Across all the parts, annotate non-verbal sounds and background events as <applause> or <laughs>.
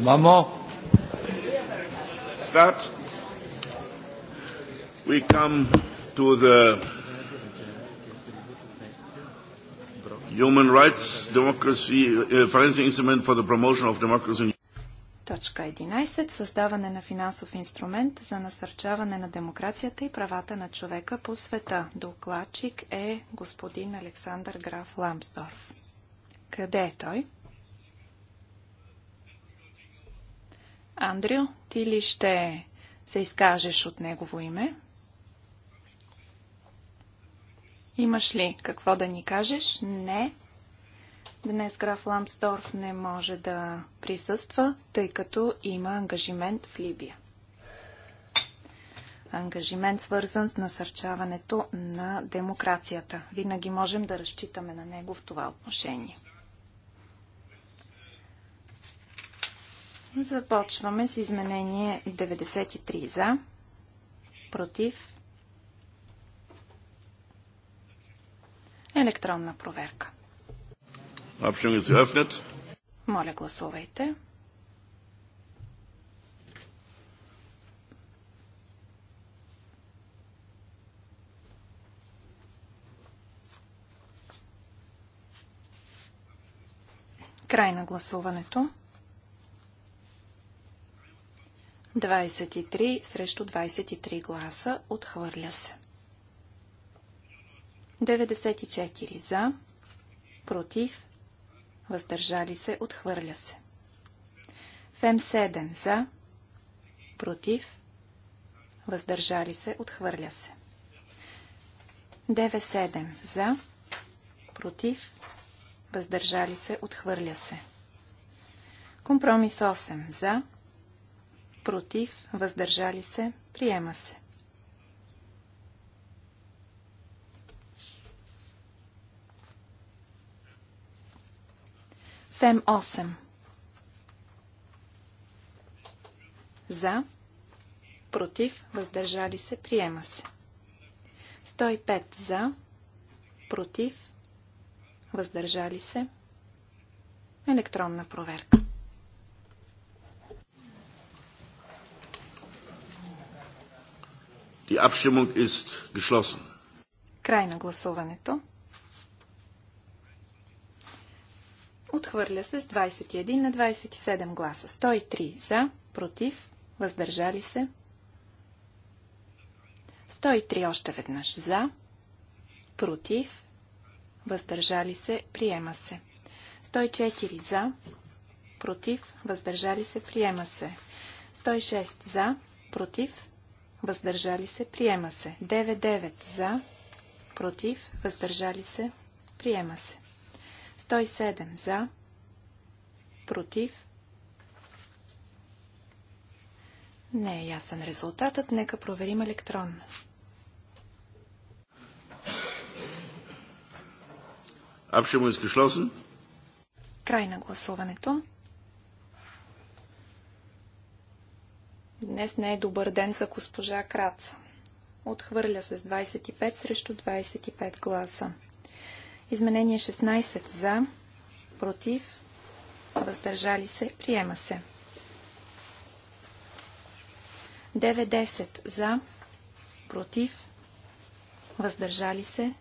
Maman. Start. We come to the Human Rights Democracy uh, eh, Financing Instrument for the Promotion of Democracy. Точка 11. Създаване на финансов инструмент за насърчаване на демокрацията и правата на човека по света. Докладчик е господин Александър Граф Ламсдорф. Къде е той? Андрю, ти ли ще се изкажеш от негово име? Имаш ли какво да ни кажеш? Не. Днес граф Ламсдорф не може да присъства, тъй като има ангажимент в Либия. Ангажимент свързан с насърчаването на демокрацията. Винаги можем да разчитаме на него в това отношение. Започваме с изменение 93 за, против, електронна проверка. Моля, гласувайте. Край на гласуването. 23 срещу 23 гласа. Отхвърля се. 94 за, против, въздържали се, отхвърля се. Фем 7 за, против, въздържали се, отхвърля се. 97 за, против, въздържали се, отхвърля се. Компромис 8 за, против, въздържали се, приема се. Фем 8 За, против, въздържали се, приема се. 105 за, против, въздържали се. Електронна проверка. Die Abstimmung ist geschlossen. Край на гласуването. Отхвърля се с 21 на 27 гласа. 103 за, против, въздържали се. 103 още веднъж за, против, въздържали се, приема се. 104 за, против, въздържали се, приема се. 106 за, против, въздържали се, приема се. 9-9 за, против, въздържали се, приема се. 107 за, против. Не е ясен резултатът, нека проверим електронно. Абшемо е изгешлосен. Край на гласуването. Днес не е добър ден за госпожа Крац. Отхвърля се с 25 срещу 25 гласа. Изменение 16 за, против, въздържали се, приема се. 9-10 за, против, въздържали се,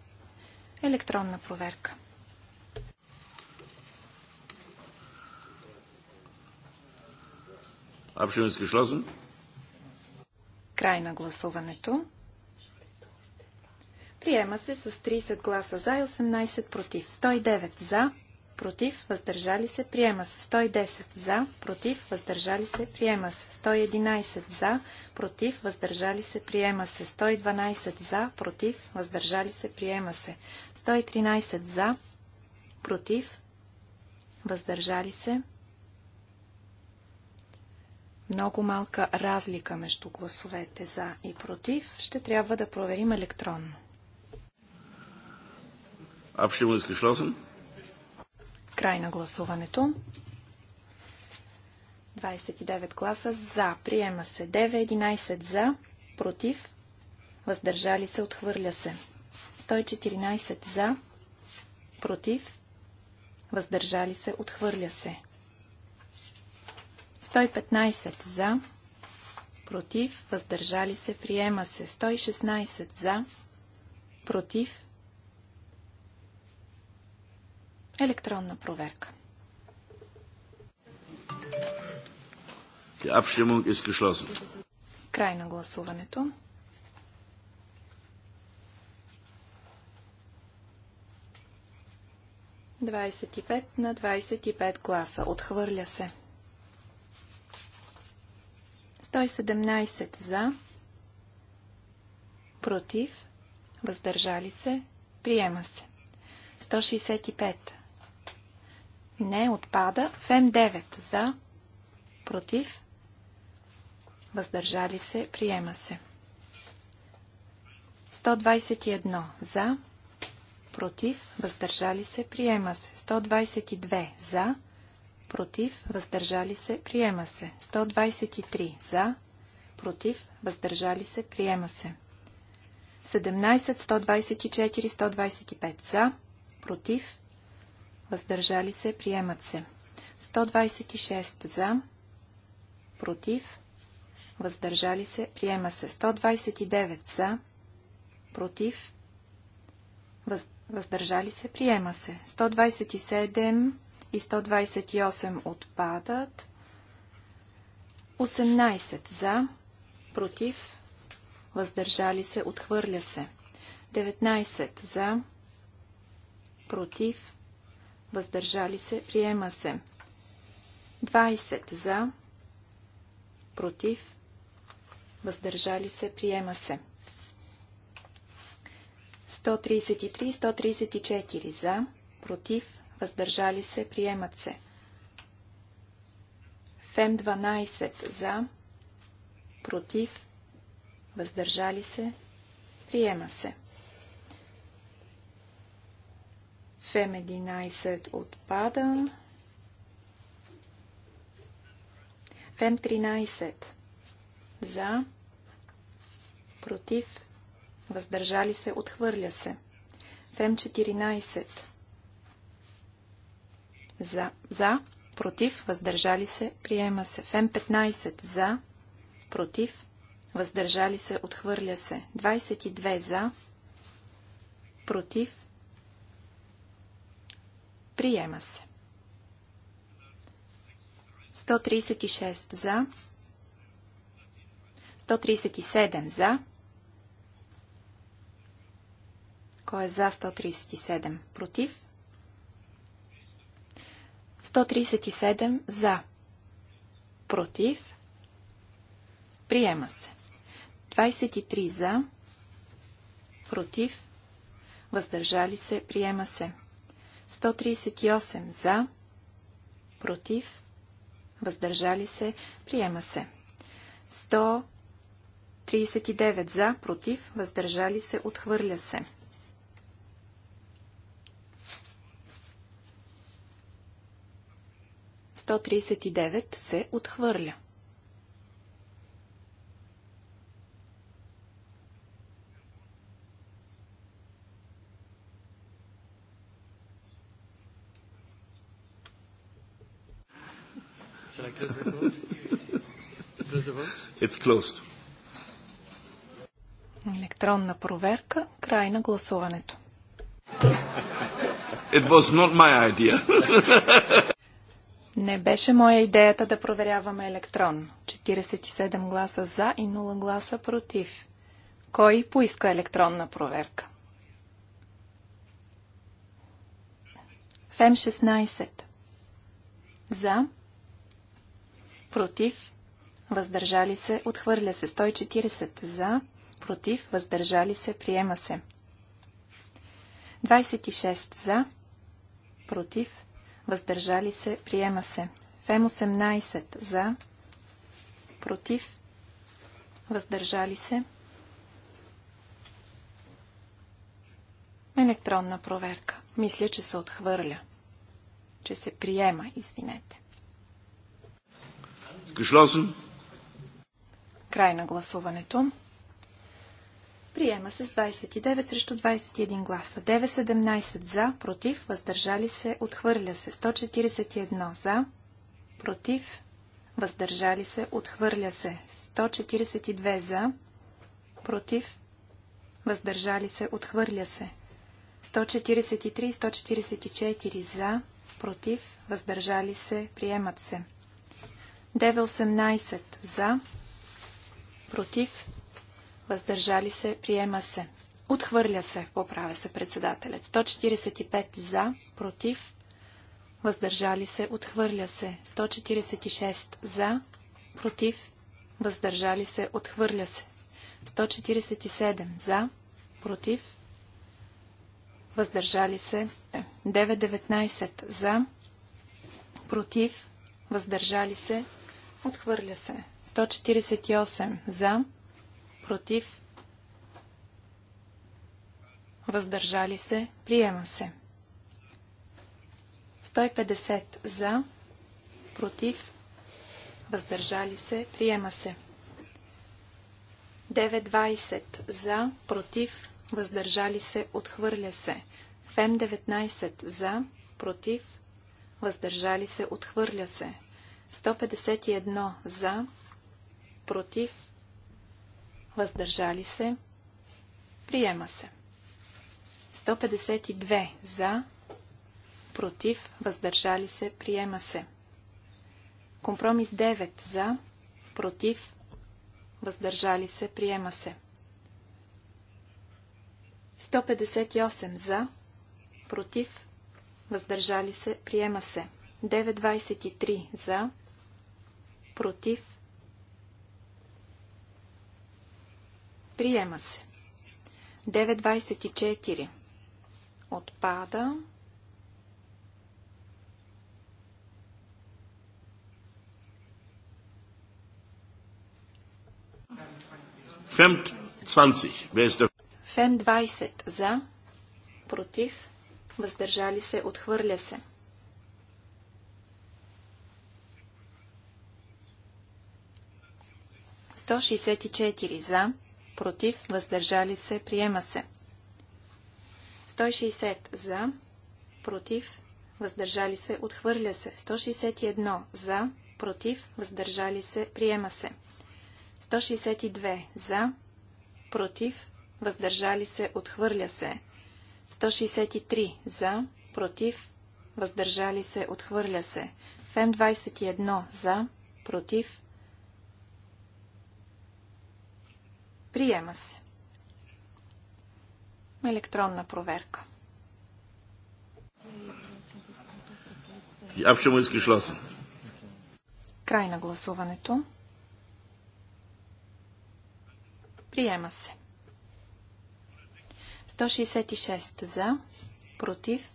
електронна проверка. Abstimmung ist Край на гласуването. Приема се с 30 гласа за и 18 против. 109 за, против, въздържали се, приема се. 110 за, против, въздържали се, приема се. 111 за, против, въздържали се, приема се. 112 за, против, въздържали се, приема се. 113 за, против, въздържали се много малка разлика между гласовете за и против. Ще трябва да проверим електронно. Край на гласуването. 29 гласа за. Приема се 9, 11 за, против, въздържали се, отхвърля се. 114 за, против, въздържали се, отхвърля се. 115 за, против, въздържали се, приема се. 116 за, против. Електронна проверка. Край на гласуването. Двадесет на 25 гласа. Отхвърля се. 117 за, против, въздържали се, приема се. 165. Не отпада. ФЕМ 9 за, против, въздържали се, приема се. 121 за, против, въздържали се, приема се. 122 за, против, против, въздържали се, приема се. 123 за, против, въздържали се, приема се. 17, 124, 125 за, против, въздържали се, приемат се. 126 за, против, въздържали се, приема се. 129 за, против, въздържали се, приема се. 127 и 128 отпадат. 18 за, против, въздържали се, отхвърля се. 19 за, против, въздържали се, приема се. 20 за, против, въздържали се, приема се. 133-134 за, против, въздържали се, приемат се. Фем 12 за, против, въздържали се, приема се. Фем 11 отпада. Фем 13 за, против, въздържали се, отхвърля се. Фем 14 за, за, против, въздържали се, приема се. Фем 15 за, против, въздържали се, отхвърля се. 22 за, против, приема се. 136 за, 137 за, кой е за 137? Против? 137 за. Против. Приема се. 23 за. Против. Въздържали се. Приема се. 138 за. Против. Въздържали се. Приема се. 139 за. Против. Въздържали се. Отхвърля се. 139 се отхвърля. It's closed. Електронна проверка. Край на гласуването. It was not my idea. <laughs> Не беше моя идеята да проверяваме електронно. 47 гласа за и 0 гласа против. Кой поиска електронна проверка? ФЕМ 16. За. Против. Въздържали се. Отхвърля се. 140. За. Против. Въздържали се. Приема се. 26. За. Против въздържали се, приема се. Фем 18 за, против, въздържали се. Електронна проверка. Мисля, че се отхвърля. Че се приема, извинете. Край на гласуването. Приема се с 29 срещу 21 гласа. 917 за, против, въздържали се, отхвърля се. 141 за, против, въздържали се, отхвърля се. 142 за, против, въздържали се, отхвърля се. 143 144 за, против, въздържали се, приемат се. 918 за, против, въздържали се, приема се. Отхвърля се, поправя се председателят. 145 за, против, въздържали се, отхвърля се. 146 за, против, въздържали се, отхвърля се. 147 за, против, въздържали се. 919 за, против, въздържали се, отхвърля се. 148 за, против, против, въздържали се, приема се. 150 за, против, въздържали се, приема се. 9.20 за, против, въздържали се, отхвърля се. Фем 19 за, против, въздържали се, отхвърля се. 151 за, против, въздържали се, приема се. 152 за, против, въздържали се, приема се. Компромис 9 за, против, въздържали се, приема се. 158 за, против, въздържали се, приема се. 923 за, против, Приема се. 9.24 отпада. Фем 20 за, против, въздържали се, отхвърля се. Сто шестдесет и четири за, против, въздържали се, приема се. 160 за, против, въздържали се, отхвърля се. 161 за, против, въздържали се, приема се. 162 за, против, въздържали се, отхвърля се. 163 за, против, въздържали се, отхвърля се. Фен 21 за, против, Приема се. Електронна проверка. му Край на гласуването. Приема се. 166 за, против,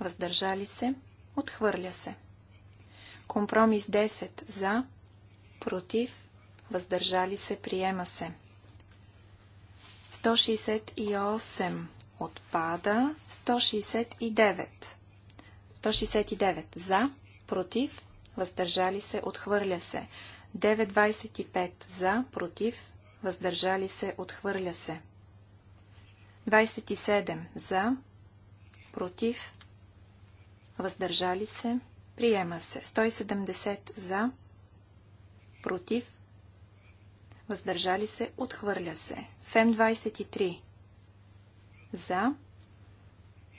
въздържали се, отхвърля се. Компромис 10 за, против, въздържали се, приема се. 168 отпада. 169. 169 за, против, въздържали се, отхвърля се. 9.25 за, против, въздържали се, отхвърля се. 27 за, против, въздържали се, приема се. 170 за, против, въздържали се, отхвърля се. Фем 23 за,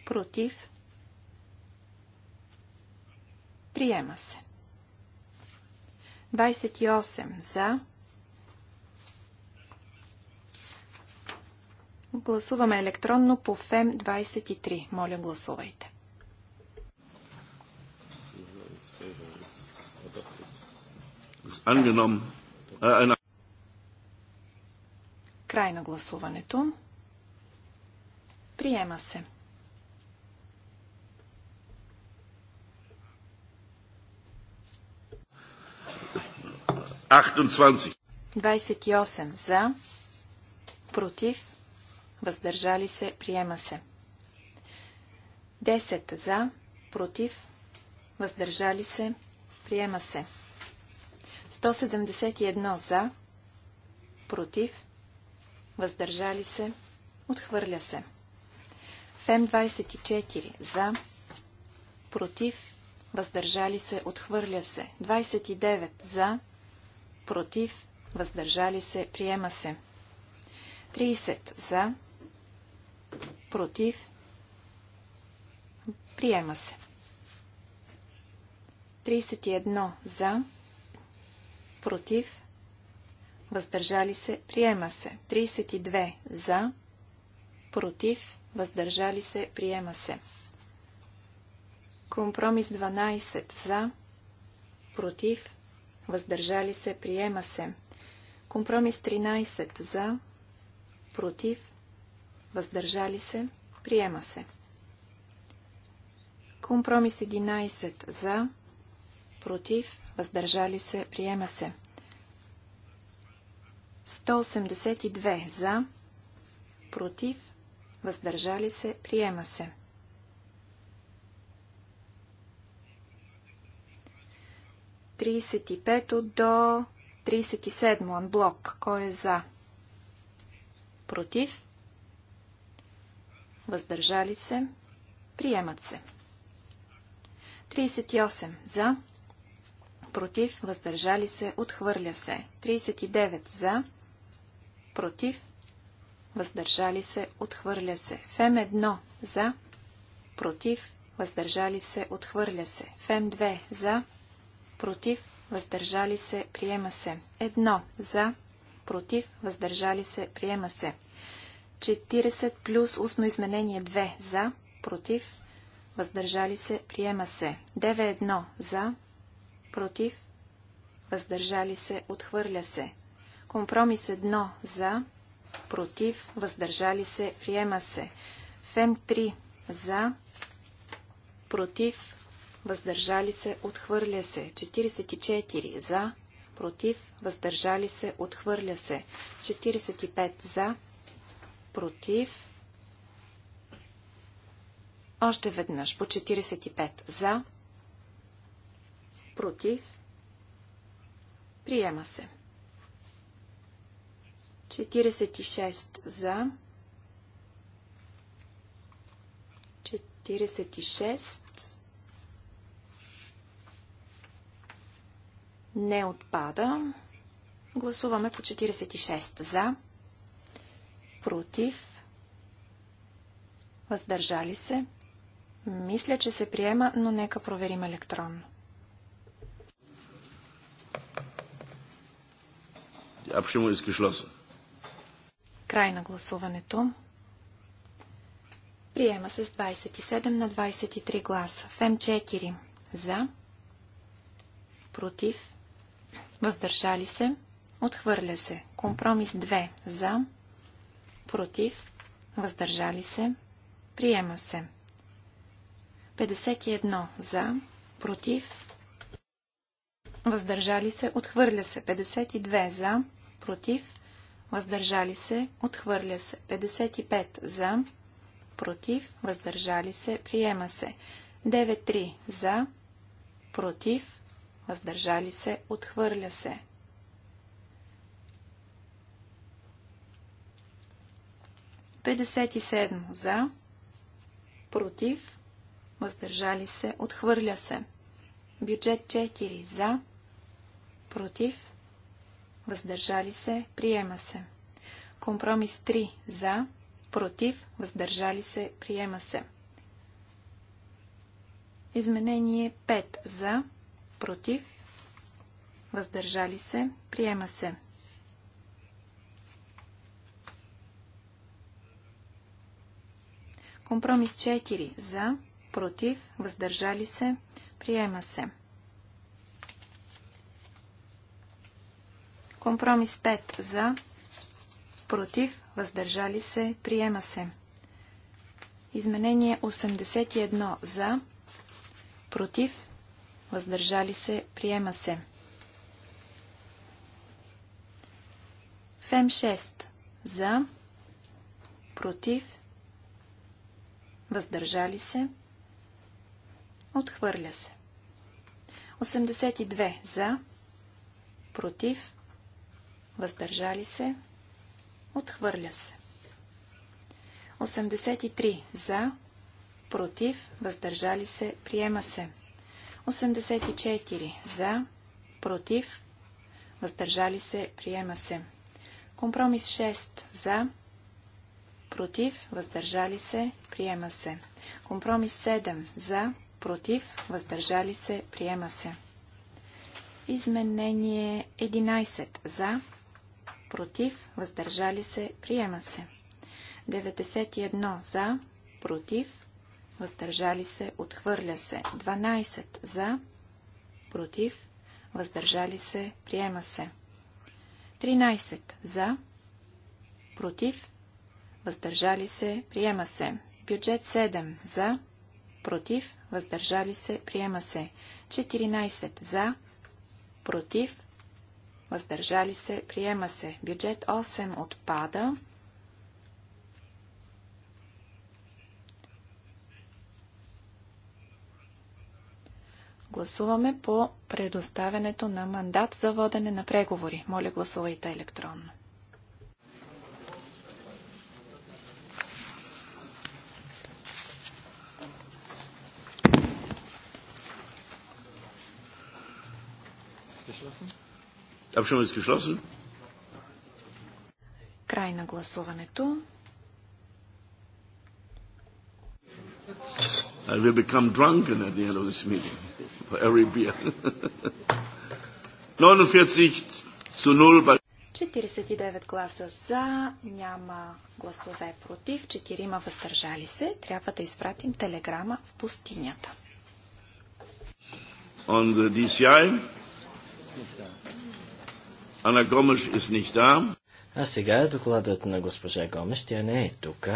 против, приема се. 28 за, Гласуваме електронно по ФЕМ 23. Моля, гласувайте. Angenommen, äh, Край на гласуването. Приема се. и 28 за, против, въздържали се, приема се. 10 за, против, въздържали се, приема се. 171 за, против, въздържали се, отхвърля се. Фем 24 за, против, въздържали се, отхвърля се. 29 за, против, въздържали се, приема се. 30 за, против, приема се. 31 за, против, въздържали се, приема се. 32 за, против, въздържали се, приема се. Компромис 12 за, против, въздържали се, приема се. Компромис 13 за, против, въздържали се, приема се. Компромис 11 за, против, въздържали се, приема се. 182 за, против, въздържали се, приема се. 35 до 37 анблок. Кой е за? Против? Въздържали се? Приемат се. 38 за? против, въздържали се, отхвърля се. 39 за, против, въздържали се, отхвърля се. Фем 1 за, против, въздържали се, отхвърля се. Фем 2 за, против, въздържали се, приема се. 1 за, против, въздържали се, приема се. 40 плюс устно изменение 2 за, против, въздържали се, приема се. 9-1 за, против, въздържали се, отхвърля се. Компромис 1 за, против, въздържали се, приема се. Фем 3 за, против, въздържали се, отхвърля се. 44 за, против, въздържали се, отхвърля се. 45 за, против. Още веднъж по 45 за, Против. Приема се. 46 за. 46 не отпада. Гласуваме по 46 за, против, въздържали се. Мисля, че се приема, но нека проверим електронно. Abstimmung ist geschlossen. Край на гласуването. Приема се с 27 на 23 гласа. ФЕМ 4 за, против, въздържали се, отхвърля се. Компромис 2 за, против, въздържали се, приема се. 51 за, против, въздържали се, отхвърля се. 52 за, против, въздържали се, отхвърля се. 55 за, против, въздържали се, приема се. 9-3 за, против, въздържали се, отхвърля се. Петдесет и седмо за, против, въздържали се, отхвърля се. Бюджет 4 за, против, въздържали се, приема се. Компромис 3 за, против, въздържали се, приема се. Изменение 5 за, против, въздържали се, приема се. Компромис 4 за, против, въздържали се, приема се. Компромис 5 за, против, въздържали се, приема се. Изменение 81 за, против, въздържали се, приема се. Фем 6 за, против, въздържали се, отхвърля се. 82 за, против, въздържали се, отхвърля се. 83 за, против, въздържали се, приема се. 84 за, против, въздържали се, приема се. Компромис 6 за, против, въздържали се, приема се. Компромис 7 за, против, въздържали се, приема се. Изменение 11 за, против, въздържали се, приема се. 91 за, против, въздържали се, отхвърля се. 12 за, против, въздържали се, приема се. 13 за, против, въздържали се, приема се. Бюджет 7 за, против, въздържали се, приема се. 14 за, против, въздържали се, приема се. Бюджет 8 отпада. Гласуваме по предоставянето на мандат за водене на преговори. Моля, гласувайте електронно. you. Край на гласуването. I will become drunken at the end of this meeting for every beer. 49 <laughs> zu 0 49 гласа за, няма гласове против, 4 ма въздържали се. Трябва да изпратим телеграма в пустинята. On the DCI. Ана Гомеш из nicht там. А сега е докладът на госпожа Гомеш. Тя не е тук.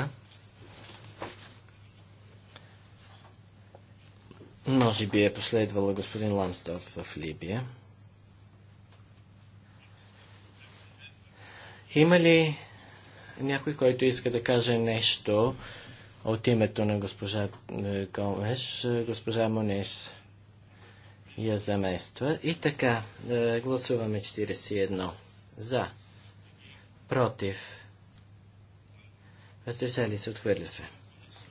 Може би е последвала господин Ламстов в Либия. Има ли някой, който иска да каже нещо от името на госпожа е, Гомеш, е, госпожа Монес? я замества. И така, е, гласуваме 41. За. Против. Въздържали се, отхвърля се.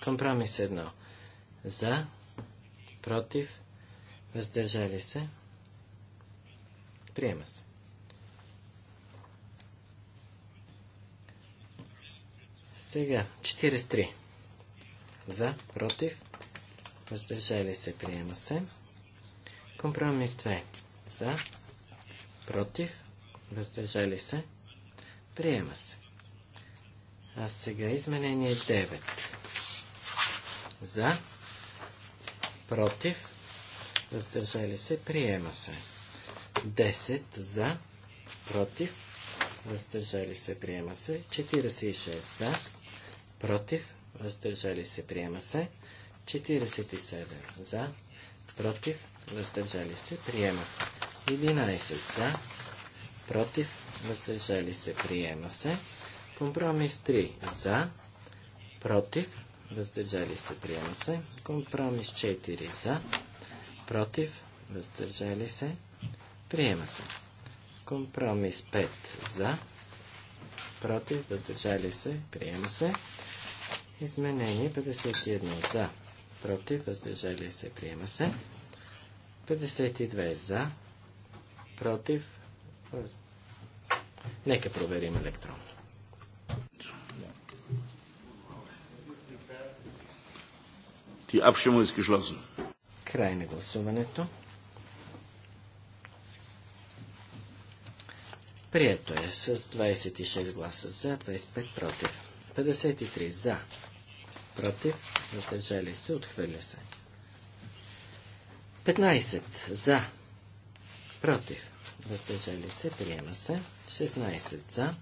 Компромис 1. За. Против. Въздържали се. Приема се. Сега, 43. За, против, въздържали се, приема се. Компромис 2. За. Против. Въздържали се. Приема се. А сега изменение 9. За. Против. Въздържали се. Приема се. 10. За. Против. Въздържали се. Приема се. 46. За. Против. Въздържали се. Приема се. 47. За. Против въздържали се, приема се. 11 за, против, въздържали се, приема се. Компромис 3 за, против, въздържали се, приема се. Компромис 4 за, против, въздържали се, приема се. Компромис 5 за, против, въздържали се, приема се. Изменение 51 за, против, въздържали се, приема се. 52 за, против. Нека проверим електронно. Ти Край на гласуването. Прието е с 26 гласа за, 25 против. 53 за, против, въздържали се, отхвърля се. 15 за, против, въздържали се, приема се. 16 за,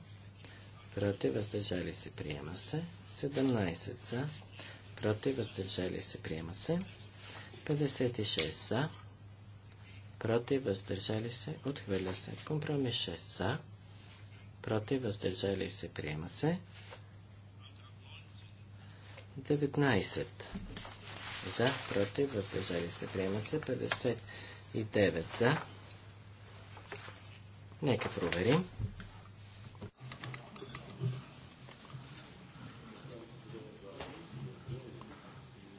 против, въздържали се, приема се. 17 за, против, въздържали се, приема се. 56 за, против, въздържали се, отхвърля се. Компромис 6 за, против, въздържали се, приема се. 19 за, против, въздържали се, приема се 59 за. Нека проверим.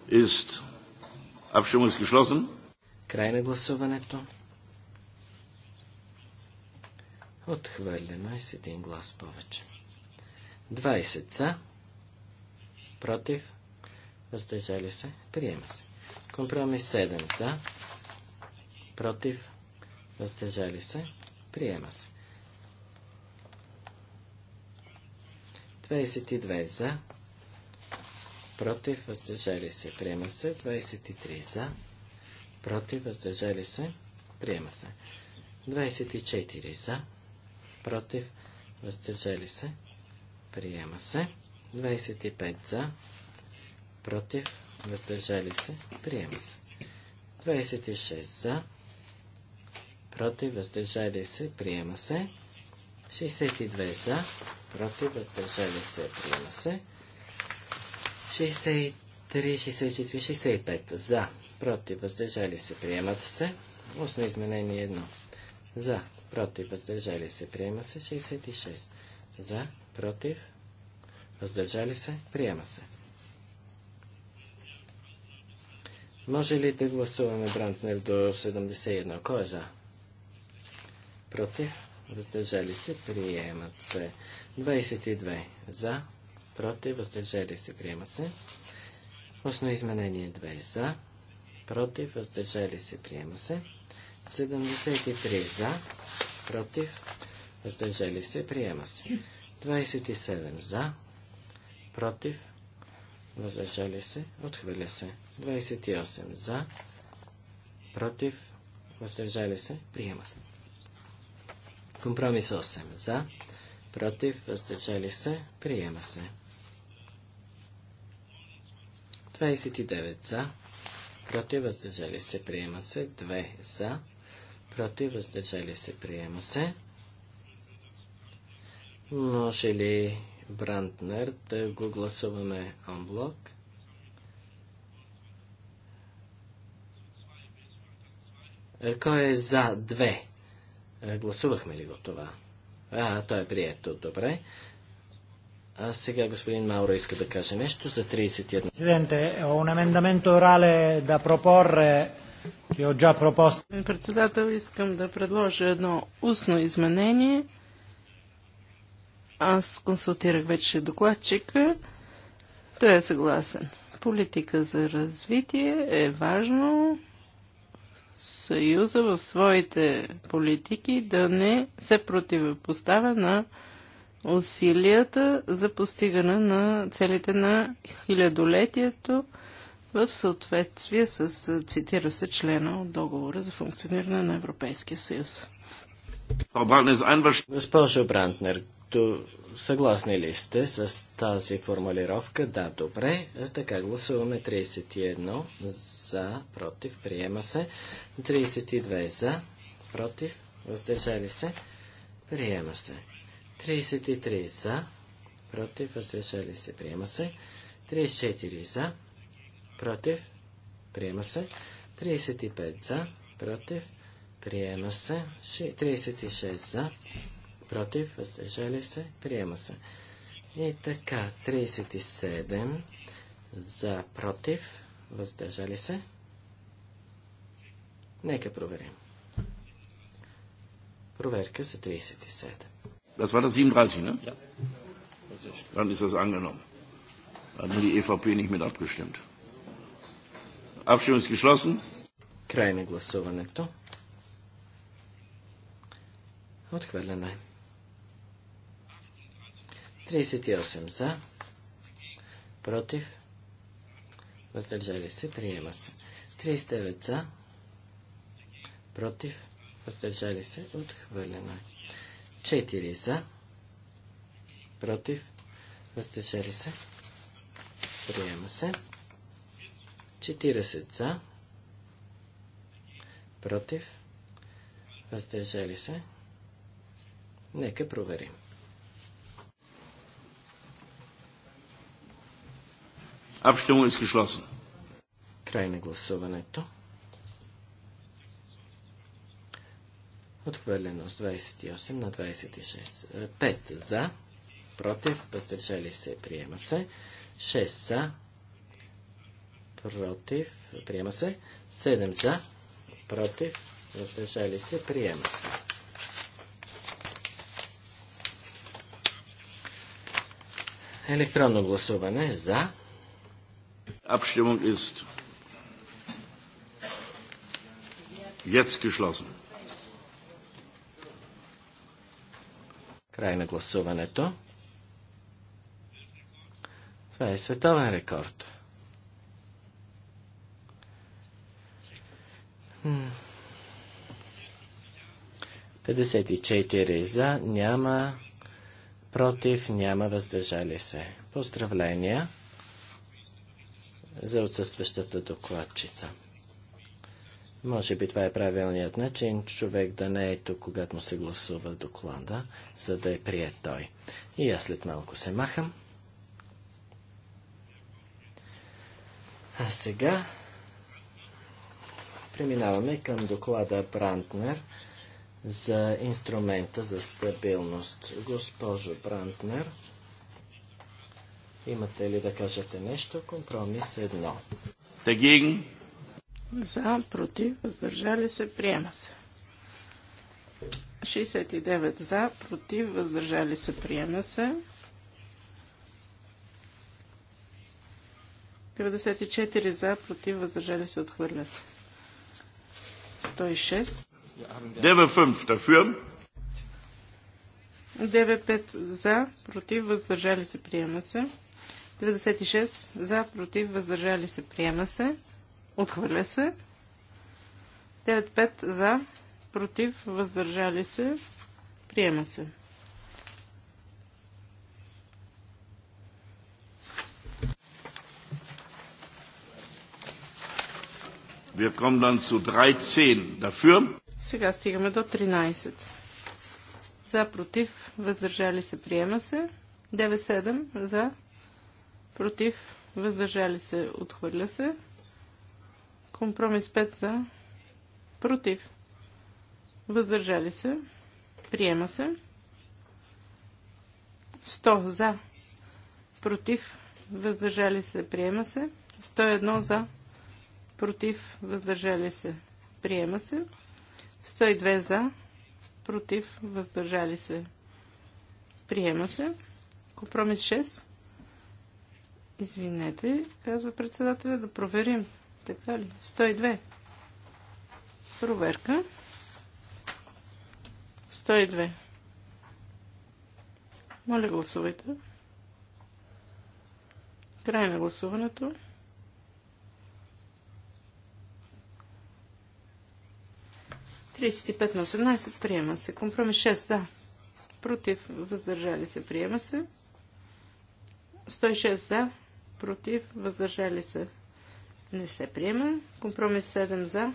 Ист Abstimmung ist Край на гласуването. Отхвърлено е с един глас повече. 20 за, против, въздържали се, приема се. Компромис 7 за, против, въздържали се, приема се. 22 за, против, въздържали се, приема се. 23 за, против, въздържали се, приема се. 24 за, против, въздържали се, приема се. 25 за, против, въздържали се, приема се. 26 за, против, въздържали се, приема се. 62 за, против, въздържали се, приема се. 63, 64, 65 за, против, въздържали се, приемат се. Осно изменение 1. За, против, въздържали се, приема се. 66 за, против, въздържали се, приема се. Може ли да гласуваме Брантнер до 71? Кой е за? Против? Въздържали се? Приемат се. 22. За? Против? Въздържали се? Приема се. Осно изменение 2. За? Против? Въздържали се? Приема се. 73. За? Против? Въздържали се? Приема се. 27. За? Против? въздържали се, отхвърля се. 28 за, против, въздържали се, приема се. Компромис 8 за, против, въздържали се, приема се. 29 за, против, въздържали се, приема се. 2 за, против, въздържали се, приема се. Може ли Брантнер, да го гласуваме анблок. Е, кой е за две? Е, гласувахме ли го това? А, той е прието. Добре. А сега господин Мауро иска да каже нещо за 31. Президенте, е un emendamento orale da proporre che ho già Председател, искам да предложа едно устно изменение – аз консултирах вече докладчика. Той е съгласен. Политика за развитие е важно Съюза в своите политики да не се противопоставя на усилията за постигане на целите на хилядолетието в съответствие с цитира се, члена от договора за функциониране на Европейския съюз. Госпожо Брантнер, Съгласни ли сте с тази формулировка? Да, добре. Е, така гласуваме 31 за, против, приема се. 32 за, против, въздържали се, приема се. 33 за, против, въздържали се, приема се. 34 за, против, приема се. 35 за, против, приема се. 36 за, против, въздържали се, приема се. И така, 37 за, против, въздържали се. Нека проверим. Проверка за 37. Das war das 37, ne? Ja. Dann ist das angenommen. Dann hat die EVP nicht mit abgestimmt. Abstimmung ist geschlossen. Край на гласуването. Отхвърляме. 38 за, против, въздържали се, приема се. 39 за, против, въздържали се, отхвърлено е. 4 за, против, въздържали се, приема се. 40 за, против, въздържали се. Нека проверим. Abstimmung ist geschlossen. Край на гласуването. Отхвърлено с 28 на 26. 5 е, за, против, въздържали се, приема се. 6 за, против, приема се. 7 за, против, въздържали се, приема се. Електронно гласуване за. Abstimmung ist jetzt geschlossen. Край на гласуването. Това е световен рекорд. Хм. 54 за, няма против, няма въздържали се. Поздравления! за отсъстващата докладчица. Може би това е правилният начин човек да не е тук, когато се гласува доклада, за да е прият той. И аз след малко се махам. А сега преминаваме към доклада Брантнер за инструмента за стабилност. Госпожо Брантнер, Имате ли да кажете нещо? Компромис едно. Дагин. За, против, въздържали се, приема се. 69 за, против, въздържали се, приема се. 94 за, против, въздържали се, отхвърля се. 106. 95 дафюр. 95 за, против, въздържали се, приема се. 96 за, против, въздържали се, приема се. Отхвърля се. 95 за, против, въздържали се, приема се. Wir kommen dann zu 13 dafür. Сега стигаме до 13. За, против, въздържали се, приема се. 9-7 за, против, въздържали се, отхвърля се. Компромис 5 за, против, въздържали се, приема се. 100 за, против, въздържали се, приема се. 101 за, против, въздържали се, приема се. 102 за, против, въздържали се, приема се. Компромис 6 Извинете, казва председателя, да проверим. Така ли? 102. Проверка. 102. Моля, гласувайте. Край на гласуването. Тридесет на 18 приема се. Компромис 6 за. Против въздържали се приема се. 106 за против, въздържали се, не се приема. Компромис 7 за,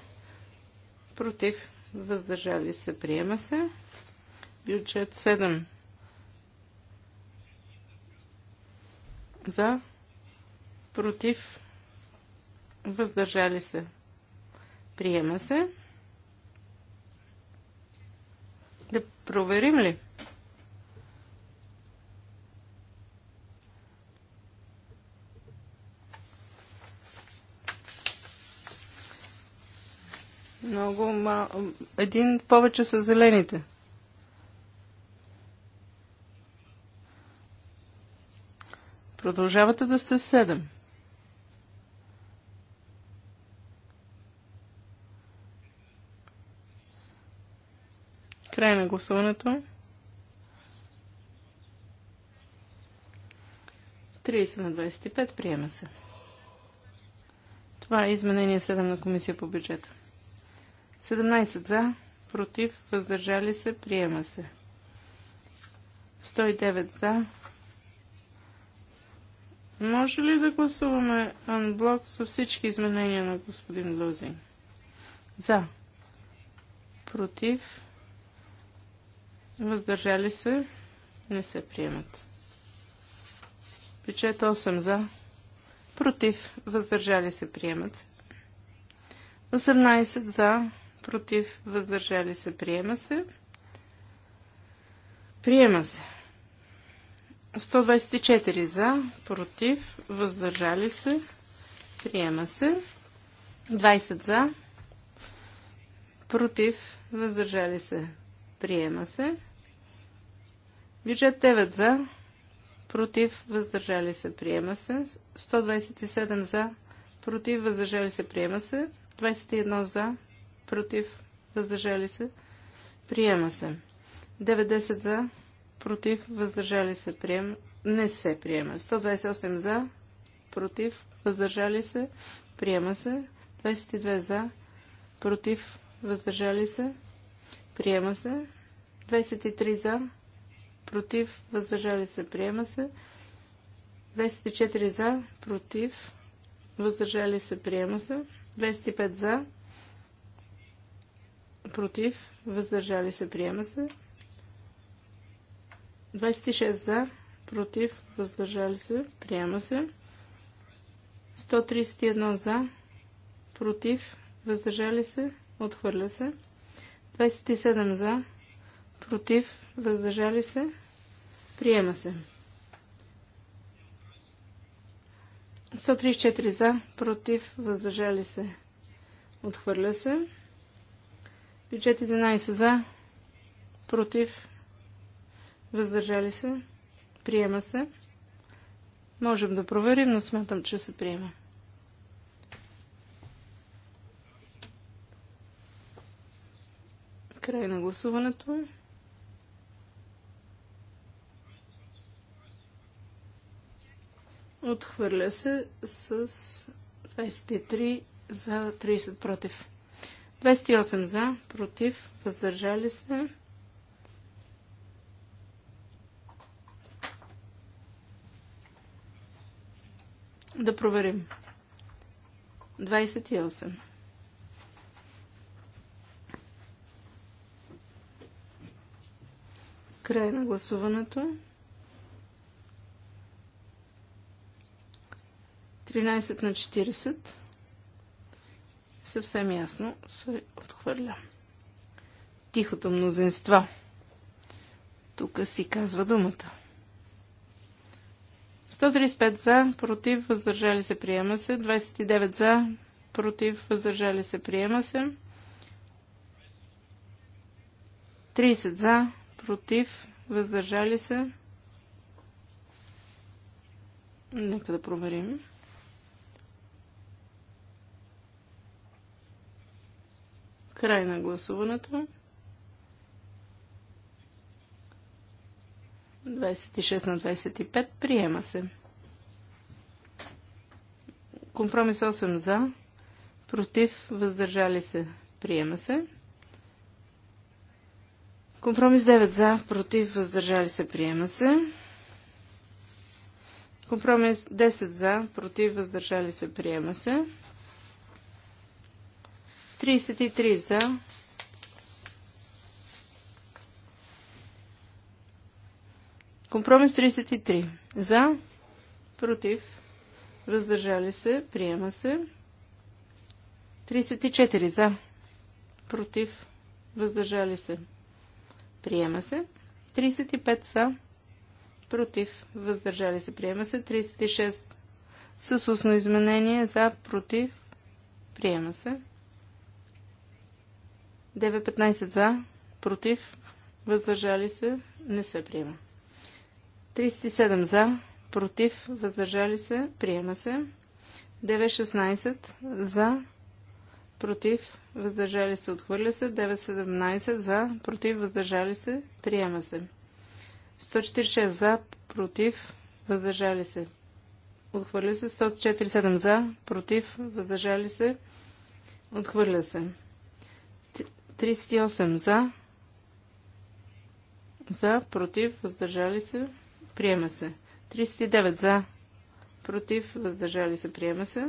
против, въздържали се, приема се. Бюджет 7 за, против, въздържали се, приема се. Да проверим ли? Много мал... Един повече са зелените. Продължавате да сте седем. Край на гласуването. 30 на 25 приема се. Това е изменение 7 на комисия по бюджета. 17 за, против, въздържали се, приема се. 109 за. Може ли да гласуваме анблок с всички изменения на господин Лузин? За. Против. Въздържали се. Не се приемат. Печет 8 за. Против. Въздържали се. Приемат се. 18 за против, въздържали се, приема се. Приема се. 124 за, против, въздържали се, приема се. 20 за, против, въздържали се, приема се. Бюджет 9 за, против, въздържали се, приема се. 127 за, против, въздържали се, приема се. 21 за, против, въздържали се, приема се. 90 за, против, въздържали се, приема, не се приема. 128 за, против, въздържали се, приема се. 22 за, против, въздържали се, приема се. 23 за, против, въздържали се, приема се. 24 за, против, въздържали се, приема се. 25 за, против, въздържали се, приема се. 26 за, против, въздържали се, приема се. 131 за, против, въздържали се, отхвърля се. 27 за, против, въздържали се, приема се. 134 за, против, въздържали се, отхвърля се. Бюджет 11 за, против, въздържали се, приема се. Можем да проверим, но смятам, че се приема. Край на гласуването. Отхвърля се с 23 за 30 против. 208 за, против, въздържали се. Да проверим. 28. Край на гласуването. 13 на 40 съвсем ясно се отхвърля. Тихото мнозинство. Тук си казва думата. 135 за, против, въздържали се, приема се. 29 за, против, въздържали се, приема се. 30 за, против, въздържали се. Нека да проверим. Край на гласуването. 26 на 25. Приема се. Компромис 8 за. Против. Въздържали се. Приема се. Компромис 9 за. Против. Въздържали се. Приема се. Компромис 10 за. Против. Въздържали се. Приема се. 33 за. Компромис 33 за. Против. Въздържали се. Приема се. 34 за. Против. Въздържали се. Приема се. 35 за, Против. Въздържали се. Приема се. 36 с устно изменение. За. Против. Приема се. 9.15 за, против, въздържали се, не се приема. 37 за, против, въздържали се, приема се. 9.16 за, против, въздържали се, отхвърля се. 9.17 за, против, въздържали се, приема се. 146 за, против, въздържали се. Отхвърля се. 147 за, против, въздържали се, отхвърля се. 38 за. За, против, въздържали се, приема се. 39 за, против, въздържали се, приема се.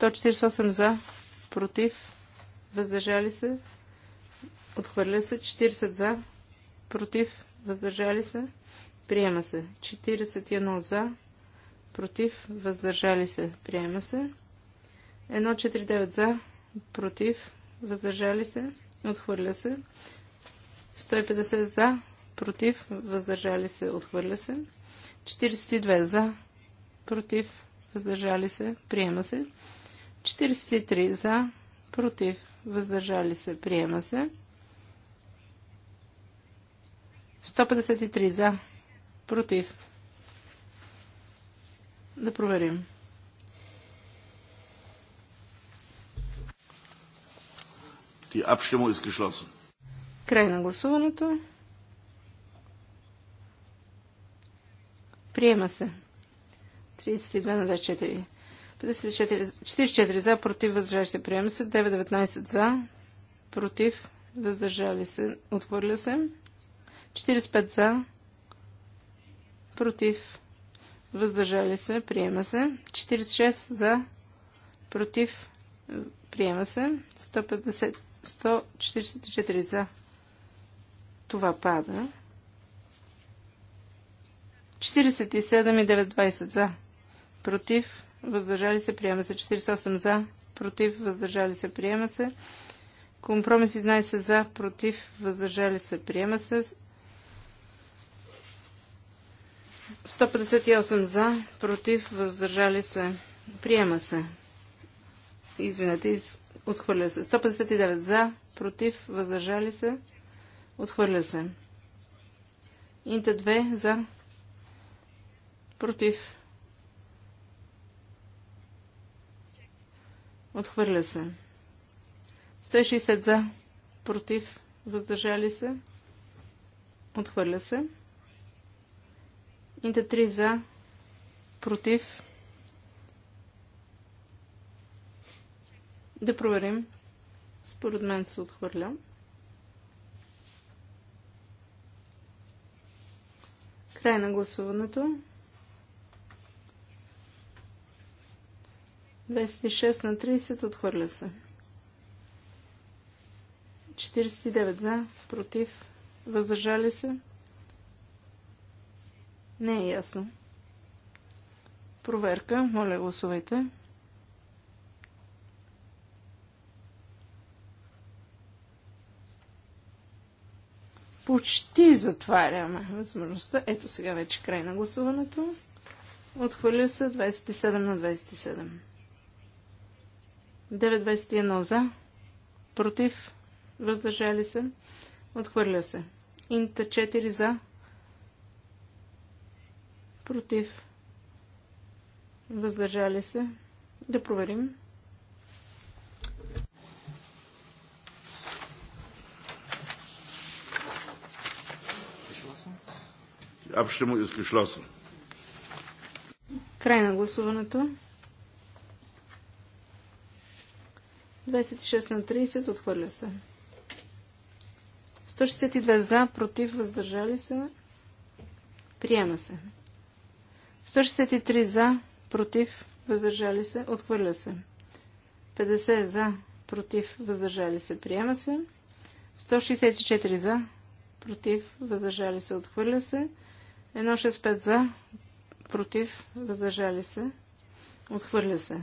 148 за, против, въздържали се, отхвърля се. 40 за, против, въздържали се, приема се. 41 за, против, въздържали се, приема се. 149 за, против, въздържали се, отхвърля се. 150 за, против, въздържали се, отхвърля се. 42 за, против, въздържали се, приема се. 43 за, против, въздържали се, приема се. 153 за, против. Да проверим. Die Abstimmung ist geschlossen. Край на гласуването. Приема се. 32 на 24. 54, 44 за, против, въздържали се. Приема се. 9-19 за, против, въздържали се. Отхвърля се. 45 за, против, въздържали се. Приема се. 46 за, против, приема се. 150 144 за. Това пада. 47 и 920 за. Против. Въздържали се. Приема се. 48 за. Против. Въздържали се. Приема се. Компромис 11 за. Против. Въздържали се. Приема се. 158 за. Против. Въздържали се. Приема се. Извинете. Из Отхвърля се. 159 за, против, въздържали се. Отхвърля се. Инта 2 за, против. Отхвърля се. 160 за, против, въздържали се. Отхвърля се. Инта 3 за, против, Да проверим. Според мен се отхвърля. Край на гласуването. 26 на 30 отхвърля се. 49 за, против, въздържали се. Не е ясно. Проверка, моля гласувайте. Почти затваряме възможността. Ето сега вече край на гласуването. Отхвърля се 27 на 27. 9.21 за. Против. Въздържали се. Отхвърля се. Инта 4 за. Против. Въздържали се. Да проверим. Abstimmung ist geschlossen. Край на гласуването. 26 на 30 отхвърля се. 162 за, против, въздържали се. Приема се. 163 за, против, въздържали се, отхвърля се. 50 за, против, въздържали се, приема се. 164 за, против, въздържали се, отхвърля се. 165 за, против, въздържали се, отхвърля се.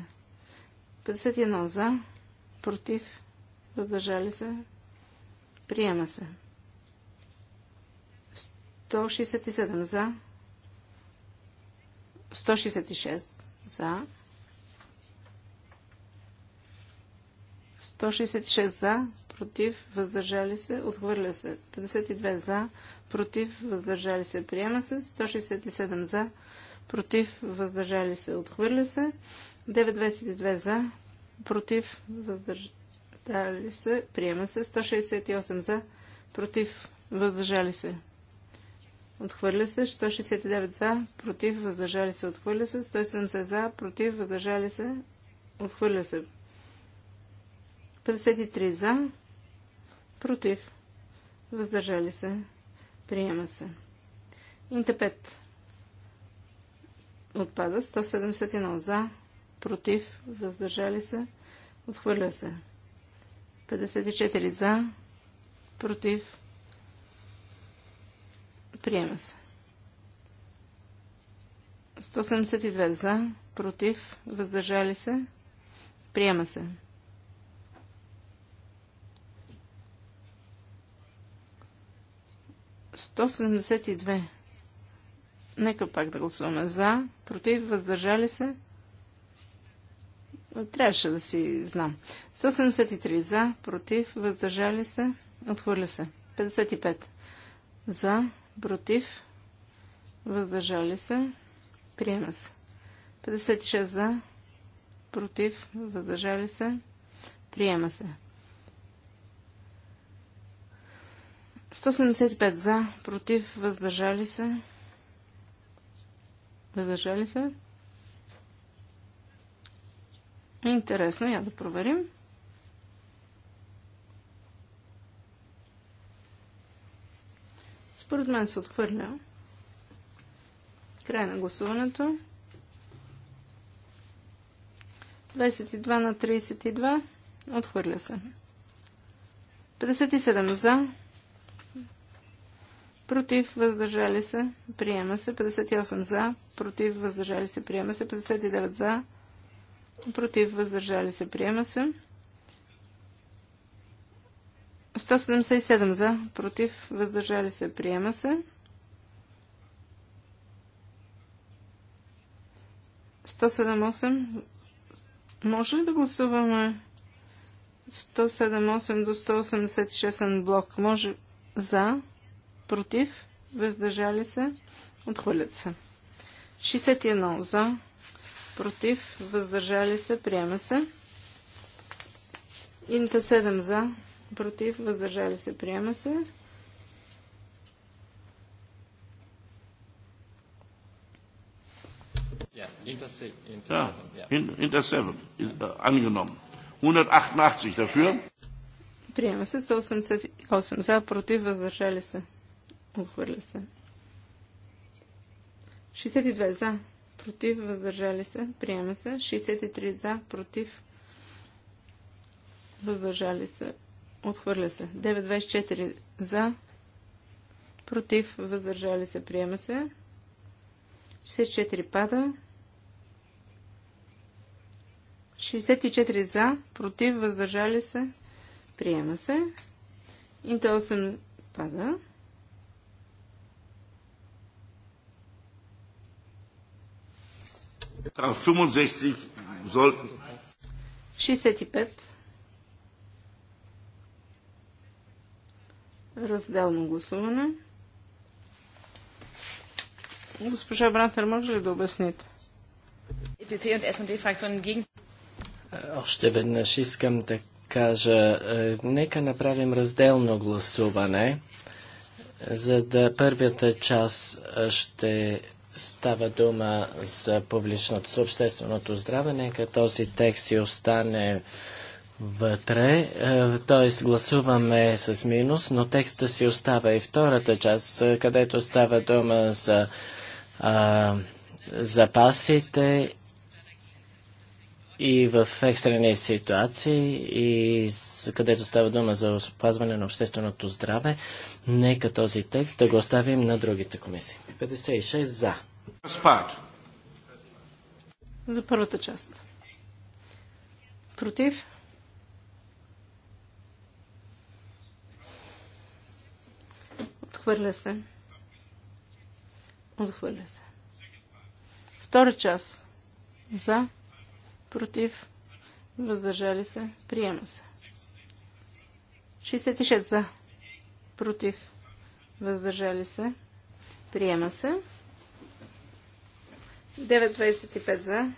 51 за, против, въздържали се, приема се. 167 за, 166 за, 166 за, против, въздържали се, отхвърля се. 52 за, против, въздържали се, приема се. 167 за, против, въздържали се, отхвърля се. 922 за, против, въздържали се, приема се. 168 за, против, въздържали се. Отхвърля се 169 за, против, въздържали се, отхвърля се 170 за, против, въздържали се, отхвърля се 53 за, Против. Въздържали се. Приема се. Интепет. Отпада 171 за. Против. Въздържали се. Отхвърля се. 54 за. Против. Приема се. 172 за. Против. Въздържали се. Приема се. 172. Нека пак да гласуваме за, против, въздържали се. Трябваше да си знам. 173 за, против, въздържали се, отхвърля се. 55 за, против, въздържали се, приема се. 56 за, против, въздържали се, приема се. 175 за, против, въздържали се. Въздържали се. Интересно, я да проверим. Според мен се отхвърля. Край на гласуването. 22 на 32. Отхвърля се. 57 за против, въздържали се, приема се 58 за, против, въздържали се, приема се 59 за, против, въздържали се, приема се 177 за, против, въздържали се, приема се 178 може ли да гласуваме 178 до 186 блок? Може за, против, въздържали се, отхвърлят се. 61 за, против, въздържали се, приема се. Инта 7 за, против, въздържали се, приема се. 7 188 dafür. Приема се 188 за, против, въздържали се. Отхвърля се. 62 за, против, въздържали се, приема се. 63 за, против, въздържали се, отхвърля се. 924 за, против, въздържали се, приема се. 64 пада. 64 за, против, въздържали се, приема се. Инта 8 пада. 65. Разделно гласуване. Госпожа Брантер, може ли да обясните? Е, още веднъж искам да кажа, е, нека направим разделно гласуване, за да първата част е, ще става дума за публичното, за общественото здраве, нека този текст си остане вътре, т.е. гласуваме с минус, но текста си остава и втората част, където става дума за а, запасите и в екстрени ситуации, и където става дума за опазване на общественото здраве, нека този текст да го оставим на другите комисии. 56 за. Спад. За първата част. Против? Отхвърля се. Отхвърля се. Втора част. За против, въздържали се, приема се. 66 за, против, въздържали се, приема се. 9.25 за,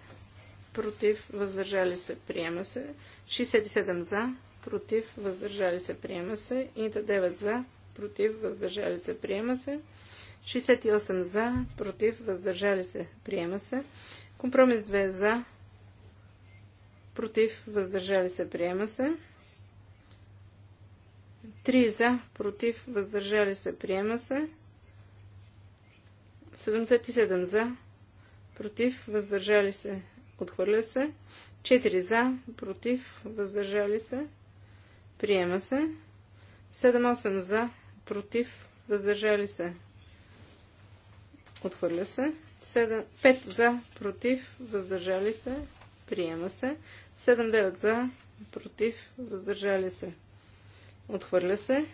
против, въздържали се, приема се. 67 за, против, въздържали се, приема се. Инта 9 за, против, въздържали се, приема се. 68 за, против, въздържали се, приема се. Компромис 2 за, против, въздържали се, приема се. 3 за, против, въздържали се, приема се. 77 за, против, въздържали се, отхвърля се. 4 за, против, въздържали се, приема се. 7-8 за, против, въздържали се, отхвърля се. 5 за, против, въздържали се, приема се. 7-9 за, против, въздържали се. Отхвърля се.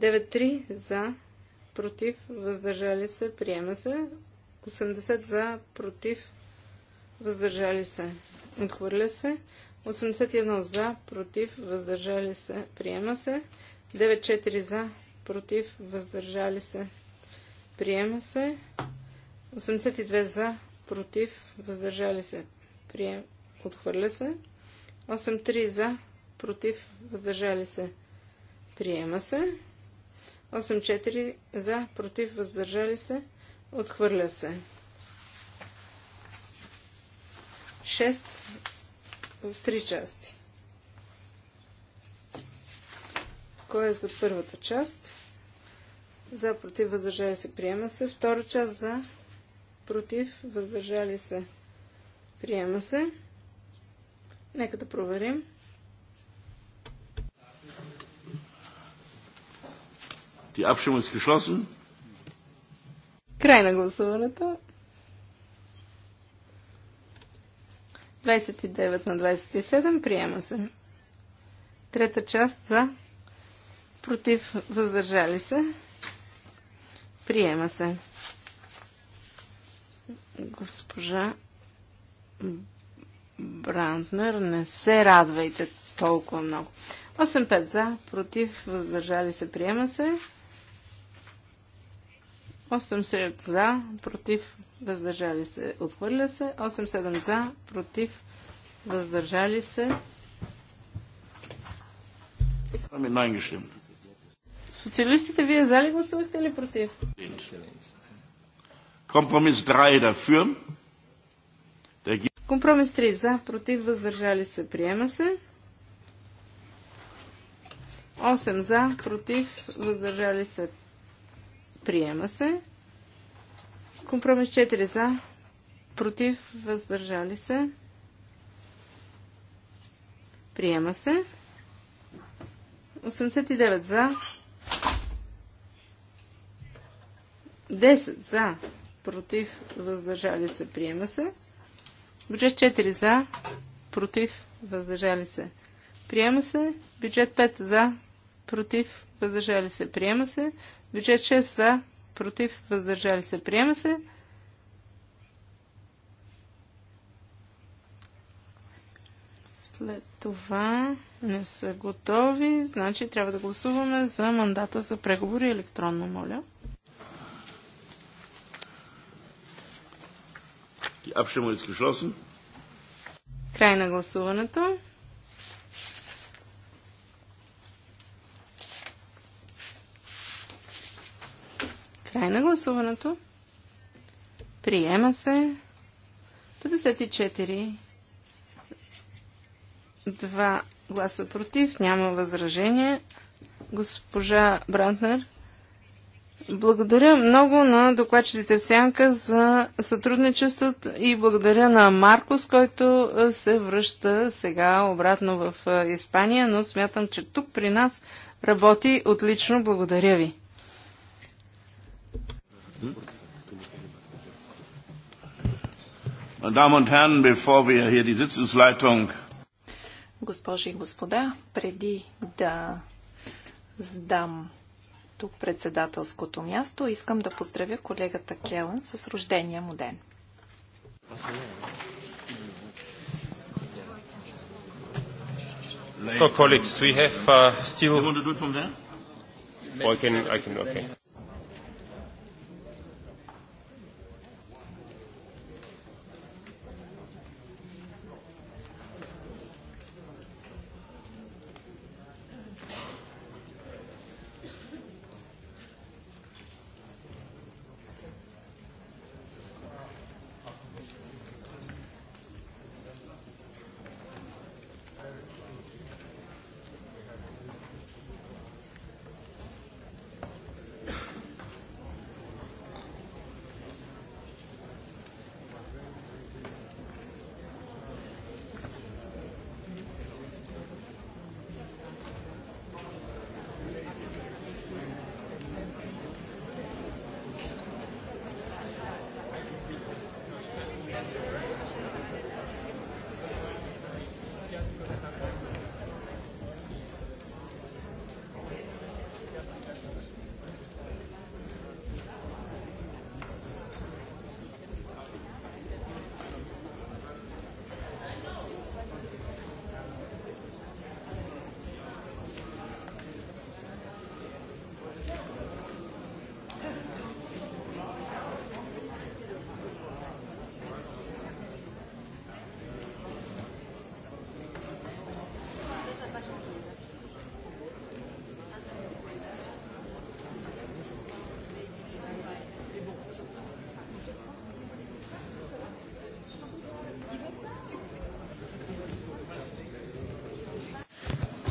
9-3 за, против, въздържали се, приема се. 80 за, против, въздържали се. Отхвърля се. 81 за, против, въздържали се, приема се. 9-4 за, против, въздържали се, приема се. 82 за, против, въздържали се, приема Отхвърля се. 8-3 за. Против. Въздържали се. Приема се. 8-4 за. Против. Въздържали се. Отхвърля се. 6 в 3 части. Кой е за първата част? За против въздържали се приема се. Втора част за против въздържали се приема се. Нека да проверим. Die Abstimmung ist geschlossen. Край на гласуването. 29 на 27 приема се. Трета част за против въздържали се. Приема се. Госпожа Брантнер, не се радвайте толкова много. 8-5 за, против, въздържали се, приема се. 8-7 за, против, въздържали се, отхвърля се. 8-7 за, против, въздържали се. Социалистите, вие за ли гласувахте или против? Компромис 3 да фюрм. Компромис 3 за, против, въздържали се, приема се. 8 за, против, въздържали се, приема се. Компромис 4 за, против, въздържали се, приема се. 89 за, 10 за, против, въздържали се, приема се. Бюджет 4 за, против, въздържали се. Приема се. Бюджет 5 за, против, въздържали се. Приема се. Бюджет 6 за, против, въздържали се. Приема се. След това не са готови. Значи трябва да гласуваме за мандата за преговори електронно, моля. Die Abstimmung ist geschlossen. Край на гласуването. Край на гласуването. Приема се 54. Два гласа против, няма възражение. Госпожа Брантнер. Благодаря много на докладчиците в Сянка за сътрудничеството и благодаря на Маркос, който се връща сега обратно в Испания, но смятам, че тук при нас работи отлично. Благодаря ви. Госпожи и господа, преди да сдам тук председателското място. Искам да поздравя колегата Келън с рождения му ден. So, colleagues, we have uh, still. You want to do it from there? Oh, I can, I can, okay.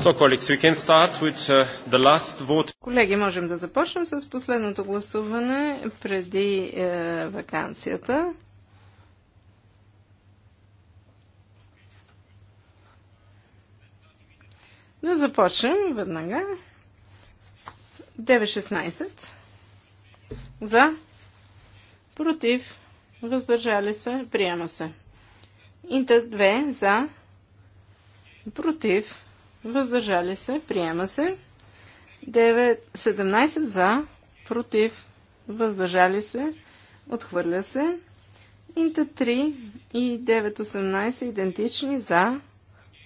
Uh, Колеги, можем да започнем с последното гласуване преди е, вакансията. Да започнем веднага. 9.16. За. Против. Въздържали се. Приема се. Инта 2. За. Против въздържали се, приема се. 9, 17 за, против, въздържали се, отхвърля се. Инта 3 и 9.18 идентични за,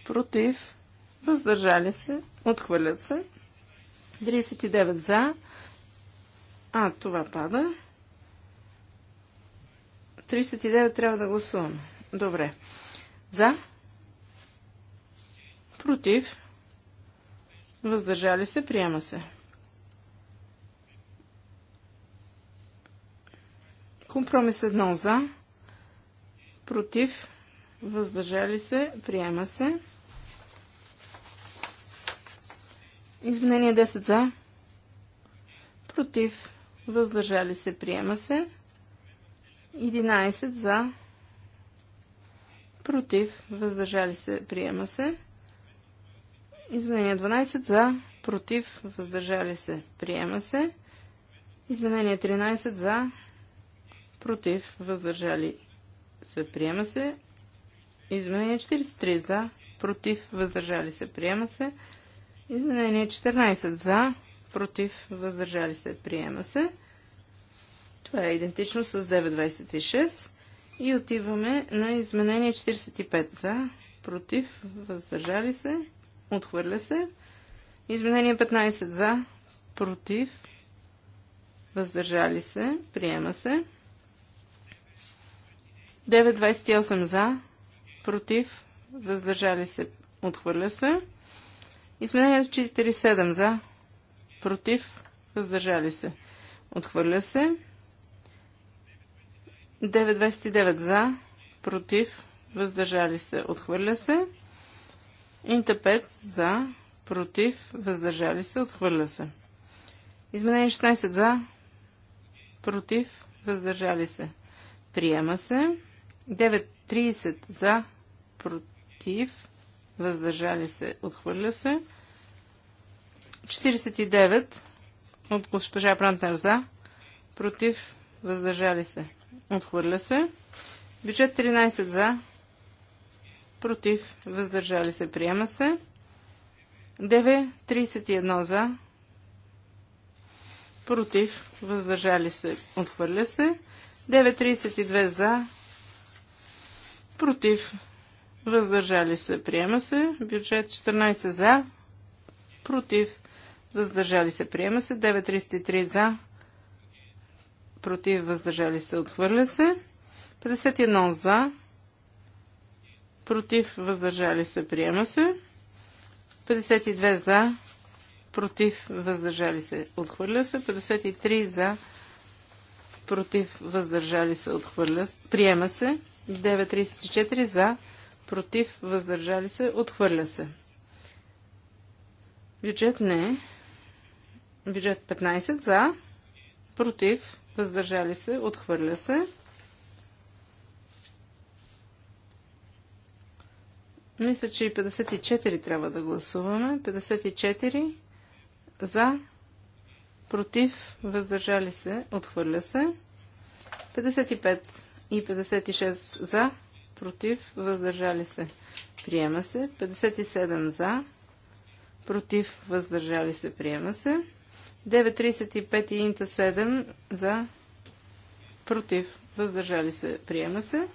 против, въздържали се, отхвърлят се. 39 за. А, това пада. 39 трябва да гласуваме. Добре. За. Против. Въздържали се, приема се. Компромис 1 за. Против. Въздържали се, приема се. Изменение 10 за. Против. Въздържали се, приема се. 11 за. Против. Въздържали се, приема се. Изменение 12 за, против, въздържали се, приема се. Изменение 13 за, против, въздържали се, приема се. Изменение 43 за, против, въздържали се, приема се. Изменение 14 за, против, въздържали се, приема се. Това е идентично с 9.26. И отиваме на изменение 45 за, против, въздържали се, Отхвърля се. Изменение 15 за. Против. Въздържали се. Приема се. 9.28 за. Против. Въздържали се. Отхвърля се. Изменение 47 за. Против. Въздържали се. Отхвърля се. 9.29 за. Против. Въздържали се. Отхвърля се. Инта 5 за, против, въздържали се, отхвърля се. Изменение 16 за, против, въздържали се. Приема се. 9.30 за, против, въздържали се, отхвърля се. 49 от госпожа Прантер за, против, въздържали се, отхвърля се. Бюджет 13 за, против, въздържали се, приема се. 9.31 за, против, въздържали се, отхвърля се. 9.32 за, против, въздържали се, приема се. Бюджет 14 за, против, въздържали се, приема се. 33 за, против, въздържали се, отхвърля се. 51 за, против, въздържали се, приема се. 52 за, против, въздържали се, отхвърля се. 53 за, против, въздържали се, отхвърля, приема се. 9.34 за, против, въздържали се, отхвърля се. Бюджет не. Бюджет 15 за, против, въздържали се, отхвърля се. Мисля, че и 54 трябва да гласуваме. 54 за, против, въздържали се, отхвърля се. 55 и 56 за, против, въздържали се, приема се. 57 за, против, въздържали се, приема се. 9.35 и Инта 7 за, против, въздържали се, приема се.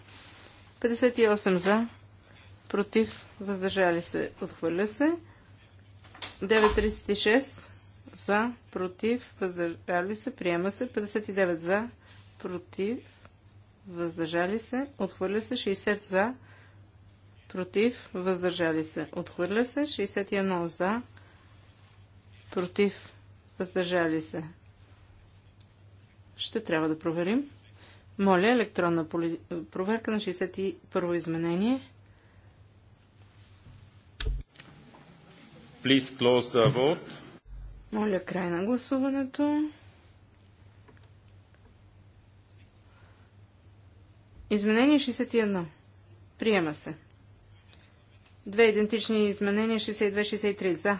58 за, против, въздържали се, отхвърля се. 936 за, против, въздържали се, приема се. 59 за, против, въздържали се, отхвърля се. 60 за, против, въздържали се, отхвърля се. 61 за, против, въздържали се. Ще трябва да проверим. Моля електронна проверка на 61 изменение. Please close the vote. Моля край на гласуването. Изменение 61. Приема се. Две идентични изменения 62-63. За.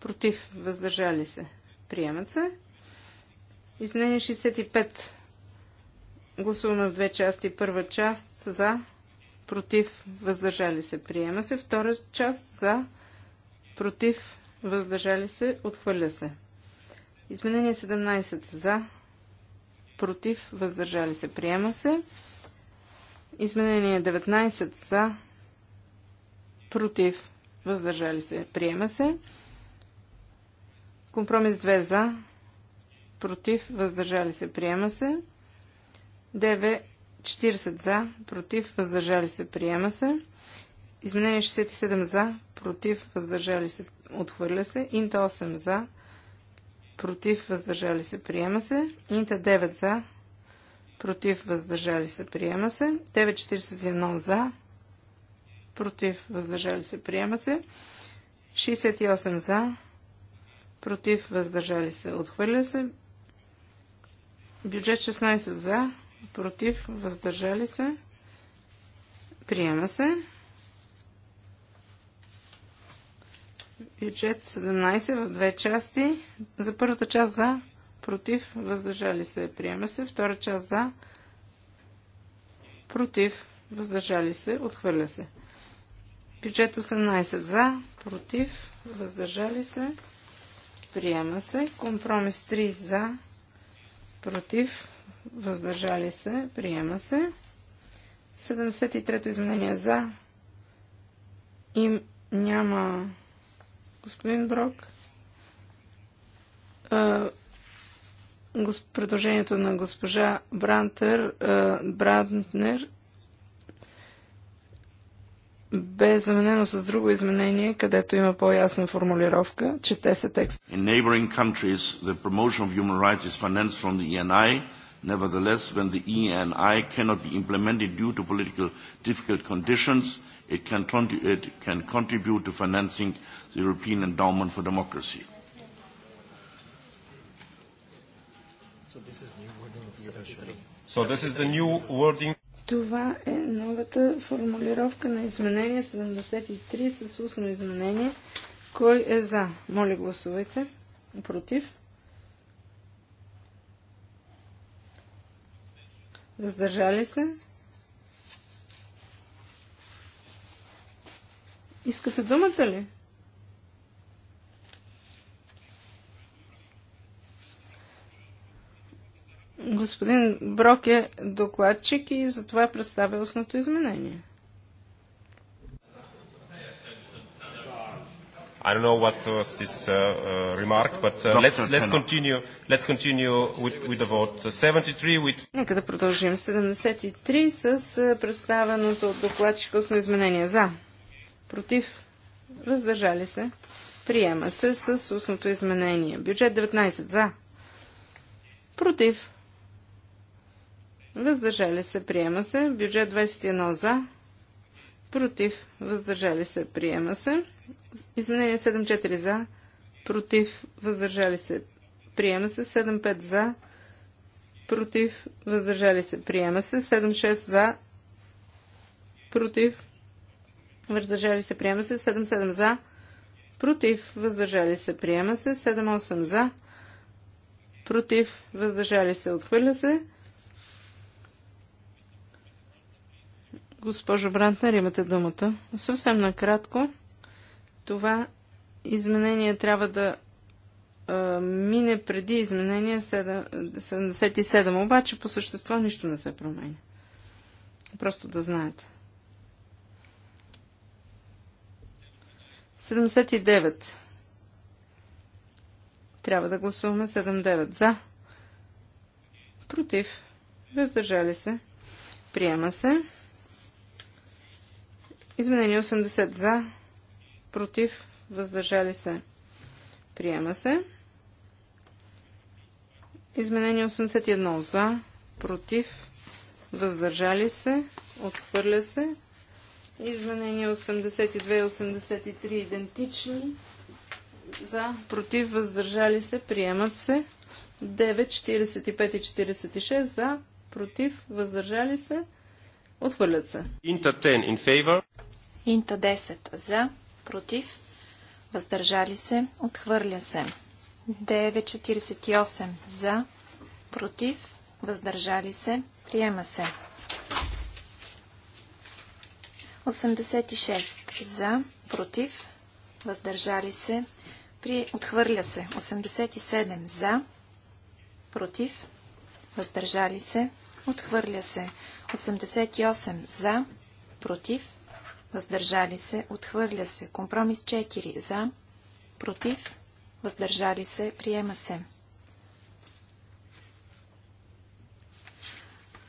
Против. Въздържали се. Приемат се. Изменение 65. Гласуваме в две части. Първа част за. Против. Въздържали се. Приема се. Втора част за против, въздържали се, отхвърля се. Изменение 17 за, против, въздържали се, приема се. Изменение 19 за, против, въздържали се, приема се. Компромис 2 за, против, въздържали се, приема се. 9, 40 за, против, въздържали се, приема се. Изменение 67 за, против, въздържали се, отхвърля се. Инта 8 за, против, въздържали се, приема се. Инта 9 за, против, въздържали се, приема се. 941 за, против, въздържали се, приема се. 68 за, против, въздържали се, отхвърля се. Бюджет 16 за, против, въздържали се, приема се. Бюджет 17 в две части. За първата част за, против, въздържали се, приема се. Втора част за, против, въздържали се, отхвърля се. Бюджет 18 за, против, въздържали се, приема се. Компромис 3 за, против, въздържали се, приема се. 73-то изменение за, им няма господин Брок. Предложението на госпожа Брантер, Брантнер бе заменено с друго изменение, където има по-ясна формулировка. че те са текст. In neighboring countries, the promotion of human rights is financed from the ENI. Nevertheless, when the ENI cannot be implemented due to political difficult conditions, it can, it can contribute to financing the European Endowment for Democracy. So this is the new wording. Това е новата формулировка на изменение 73 с устно изменение. Кой е за? Моля гласувайте. Против? Въздържали се? Искате думата ли? Господин Брок е докладчик и затова е представил основното изменение. I don't know what was this uh, uh, remark, but uh, let's, let's continue, let's continue with, with the vote. 73 uh, with... Нека да продължим. 73 с uh, представеното от докладчика основно изменение. За. Против. Въздържали се. Приема се с устното изменение. Бюджет 19. За. Против. Въздържали се, приема се. Бюджет 21 за. Против. Въздържали се, приема се. Изменение 7-4 за. Против. Въздържали се, приема се. 7-5 за. Против. Въздържали се, приема се. 7-6 за. Против. Въздържали се, приема се. 7-7 за. Против. Въздържали се, приема се. 7-8 за. Против. Въздържали се, отхвърля се. Госпожо Брантнер, имате думата. Съвсем накратко, това изменение трябва да а, мине преди изменение 7, 77, обаче по същество нищо не се променя. Просто да знаете. 79. Трябва да гласуваме 79. За. Против. Въздържали се. Приема се. Изменени 80 за, против, въздържали се, приема се. Изменени 81 за, против, въздържали се, отхвърля се. изменени 82 и 83 идентични. За, против, въздържали се, приемат се. 9, 45 и 46 за, против, въздържали се, отхвърлят се. 10 in favor. Инта 10 за, против, въздържали се, отхвърля се. 9.48 за, против, въздържали се, приема се. 86 за, против, въздържали се, при... отхвърля се. 87 за, против, въздържали се, отхвърля се. 88 за, против, въздържали се, отхвърля се. Компромис 4 за, против, въздържали се, приема се.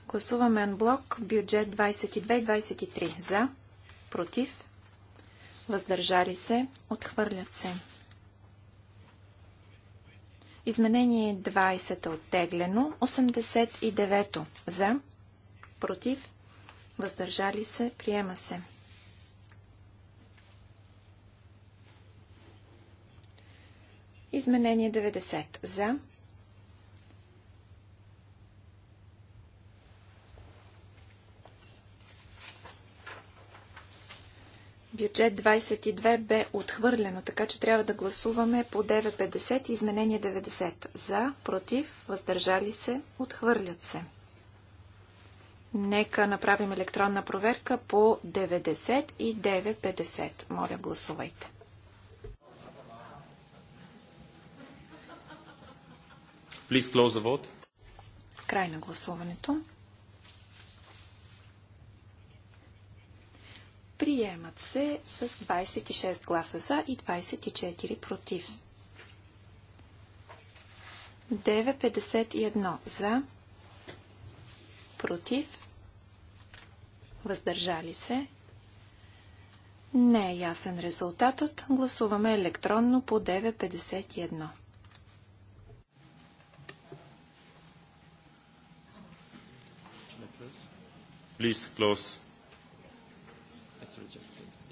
Гласуваме блок, бюджет 22 и 23 за, против, въздържали се, отхвърлят се. Изменение 20 е оттеглено, 89 за, против, въздържали се, приема се. Изменение 90. За. Бюджет 22 бе отхвърлено, така че трябва да гласуваме по 9.50 и изменение 90. За, против, въздържали се, отхвърлят се. Нека направим електронна проверка по 90 и 9.50. Моля, гласувайте. Please close the vote. Край на гласуването. Приемат се с 26 гласа за и 24 против. 9.51 за, против, въздържали се. Не е ясен резултатът. Гласуваме електронно по 9.51. Please close.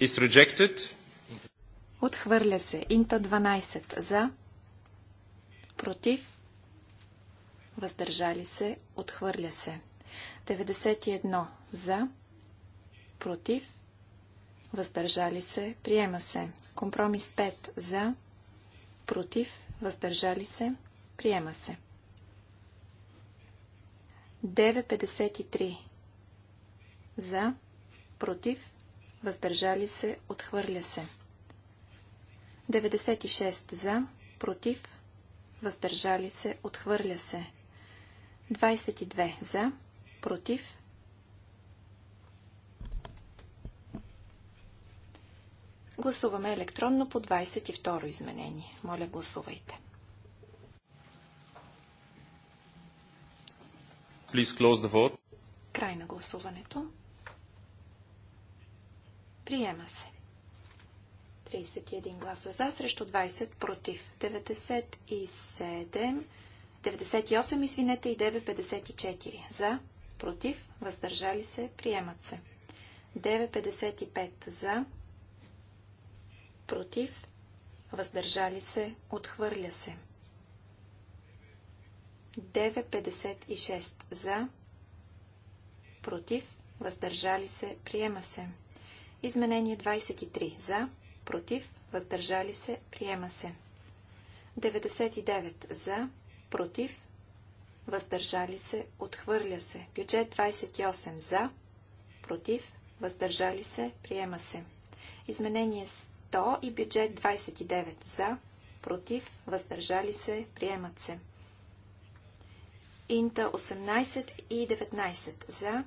Is rejected. Отхвърля се. Инта 12. За. Против. Въздържали се. Отхвърля се. 91. За. Против. Въздържали се. Приема се. Компромис 5. За. Против. Въздържали се. Приема се. 9.53 за, против, въздържали се, отхвърля се. 96 за, против, въздържали се, отхвърля се. 22 за, против. Гласуваме електронно по 22 изменение. Моля, гласувайте. Край на гласуването. Приема се. 31 гласа за, срещу 20 против. 97, 98, извинете, и 9,54 за, против, въздържали се, приемат се. 9,55 за, против, въздържали се, отхвърля се. 9,56 за, против, въздържали се, приема се. Изменение 23. За, против, въздържали се, приема се. 99. За, против, въздържали се, отхвърля се. Бюджет 28. За, против, въздържали се, приема се. Изменение 100 и бюджет 29. За, против, въздържали се, приемат се. Инта 18 и 19. За,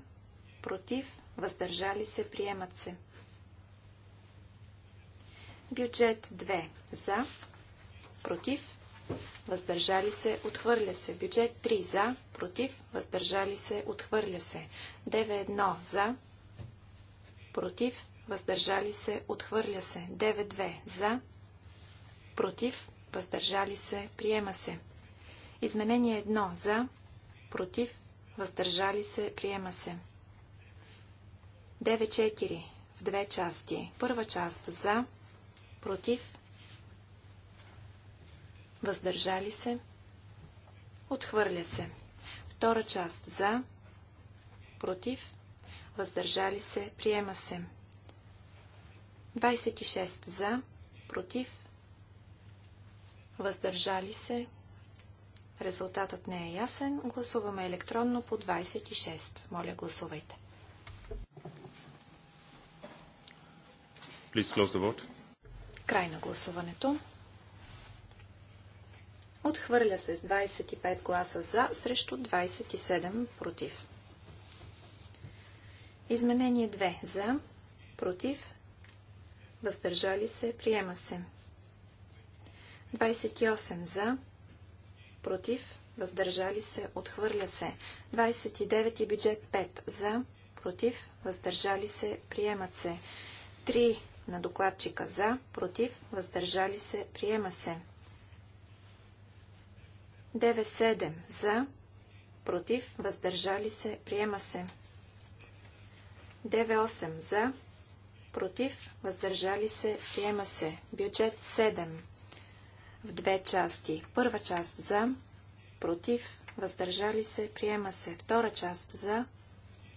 против, въздържали се, приемат се. Бюджет 2 за, против, въздържали се, отхвърля се. Бюджет 3 за, против, въздържали се, отхвърля се. 9-1 за, против, въздържали се, отхвърля се. 9-2 за, против, въздържали се, приема се. Изменение 1 за, против, въздържали се, приема се. 9-4 в две части. Първа част за, против, въздържали се, отхвърля се. Втора част за, против, въздържали се, приема се. 26 за, против, въздържали се. Резултатът не е ясен. Гласуваме електронно по 26. Моля, гласувайте. Please close the vote. Край на гласуването. Отхвърля се с 25 гласа за, срещу 27 против. Изменение 2 за, против, въздържали се, приема се. 28 за, против, въздържали се, отхвърля се. 29 и бюджет 5 за, против, въздържали се, приемат се. 3 на докладчика за, против, въздържали се, приема се. 9.7 за, против, въздържали се, приема се. 9.8 за, против, въздържали се, приема се. Бюджет 7 в две части. Първа част за, против, въздържали се, приема се. Втора част за,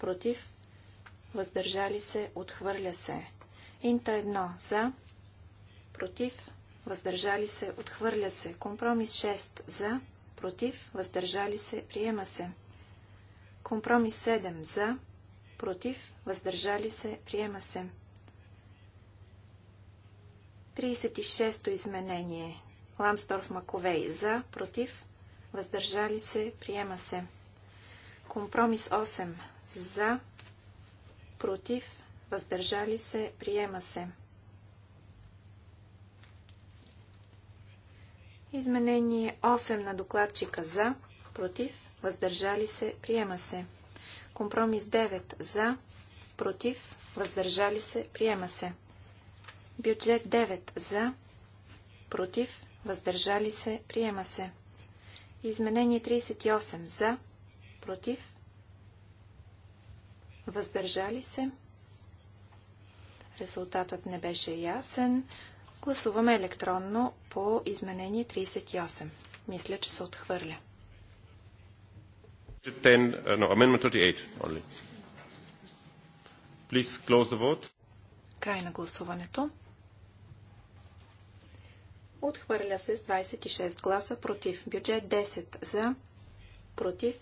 против, въздържали се, отхвърля се. Инта 1 за, против, въздържали се, отхвърля се. Компромис 6 за, против, въздържали се, приема се. Компромис 7 за, против, въздържали се, приема се. 36-то изменение. Ламсторф Маковей за, против, въздържали се, приема се. Компромис 8 за, против, въздържали се, приема се. Изменение 8 на докладчика за, против, въздържали се, приема се. Компромис 9 за, против, въздържали се, приема се. Бюджет 9 за, против, въздържали се, приема се. Изменение 38 за, против, въздържали се, приема се. Резултатът не беше ясен. Гласуваме електронно по изменение 38. Мисля, че се отхвърля. 10, uh, no, amendment 38 only. Please close the vote. Край на гласуването. Отхвърля се с 26 гласа против. Бюджет 10 за, против,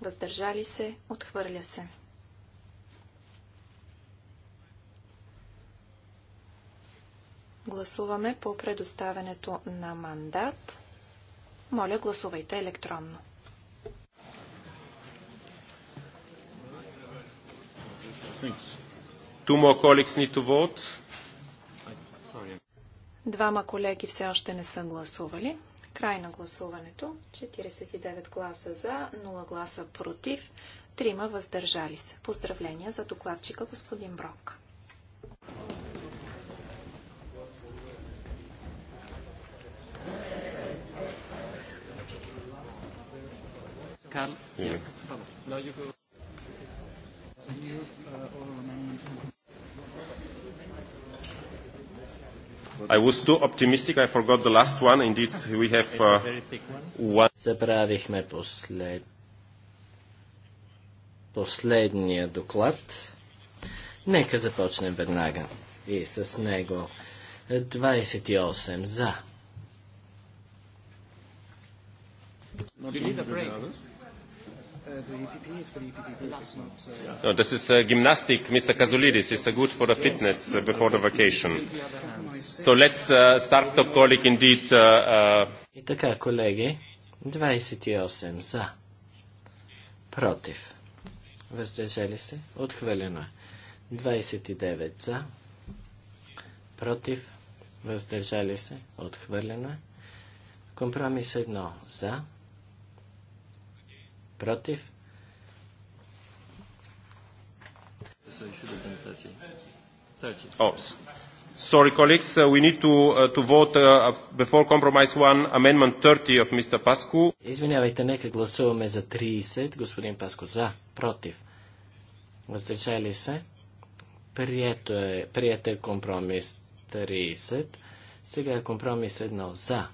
въздържали се, отхвърля се. Гласуваме по предоставянето на мандат. Моля, гласувайте електронно. Двама колеги все още не са гласували. Край на гласуването. 49 гласа за, 0 гласа против, 3 въздържали се. Поздравления за докладчика господин Брок. Carl, yeah. Now you go. I was too optimistic, I forgot the last one. Indeed, we have uh, one. Забравихме послед... последния доклад. Нека започнем веднага. И с него 28 за. Not No, this is uh, gymnastic, Mr. Kazulidis. It's uh, good for the fitness uh, before the vacation. So let's uh, start the colleague indeed. И така, колеги, 28 за, против, въздържали се, отхвърлено е. 29 за, против, въздържали се, отхвърлено е. Компромис 1 за, Против? Oh, sorry, colleagues, uh, we need to, uh, to vote uh, before compromise one amendment 30 of Mr. Pascu. Извинявайте, нека гласуваме за 30. Господин Паско, за, против. Въздържали се? Прието е, прият е компромис 30. Сега е компромис 1 за,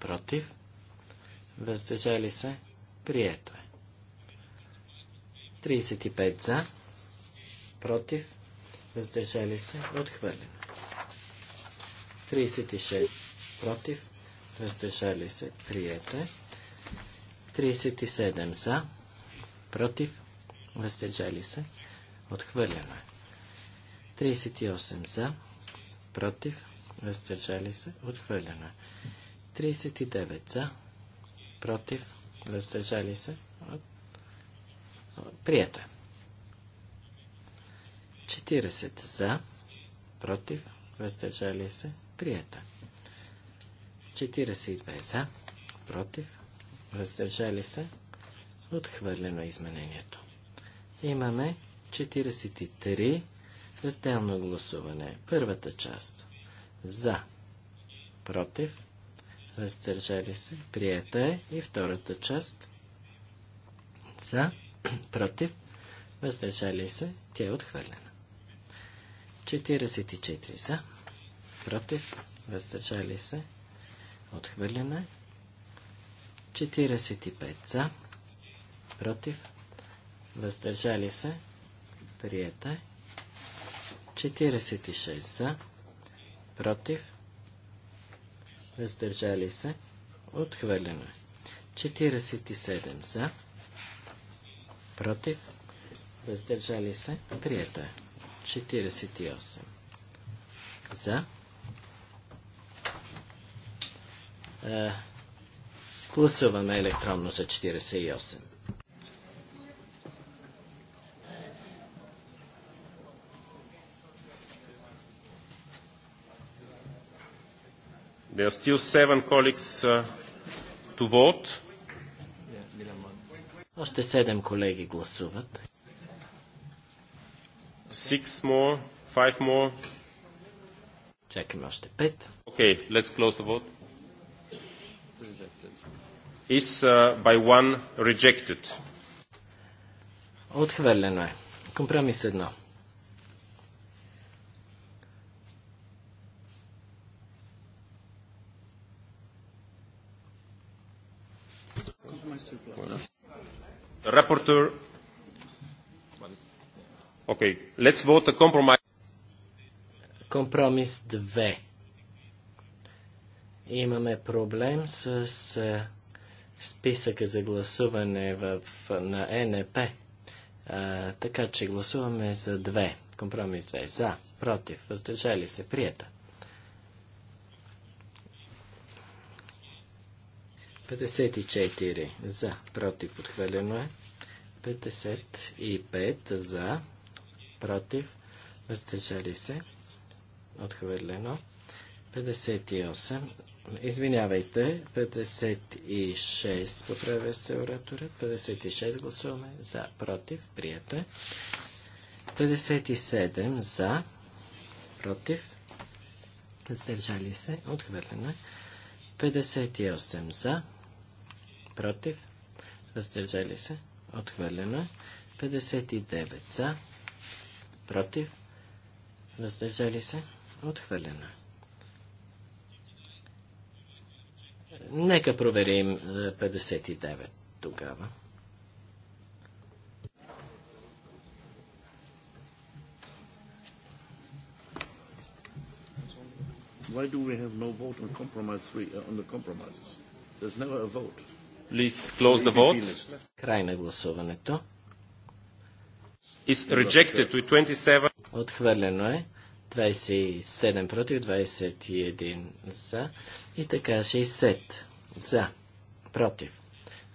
против. Въздържали се? Прието е. 35 за, против, въздържали се, отхвърлено. 36 против, въздържали се, прието е. 37 за, против, въздържали се, отхвърлено е. 38 за, против, въздържали се, отхвърлено е. 39 за, против, въздържали се. Прието е. 40 за, против, въздържали се. Прието е. 42 за, против, въздържали се. Отхвърлено е изменението. Имаме 43 разделно гласуване. Първата част. За, против, въздържали се, приета е. И втората част за, <clears throat> против, въздържали се, тя е отхвърлена. 44 за, против, въздържали се, отхвърлена е. 45 за, против, въздържали се, приета е. 46 за, против, въздържали се, отхвърлено е. 47 за, против, въздържали се, прието е. 48 за. Е, гласуваме електронно за 48. There are still seven colleagues uh, to vote. Още седем колеги гласуват. Six more, five more. Чакаме още пет. Okay, let's close the vote. Is uh, by one rejected. Отхвърлено е. Компромис едно. Rapporteur. Okay, let's vote a compromise. Компромис 2. Имаме проблем с, с списъка за гласуване в, на НП. А, така че гласуваме за 2. Компромис 2. За, против, въздържали се, прието. 54 за, против, отхвърлено е. 55 за, против, въздържали се, отхвърлено. 58, извинявайте, 56, поправя се ораторът, 56 гласуваме за, против, прието е. 57 за, против, въздържали се, отхвърлено е. 58 за, против, въздържали се, отхвърлено е. 59 за, против, въздържали се, отхвърлено е. Нека проверим 59 е, тогава. Why do we have no vote on compromise three, uh, on the compromises? There's never a vote. Please close the vote. Край на гласуването. Is rejected with 27. Отхвърлено е. 27 против, 21 за. И така 60 за. Против.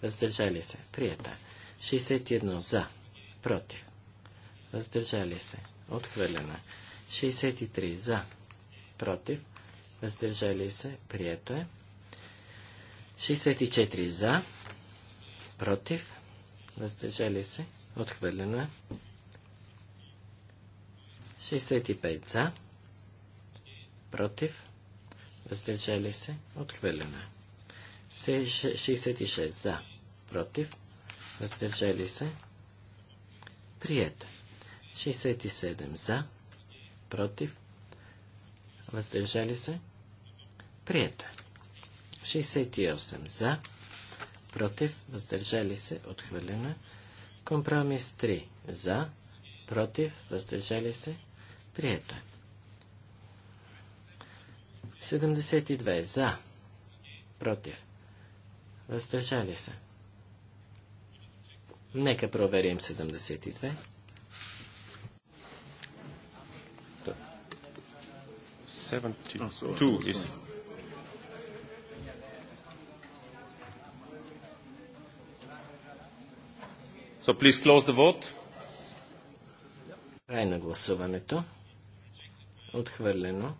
Въздържали се. Прието е. 61 за. Против. Въздържали се. Отхвърлено е. 63 за. Против. Въздържали се. Прието е. 64 за, против, въздържали се, отхвърлено е. 65 за, против, въздържали се, отхвърлено е. 66 за, против, въздържали се, прието. 67 за, против, въздържали се, прието е. 68 за, против, въздържали се, отхвърлено. Е. Компромис 3 за, против, въздържали се, прието е. 72 за, против, въздържали се. Нека проверим 72. Seventy-two is So please close the vote. Край на гласуването. Отхвърлено.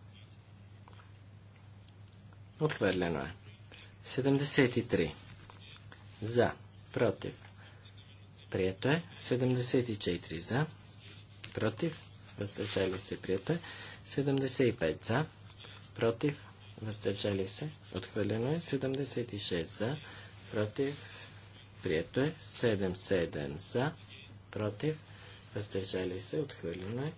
Отхвърлено е. 73. За. Против. Прието е. 74 за. Против. Въздържали се. Прието е. 75 за. Против. Въздържали се. Отхвърлено е. 76 за. Против Прието е. 7-7 за. Против. Въздържали се. Отхвърлено е.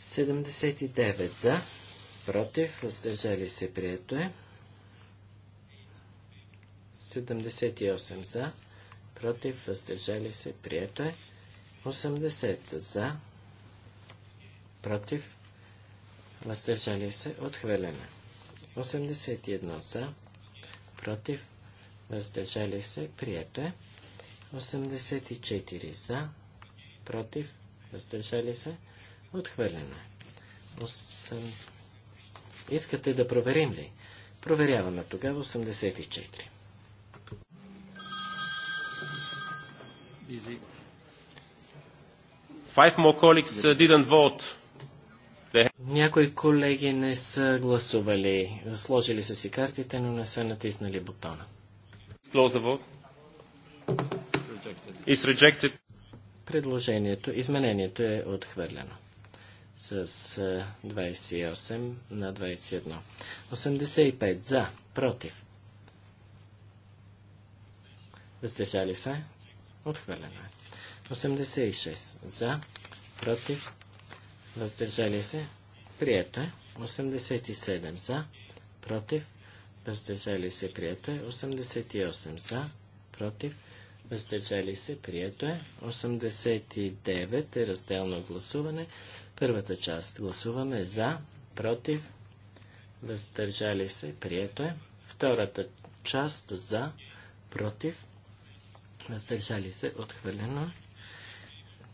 79 за. Против. Въздържали се. Прието е. 78 за. Против. Въздържали се. Прието е. 80 за. Против. Въздържали се. Отхвърлено. 81 е. за. Против въздържали се, прието е. 84 за, против, въздържали се, отхвърлено е. Искате да проверим ли? Проверяваме тогава 84. Five more colleagues uh, didn't vote. Някои колеги не са гласували, сложили са си картите, но не са натиснали бутона. Предложението, изменението е отхвърлено с 28 на 21. 85 за, против. Въздържали се? Отхвърлено е. 86 за, против. Въздържали се? Прието е. 87 за, против въздържали се, прието е. 88 за, против, въздържали се, прието е. 89 е разделно гласуване. Първата част гласуваме за, против, въздържали се, прието е. Втората част за, против, въздържали се, отхвърлено.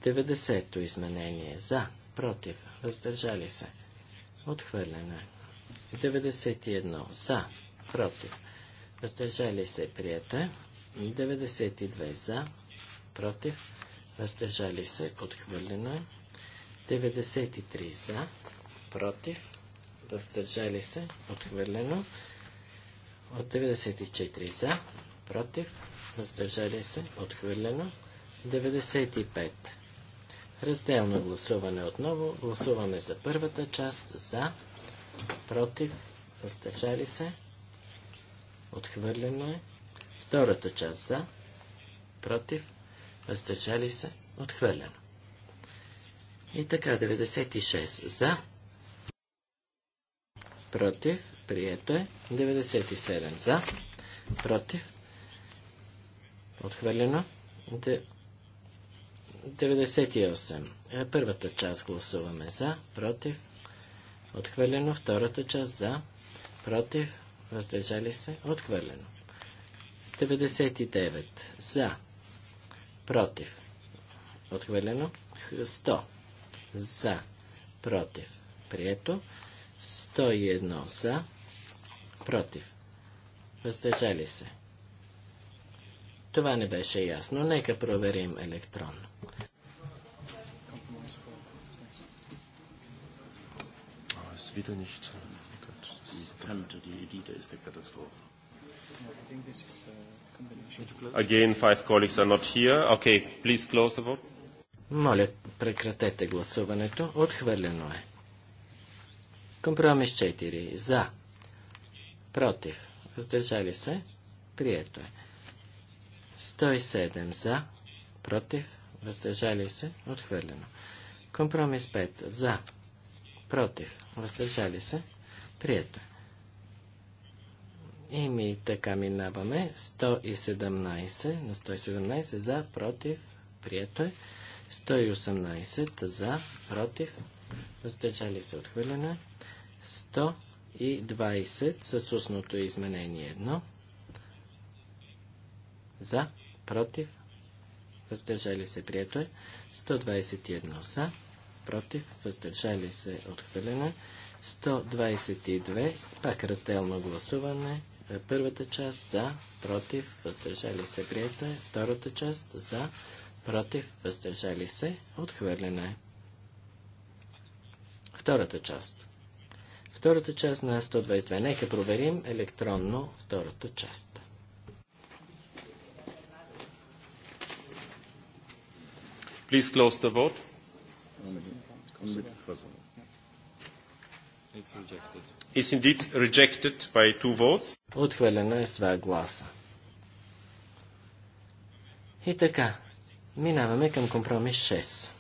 90-то е. изменение за, против, въздържали се, отхвърлено. 91 е. за, против. Въздържали се, прията 92 е. за, против. Въздържали се, отхвърлено 93 е. за, против. Въздържали се, отхвърлено. От 94 за, против. Въздържали се, отхвърлено. 95. Разделно гласуване отново. Гласуваме за първата част, за, против, въздържали се, Отхвърлено е. Втората част за. Против. Въздържали се. Отхвърлено. И така, 96 за. Против. Прието е. 97 за. Против. Отхвърлено. 98. Е, първата част гласуваме за. Против. Отхвърлено. Втората част за. Против въздържали се, отхвърлено. 99 за, против, отхвърлено. 100 за, против, прието. 101 за, против, въздържали се. Това не беше ясно. Нека проверим електронно. wieder nicht Trend, die Edite ist eine uh, Again, five colleagues are not here. Okay, please close the vote. Моля, прекратете гласуването. Отхвърлено е. Компромис 4. За. Против. Въздържали се. Прието е. 107 за. Против. Въздържали се. Отхвърлено. Компромис 5. За. Против. Въздържали се. Прието е. Еми, така минаваме. 117 на 117 за, против, прието е. 118 за, против, въздържали се отхвърляне. 120 с устното изменение 1. За, против, въздържали се, прието е. 121 за, против, въздържали се, отхвърляне. 122, пак разделно гласуване. Е, първата част за, против, въздържали се, приета е. Втората част за, против, въздържали се, отхвърлена е. Втората част. Втората част на 122. Нека проверим електронно втората част. Please close the vote. It's rejected is indeed rejected by two votes. Отхвърлено е с два гласа. И така, минаваме към компромис 6.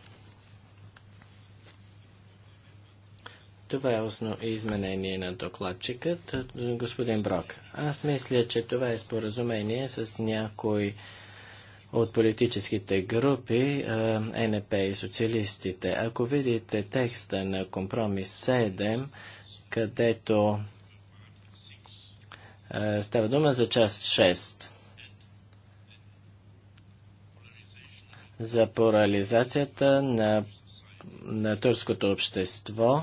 Това е основно изменение на докладчикът, господин Брок. Аз мисля, че това е споразумение с някой от политическите групи, е, НП и социалистите. Ако видите текста на компромис 7, където е, става дума за част 6. За порализацията на, на турското общество,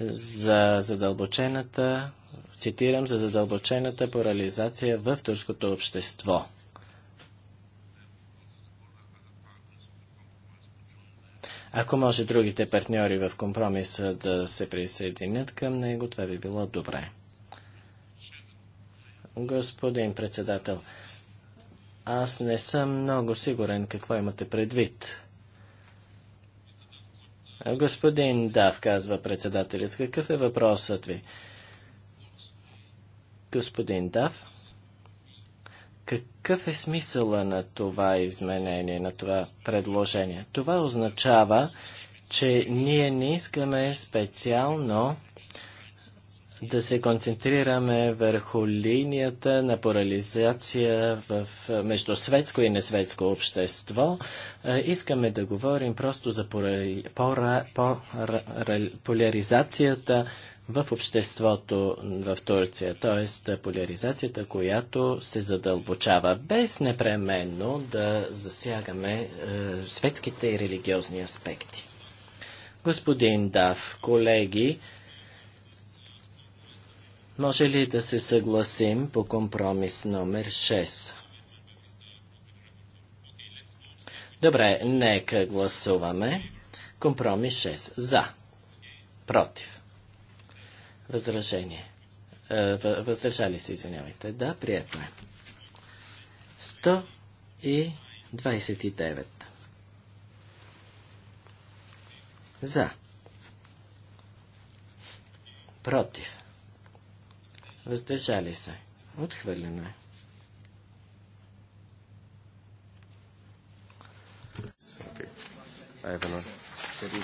за задълбочената, цитирам, за задълбочената порализация в турското общество – Ако може другите партньори в компромиса да се присъединят към него, това би било добре. Господин председател, аз не съм много сигурен какво имате предвид. Господин Дав, казва председателят, какъв е въпросът ви? Господин Дав? Какъв е смисъла на това изменение, на това предложение? Това означава, че ние не искаме специално да се концентрираме върху линията на парализация в, между светско и несветско общество. Е, искаме да говорим просто за поляризацията в обществото в Турция, т.е. поляризацията, която се задълбочава, без непременно да засягаме е, светските и религиозни аспекти. Господин Дав, колеги, може ли да се съгласим по компромис номер 6? Добре, нека гласуваме. Компромис 6. За. Против. Възражение. Е, въздържали се, извинявайте. Да, приятно е. 129. За. Против въздържали се, отхвърлено е. Okay.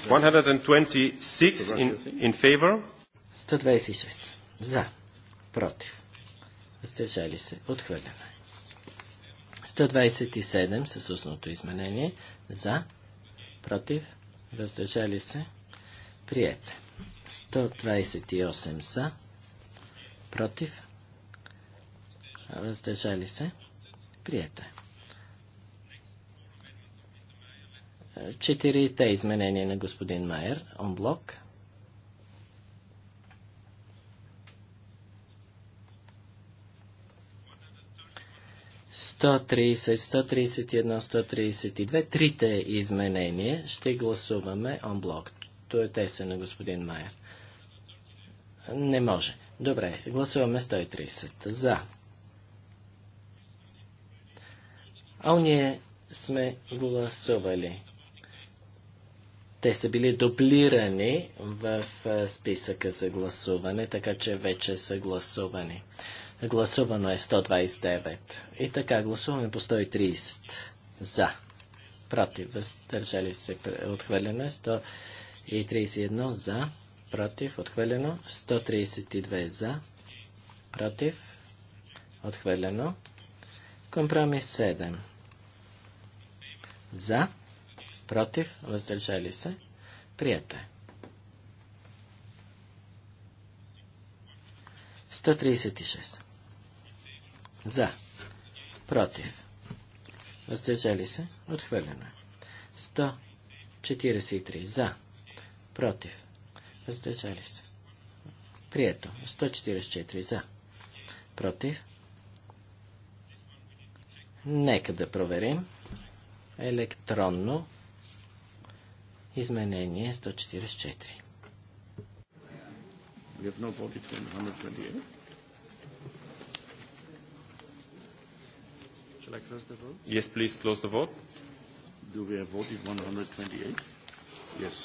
126 in, in favor. 126. За. Против. Въздържали се. е. 127 с устното изменение. За. Против. Въздържали се. Приете. 128 са против, въздържали се, прието е. Четирите изменения на господин Майер, онблок. Сто тридесет, сто тридесет и едно, сто Трите изменения ще гласуваме онблок. е тесен на господин Майер. Не може. Добре, гласуваме 130 за. А ние сме гласували. Те са били дублирани в списъка за гласуване, така че вече са гласувани. Гласувано е 129. И така, гласуваме по 130. За. Против. Въздържали се. Отхвърлено е 131 за против, отхвърлено. 132 за, против, отхвърлено. Компромис 7. За, против, въздържали се, прието е. 136. За, против, въздържали се, отхвърлено е. 143. За, против, въздържали се. Прието. 144 за. Против. Нека да проверим. Електронно изменение 144. Yes, please close the vote. Do we have voted 128? Yes.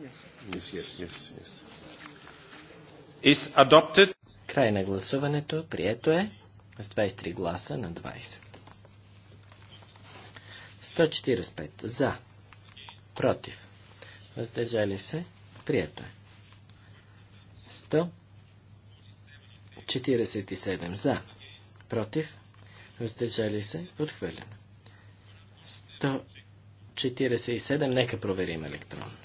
Yes, yes, yes, yes. Is adopted. Край на гласуването. Прието е с 23 гласа на 20. 145 за. Против. Въздържали се. Прието е. 147 за. Против. Въздържали се. Отхвърлено. 147. Нека проверим електронно.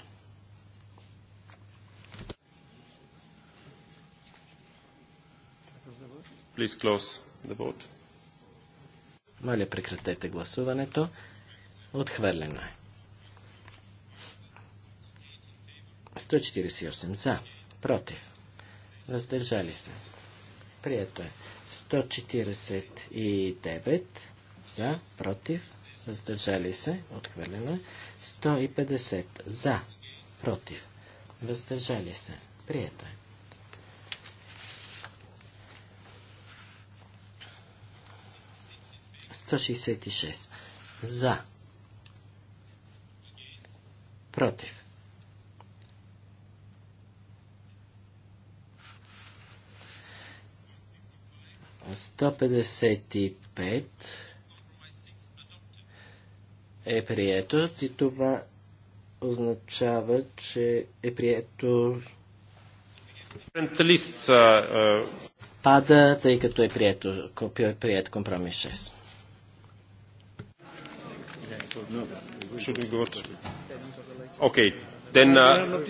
Please close the vote. Моля, прекратете гласуването. Отхвърлено е. 148 за, против, въздържали се. Прието е. 149 за, против, въздържали се, отхвърлено е. 150 за, против, въздържали се. Прието е. 166. За. Против. Сто и пет е прието и това означава, че е прието uh, Пада, тъй като е прието, е прият компромис 6. No, should we go to... Okay, then... Uh,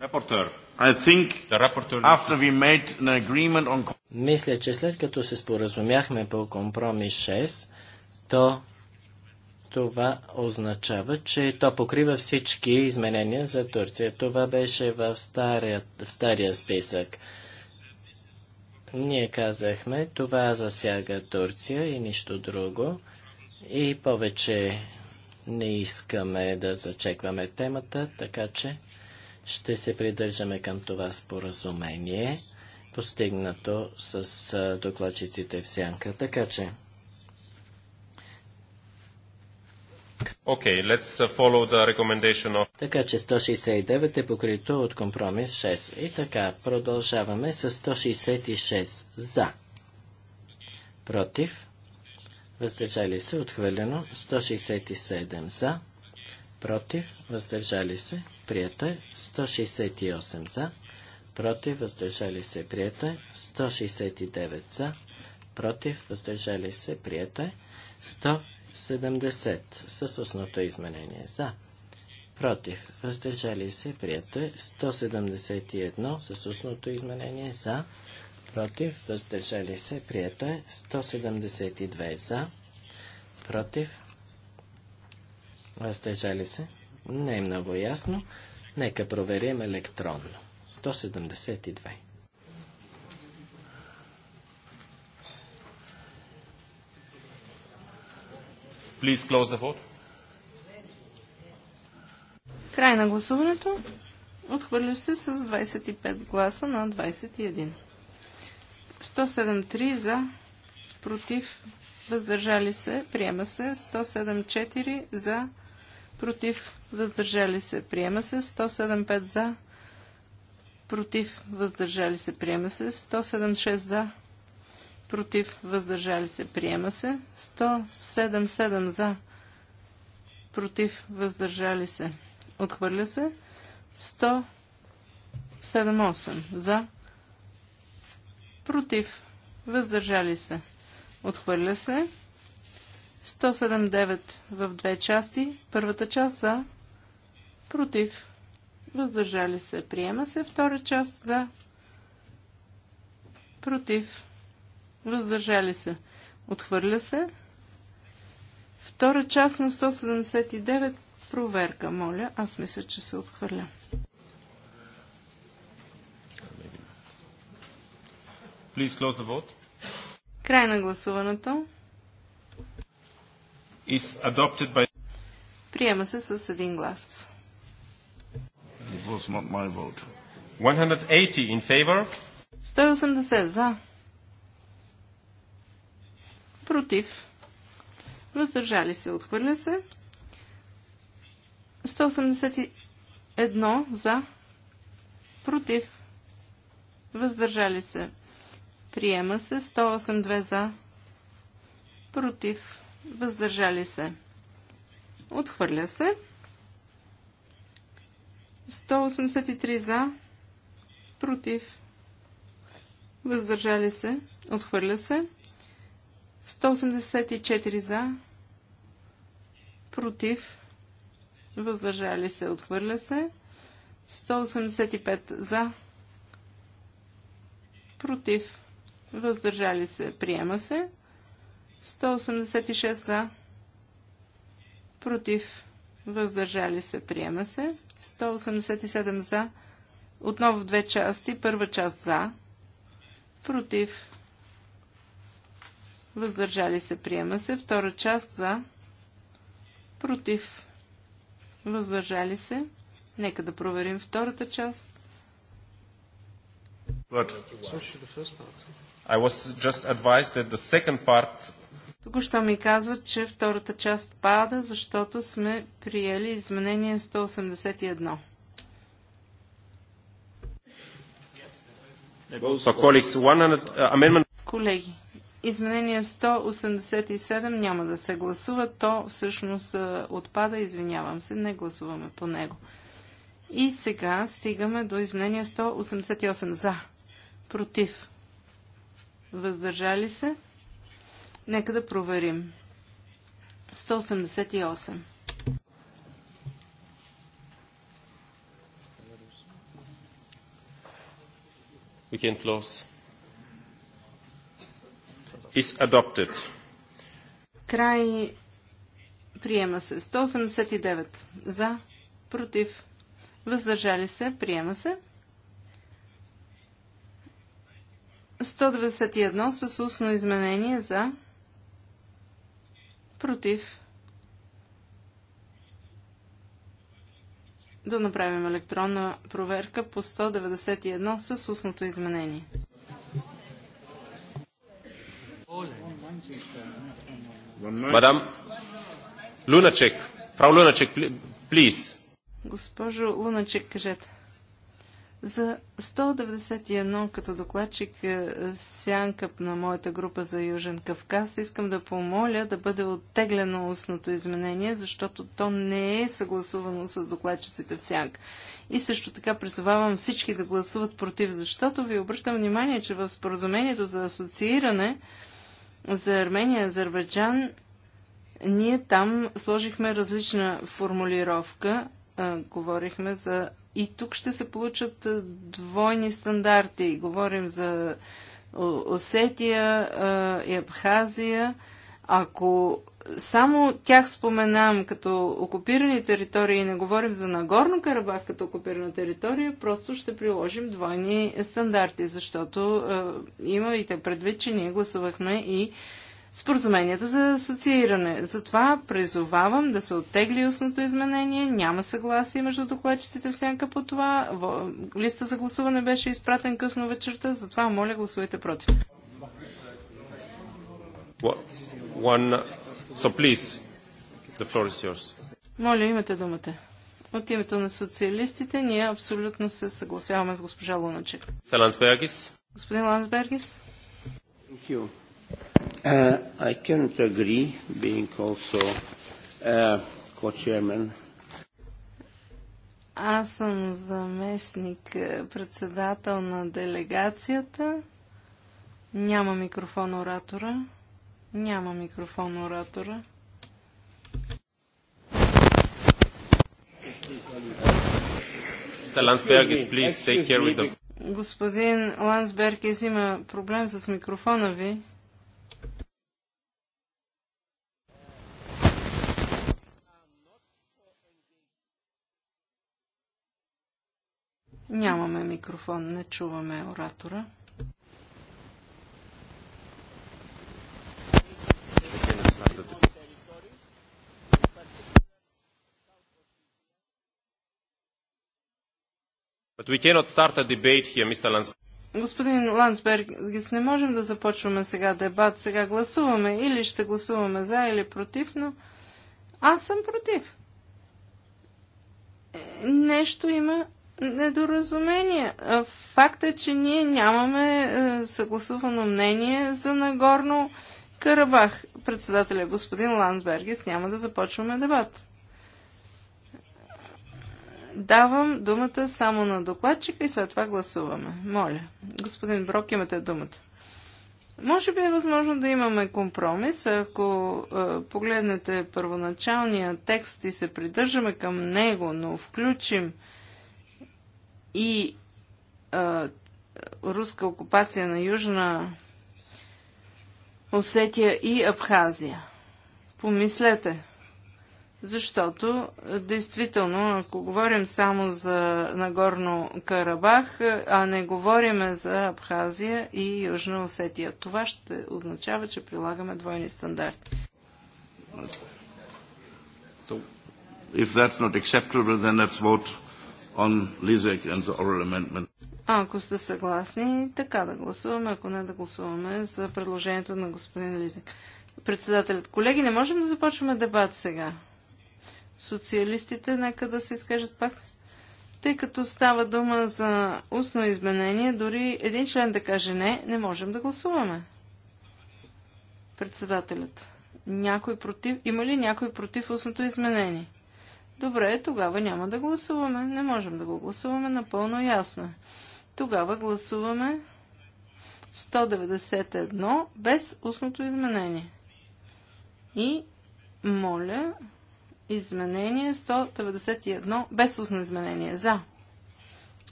Rapporteur. I think after we made an agreement on... Мисля, че след като се споразумяхме по компромис 6, то това означава, че то покрива всички изменения за Турция. Това беше в, стария, в стария списък. Ние казахме, това засяга Турция и нищо друго. И повече не искаме да зачекваме темата, така че ще се придържаме към това споразумение, постигнато с докладчиците в сянка. Така че Okay, let's uh, follow the recommendation of... Така че 169 е покрито от компромис 6. И така, продължаваме с 166 за. Против. Въздържали се, отхвърлено. 167 за. Против. Въздържали се, прието е. 168 за. Против. Въздържали се, прието е. 169 за. Против. Въздържали се, прието е. 100 70 с основното изменение. За. Против. Въздържали се. Прието е. 171 с основното изменение. За. Против. Въздържали се. Прието е. 172 за. Против. Въздържали се. Не е много ясно. Нека проверим електронно. 172. Please close the vote. Край на гласуването. Отхвърля се с 25 гласа на 21. 107-3 за, против, въздържали се, приема се. 107-4 за, против, въздържали се, приема се. 107-5 за, против, въздържали се, приема се. 107-6 за, против, въздържали се, приема се. 177 за, против, въздържали се, отхвърля се. 178 за, против, въздържали се, отхвърля се. 179 в две части. Първата част за, против, въздържали се, приема се. Втора част за, против, Въздържали се. Отхвърля се. Втора част на 179. Проверка, моля. Аз мисля, че се отхвърля. Please close the vote. Край на гласуването. Is adopted by... Приема се с един глас. It was not my vote. 180 in favor. 180 за против, въздържали се, отхвърля се. 181 за, против, въздържали се, приема се. 182 за, против, въздържали се, отхвърля се. 183 за, против, въздържали се, отхвърля се. 184 за, против, въздържали се, отхвърля се. 185 за, против, въздържали се, приема се. 186 за, против, въздържали се, приема се. 187 за, отново в две части, първа част за, против, въздържали се, приема се. Втора част за, против, въздържали се. Нека да проверим втората част. Part... Току-що ми казват, че втората част пада, защото сме приели изменение 181. Uh, Колеги, Изменение 187 няма да се гласува. То всъщност е, отпада. Извинявам се, не гласуваме по него. И сега стигаме до изменение 188 за. Против. Въздържали се? Нека да проверим. 188. We can close is adopted. Край приема се 189 за, против, въздържали се, приема се. 191 с устно изменение за, против. Да направим електронна проверка по 191 с устното изменение. Мадам Луначек, фрау Луначек, плиз. Госпожо Луначек, кажете. За 191 като докладчик е, сянка на моята група за Южен Кавказ искам да помоля да бъде оттеглено устното изменение, защото то не е съгласувано с докладчиците в сянка. И също така призовавам всички да гласуват против, защото ви обръщам внимание, че в споразумението за асоцииране за Армения и Азербайджан, ние там сложихме различна формулировка. А, говорихме за... И тук ще се получат двойни стандарти. Говорим за Осетия а, и Абхазия. Ако само тях споменам като окупирани територии и не говорим за Нагорно Карабах като окупирана територия, просто ще приложим двойни стандарти, защото е, имайте предвид, че ние гласувахме и споразуменията за асоцииране. Затова призовавам да се оттегли устното изменение. Няма съгласие между докладчиците в сянка по това. Листа за гласуване беше изпратен късно вечерта, затова моля гласувайте против. One So please, the floor is yours. Моля, имате думата. От името на социалистите ние абсолютно се съгласяваме с госпожа Луначек. Ландсбергис. Господин Ландсбергис. Uh, I cannot agree being also uh, co-chairman аз съм заместник е, председател на делегацията. Няма микрофон оратора. Няма микрофон оратора. Господин Лансбергес има проблем с микрофона ви. Нямаме микрофон, не чуваме оратора. But we cannot start a debate here, Mr. Lanz. Господин Ландсбергис, не можем да започваме сега дебат. Сега гласуваме или ще гласуваме за или против, но аз съм против. Е, нещо има недоразумение. факта е, че ние нямаме е, съгласувано мнение за Нагорно Карабах. Председателя е господин Ландсбергис няма да започваме дебат. Давам думата само на докладчика и след това гласуваме. Моля. Господин Брок, имате думата. Може би е възможно да имаме компромис, ако е, погледнете първоначалния текст и се придържаме към него, но включим и е, руска окупация на Южна Осетия и Абхазия. Помислете защото е, действително, ако говорим само за Нагорно Карабах, е, а не говорим за Абхазия и Южна Осетия, това ще означава, че прилагаме двойни стандарти. So, if that's not acceptable, then let's vote on Lizek and the oral amendment. А, ако сте съгласни, така да гласуваме, ако не да гласуваме за предложението на господин Лизик. Председателят, колеги, не можем да започваме дебат сега социалистите, нека да се изкажат пак. Тъй като става дума за устно изменение, дори един член да каже не, не можем да гласуваме. Председателят. Някой против? Има ли някой против устното изменение? Добре, тогава няма да гласуваме. Не можем да го гласуваме, напълно ясно. Е. Тогава гласуваме 191 без устното изменение. И моля Изменение 191 без устно изменение. За.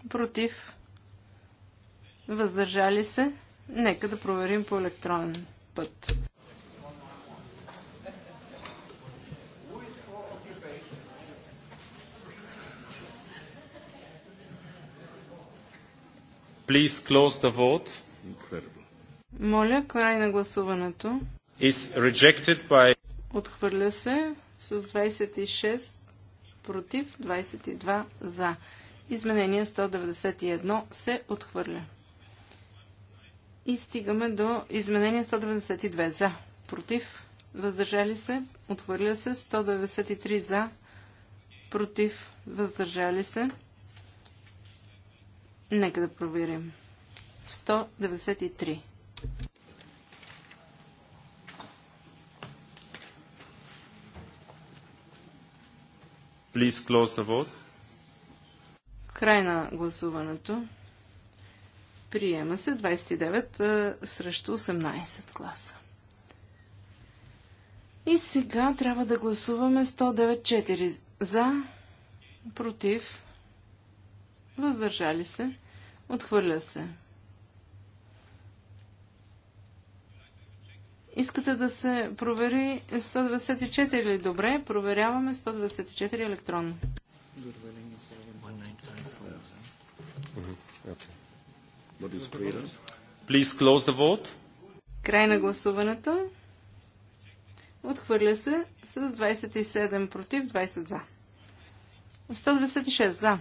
Против. Въздържали се. Нека да проверим по електронен път. Please close the vote. Incredible. Моля, край на гласуването. Is rejected by... Отхвърля се с 26 против, 22 за. Изменение 191 се отхвърля. И стигаме до изменение 192 за. Против, въздържали се, отхвърля се 193 за. Против, въздържали се. Нека да проверим. 193. Please close the vote. Край на гласуването. Приема се 29 срещу 18 гласа. И сега трябва да гласуваме 109-4 за, против, въздържали се, отхвърля се. Искате да се провери 124 добре? Проверяваме 124 електронно. Край на гласуването. Отхвърля се с 27 против, 20 за. 126 за.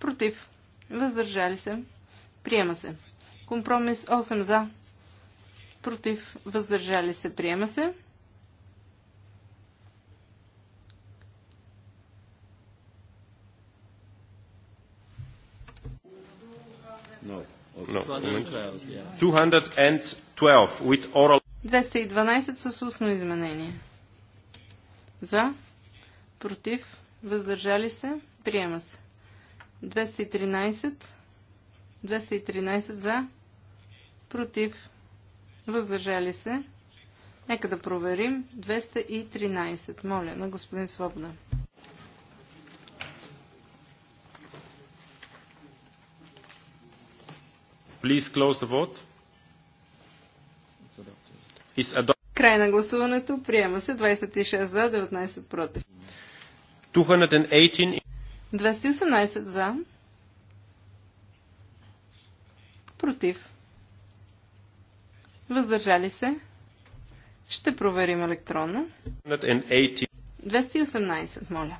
Против. Въздържали се. Приема се. Компромис 8 за против, въздържали се, приема се. No. No. 212 212 с устно изменение. За, против, въздържали се, приема се. 213, 213 за, против, Въздържали се. Нека да проверим. 213. Моля, на господин Свобода. Please close the vote. Край на гласуването. Приема се 26 за, 19 против. 218, 218 за. Против. Въздържали се? Ще проверим електронно. 218, моля.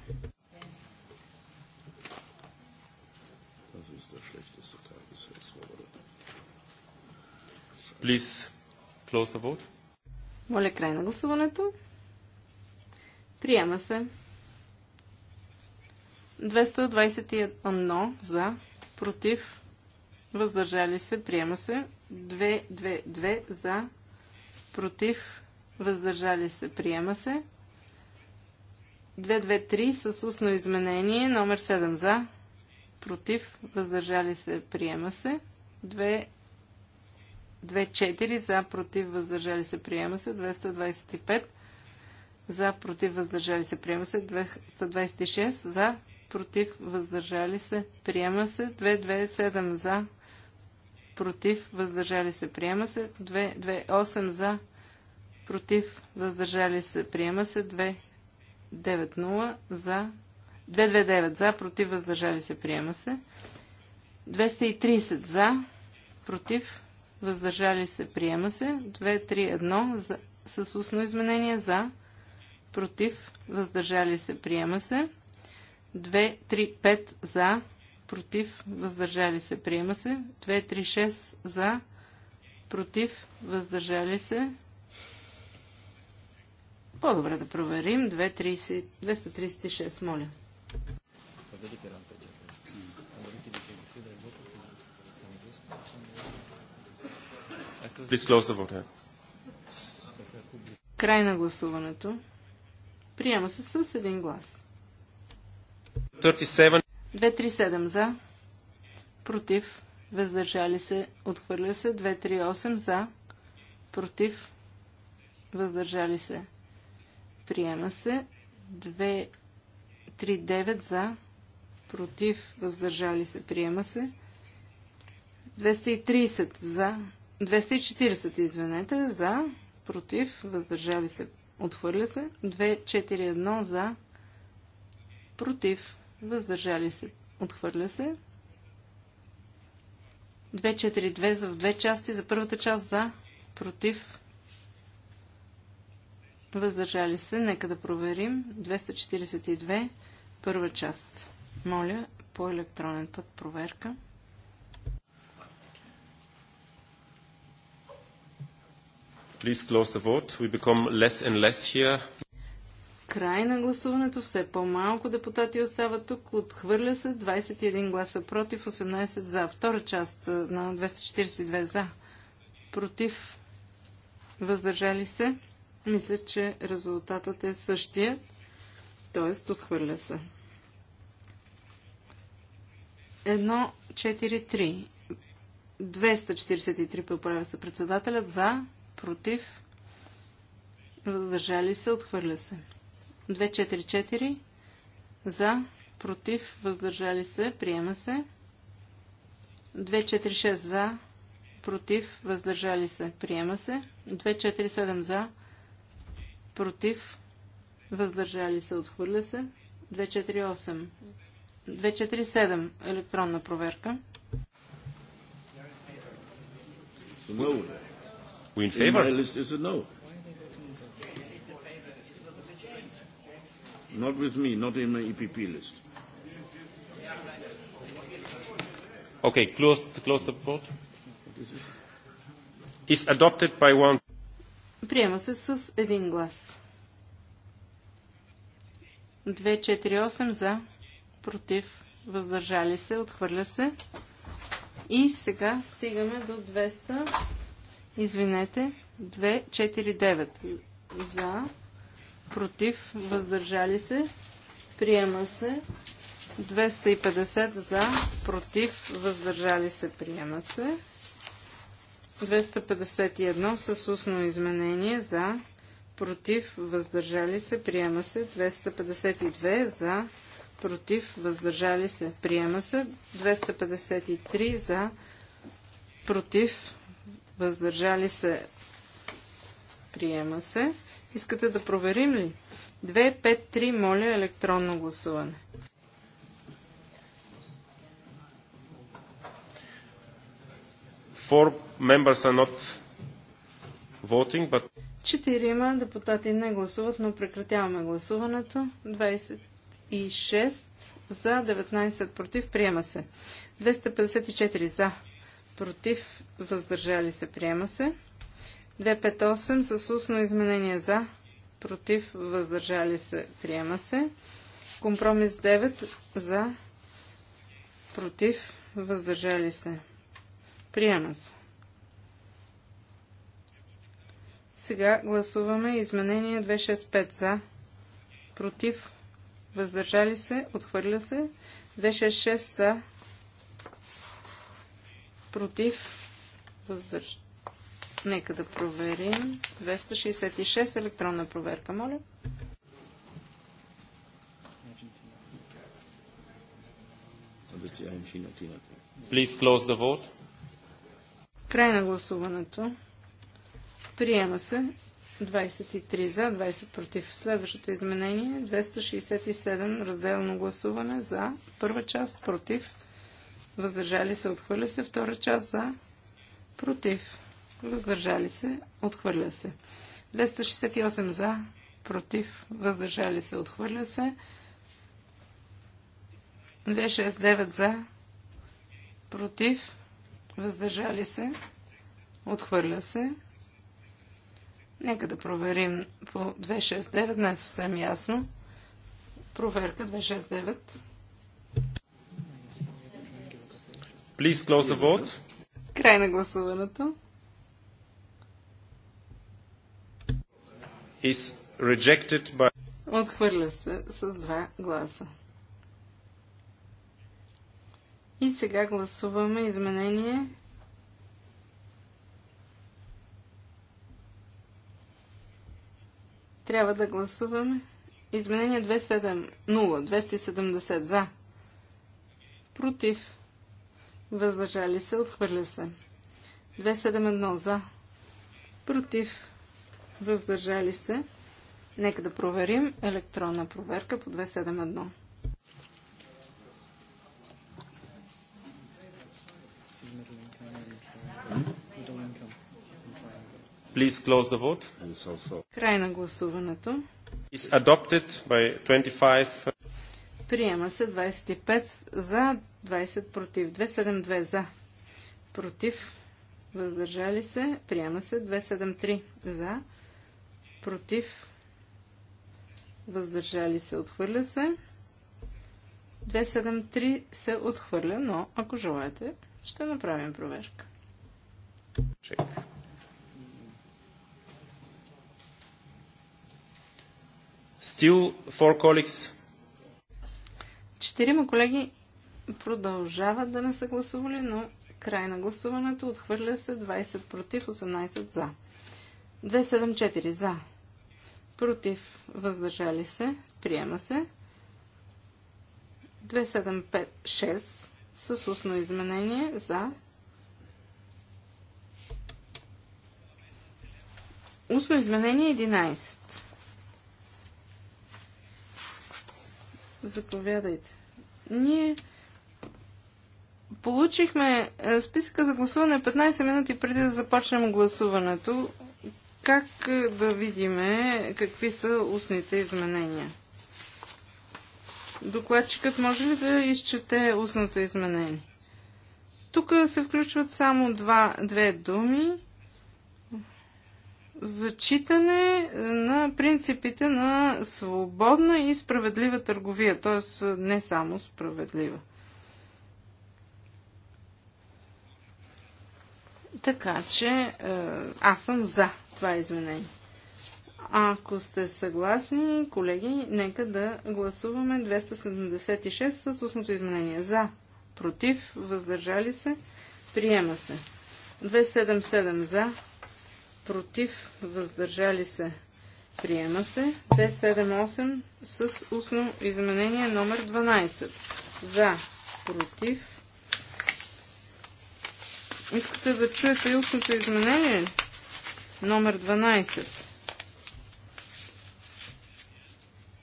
Please close the vote. Моля край на гласуването. Приема се. 221 за, против, въздържали се, приема се. 2-2 за, против, въздържали се, приема се. 223 с устно изменение, номер 7 за, против, въздържали се, приема се. 2, 4 за, против, въздържали се, приема се. 225 за, против, въздържали се, приема се. 226 за, против, въздържали се, приема се. 227 за, против, против, въздържали се, приема се. 2, 2, 8 за, против, въздържали се, приема се. 2, 9, 0 за, 2, 2, 9 за, против, въздържали се, приема се. 230 за, против, въздържали се, приема се. 2, 3, 1 за, с устно изменение за, против, въздържали се, приема се. 2, 3, 5 за, против, въздържали се, приема се. 236 за, против, въздържали се. По-добре да проверим. 230, 236, моля. Край на гласуването. Приема се с един глас. 37 237 за, против, въздържали се, отхвърля се. 238 за, против, въздържали се, приема се. 239 за, против, въздържали се, приема се. 230 за, 240 извинете, за, против, въздържали се, отхвърля се. 241 за, против, въздържали се, отхвърля се. 2-4-2 за в две части, за първата част за, против, въздържали се. Нека да проверим. 242, първа част. Моля, по електронен път проверка. Please close the vote. We become less and less here. Край на гласуването. Все по-малко депутати остават тук. Отхвърля се 21 гласа против, 18 за. Втора част на 242 за. Против. Въздържали се. Мисля, че резултатът е същия. Тоест, отхвърля се. 1.4.3. 243 поправя се председателят за, против, въздържали се, отхвърля се. 244 за, против, въздържали се, приема се. 246 за, против, въздържали се, приема се. 247 за, против, въздържали се, отхвърля се. 248. 247 електронна проверка. No. In favor? In my list is a no. Not with me, not in my EPP list. Okay, close, close the vote. Is adopted by one. Приема се с един глас. 248 за, против, въздържали се, отхвърля се. И сега стигаме до 200, извинете, 249 за, против, въздържали се, приема се. 250 за, против, въздържали се, приема се. 251 с устно изменение за, против, въздържали се, приема се. 252 за, против, въздържали се, приема се. 253 за, против, въздържали се, приема се. Искате да проверим ли? 253, моля, електронно гласуване. Four members are not voting, but... Четирима депутати не гласуват, но прекратяваме гласуването. 26 за, 19 против, приема се. 254 за, против, въздържали се, приема се. 258 с устно изменение за, против, въздържали се, приема се. Компромис 9 за, против, въздържали се, приема се. Сега гласуваме изменение 265 за, против, въздържали се, отхвърля се, 266 за, против, въздържали Нека да проверим. 266 електронна проверка, моля. Please close the vote. Край на гласуването. Приема се 23 за, 20 против. Следващото изменение 267 разделно гласуване за първа част против. Въздържали се, отхвърля се втора част за против въздържали се, отхвърля се. 268 за, против, въздържали се, отхвърля се. 269 за, против, въздържали се, отхвърля се. Нека да проверим по 269, не е съвсем ясно. Проверка 269. Please close the vote. Край на гласуването. is rejected by... Отхвърля се с два гласа. И сега гласуваме изменение Трябва да гласуваме. Изменение 270. 270 за. Против. Въздържали се. Отхвърля се. 271 за. Против въздържали се. Нека да проверим електронна проверка по 271. Please close the vote. Край на гласуването. Is adopted by 25. Приема се 25 за, 20 против, 272 за, против, въздържали се. Приема се 273 за, против, въздържали се, отхвърля се. 273 се отхвърля, но ако желаете, ще направим проверка. Чек. Still four colleagues. Четирима колеги продължават да не са гласували, но край на гласуването отхвърля се 20 против, 18 за. 274 за против, въздържали се, приема се. 2756 с устно изменение за. Устно изменение 11. Заповядайте. Ние получихме е, списъка за гласуване 15 минути преди да започнем гласуването. Как е, да видим какви са устните изменения? Докладчикът може ли да изчете устното изменение? Тук се включват само два, две думи. Зачитане на принципите на свободна и справедлива търговия, т.е. не само справедлива. Така че е, аз съм за това е изменение. Ако сте съгласни, колеги, нека да гласуваме 276 с устното изменение. За, против, въздържали се, приема се. 277 за, против, въздържали се, приема се. 278 с устно изменение номер 12. За, против. Искате да чуете и устното изменение? номер 12.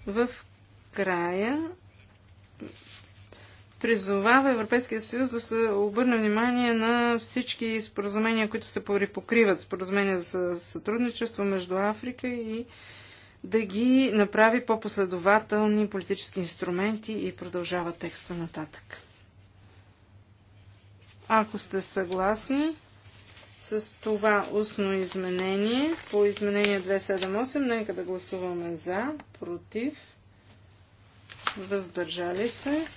В края призовава Европейския съюз да се обърне внимание на всички споразумения, които се покриват споразумения за сътрудничество между Африка и да ги направи по-последователни политически инструменти и продължава текста нататък. Ако сте съгласни, с това устно изменение по изменение 278. Нека да гласуваме за, против, въздържали се.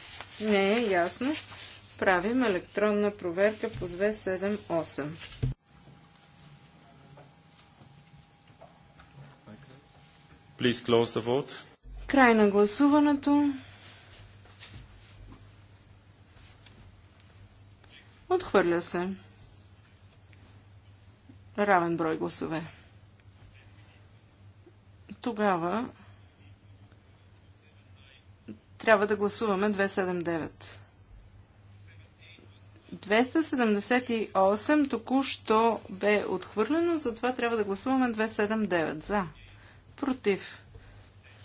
Не е ясно. Правим електронна проверка по 278. Please close the vote. Край на гласуването. Отхвърля се равен брой гласове. Тогава трябва да гласуваме 279. 278 току-що бе отхвърлено, затова трябва да гласуваме 279 за. Против.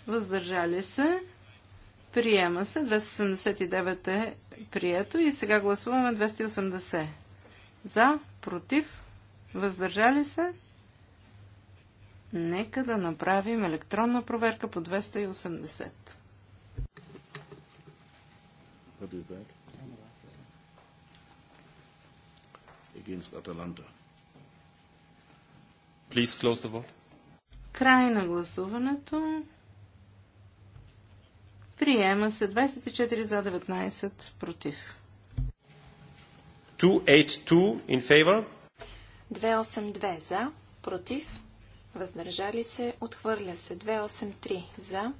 Въздържали се. Приема се. 279 е прието и сега гласуваме 280. За. Против. Въздържали се? Нека да направим електронна проверка по 280. Against Atalanta. Please close the vote. Край на гласуването. Приема се 24 за 19 против. 282 in favor. 282 за, против, въздържали се, отхвърля се. 283 за,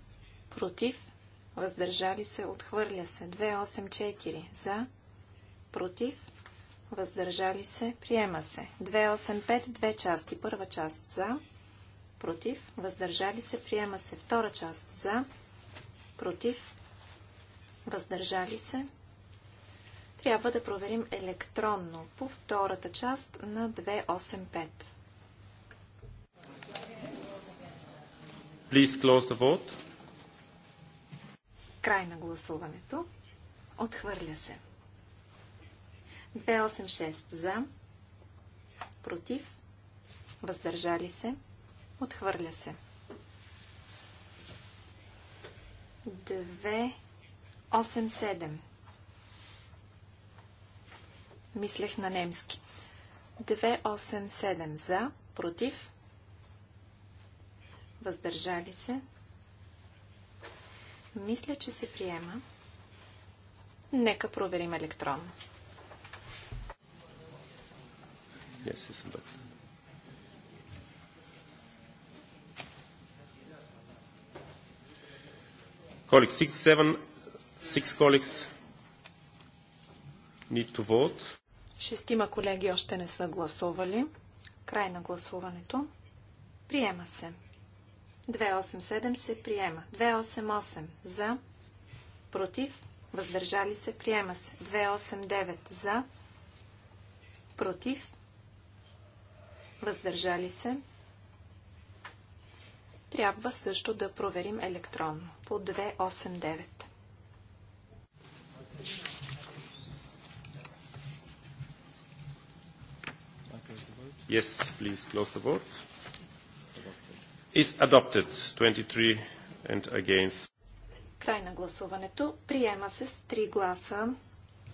против, въздържали се, отхвърля се. 284 за, против, въздържали се, приема се. 285, две части. Първа част за, против, въздържали се, приема се. Втора част за, против, въздържали се, трябва да проверим електронно по втората част на 285. Please close the vote. Край на гласуването. Отхвърля се. 286 за. Против. Въздържали се. Отхвърля се. 287 Мислех на немски. 287 за, против, въздържали се. Мисля, че се приема. Нека проверим електронно. Yes, yes, Colleagues, six, seven, six colleagues need to vote. Шестима колеги още не са гласували. Край на гласуването. Приема се. 287 се приема. 288 за. Против. Въздържали се. Приема се. 289 за. Против. Въздържали се. Трябва също да проверим електронно по 289. Yes, please close the vote. Is adopted. 23 and against. Край на гласуването. Приема се с 3 гласа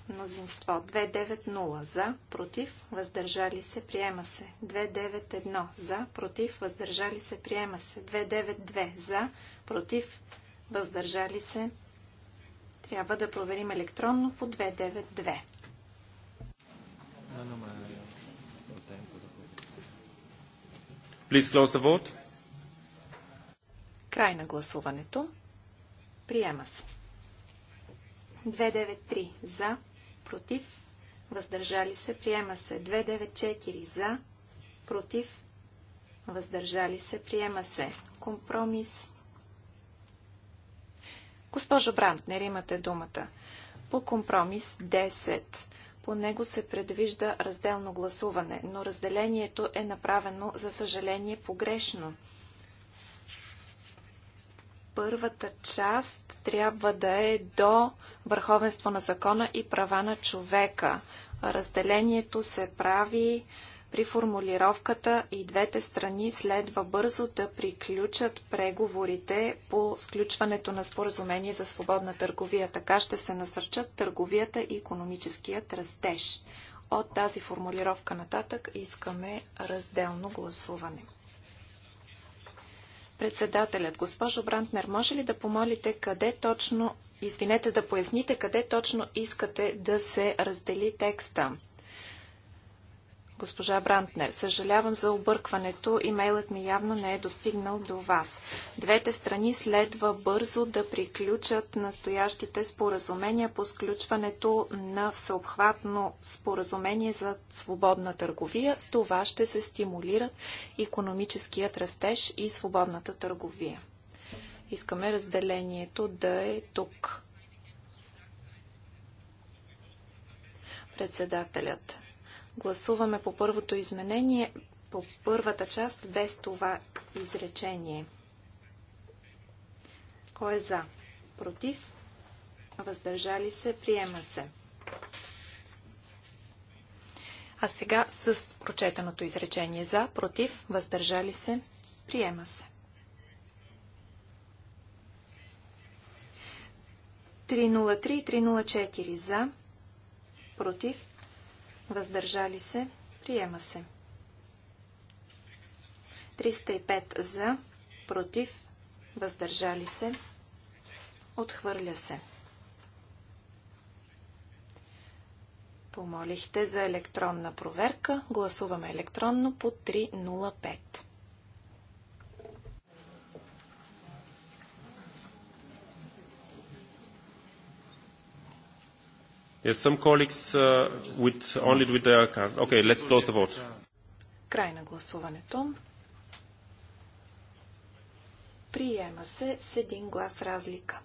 мнозинство. 290 за, против, въздържали се, приема се. 291 за, против, въздържали се, приема се. 292 за, против, въздържали се. Трябва да проверим електронно по 292. Please close the vote. Край на гласуването. Приема се. 293 за, против, въздържали се, приема се. 294 за, против, въздържали се, приема се. Компромис. Госпожо Брантнер, имате думата. По компромис 10. По него се предвижда разделно гласуване, но разделението е направено, за съжаление, погрешно. Първата част трябва да е до върховенство на закона и права на човека. Разделението се прави при формулировката и двете страни следва бързо да приключат преговорите по сключването на споразумение за свободна търговия. Така ще се насърчат търговията и економическият растеж. От тази формулировка нататък искаме разделно гласуване. Председателят, госпожо Брантнер, може ли да помолите къде точно, извинете да поясните къде точно искате да се раздели текста? Госпожа Брантнер, съжалявам за объркването. Имейлът ми явно не е достигнал до вас. Двете страни следва бързо да приключат настоящите споразумения по сключването на всеобхватно споразумение за свободна търговия. С това ще се стимулират економическият растеж и свободната търговия. Искаме разделението да е тук. Председателят. Гласуваме по първото изменение, по първата част, без това изречение. Кой е за? Против? Въздържали се? Приема се. А сега с прочетеното изречение за, против, въздържали се, приема се. 303 и 304 за, против, въздържали се, приема се. 305 за, против, въздържали се, отхвърля се. Помолихте за електронна проверка. Гласуваме електронно по 305. some colleagues uh, with only with their cards. Okay, let's close the vote. Край на гласуването. Приема се с един глас разлика.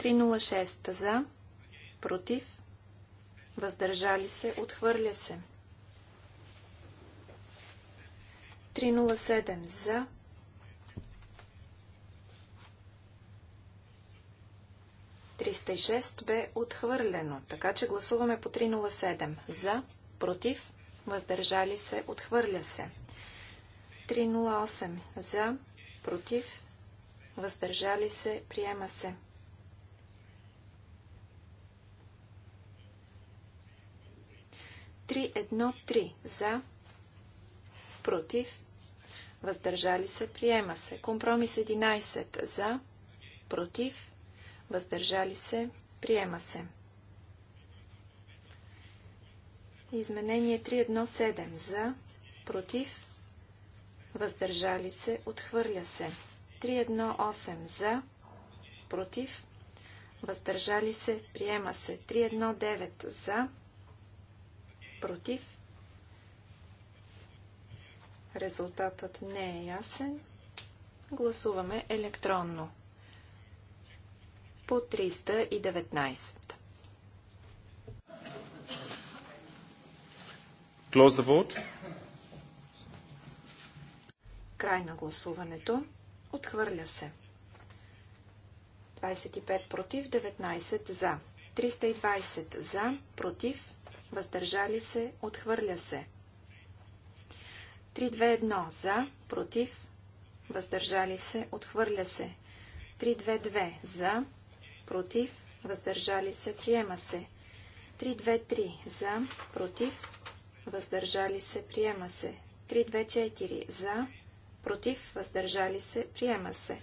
306 за, против, въздържали се, отхвърля се. 307 за, 306 бе отхвърлено, така че гласуваме по 307. За, против, въздържали се, отхвърля се. 308. За, против, въздържали се, приема се. 313. за, против, въздържали се, приема се. Компромис 11 за, против, въздържали се, приема се. Изменение 317 за, против, въздържали се, отхвърля се. 318 за, против, въздържали се, приема се. 319 за, против. Резултатът не е ясен. Гласуваме електронно по 319. Close the vote. Край на гласуването. Отхвърля се. 25 против, 19 за. 320 за, против, въздържали се, отхвърля се. 321 за, против, въздържали се, отхвърля се. 322 за, против, въздържали се, приема се. 323 за, против, въздържали се, приема се. 324 за, против, въздържали се, приема се.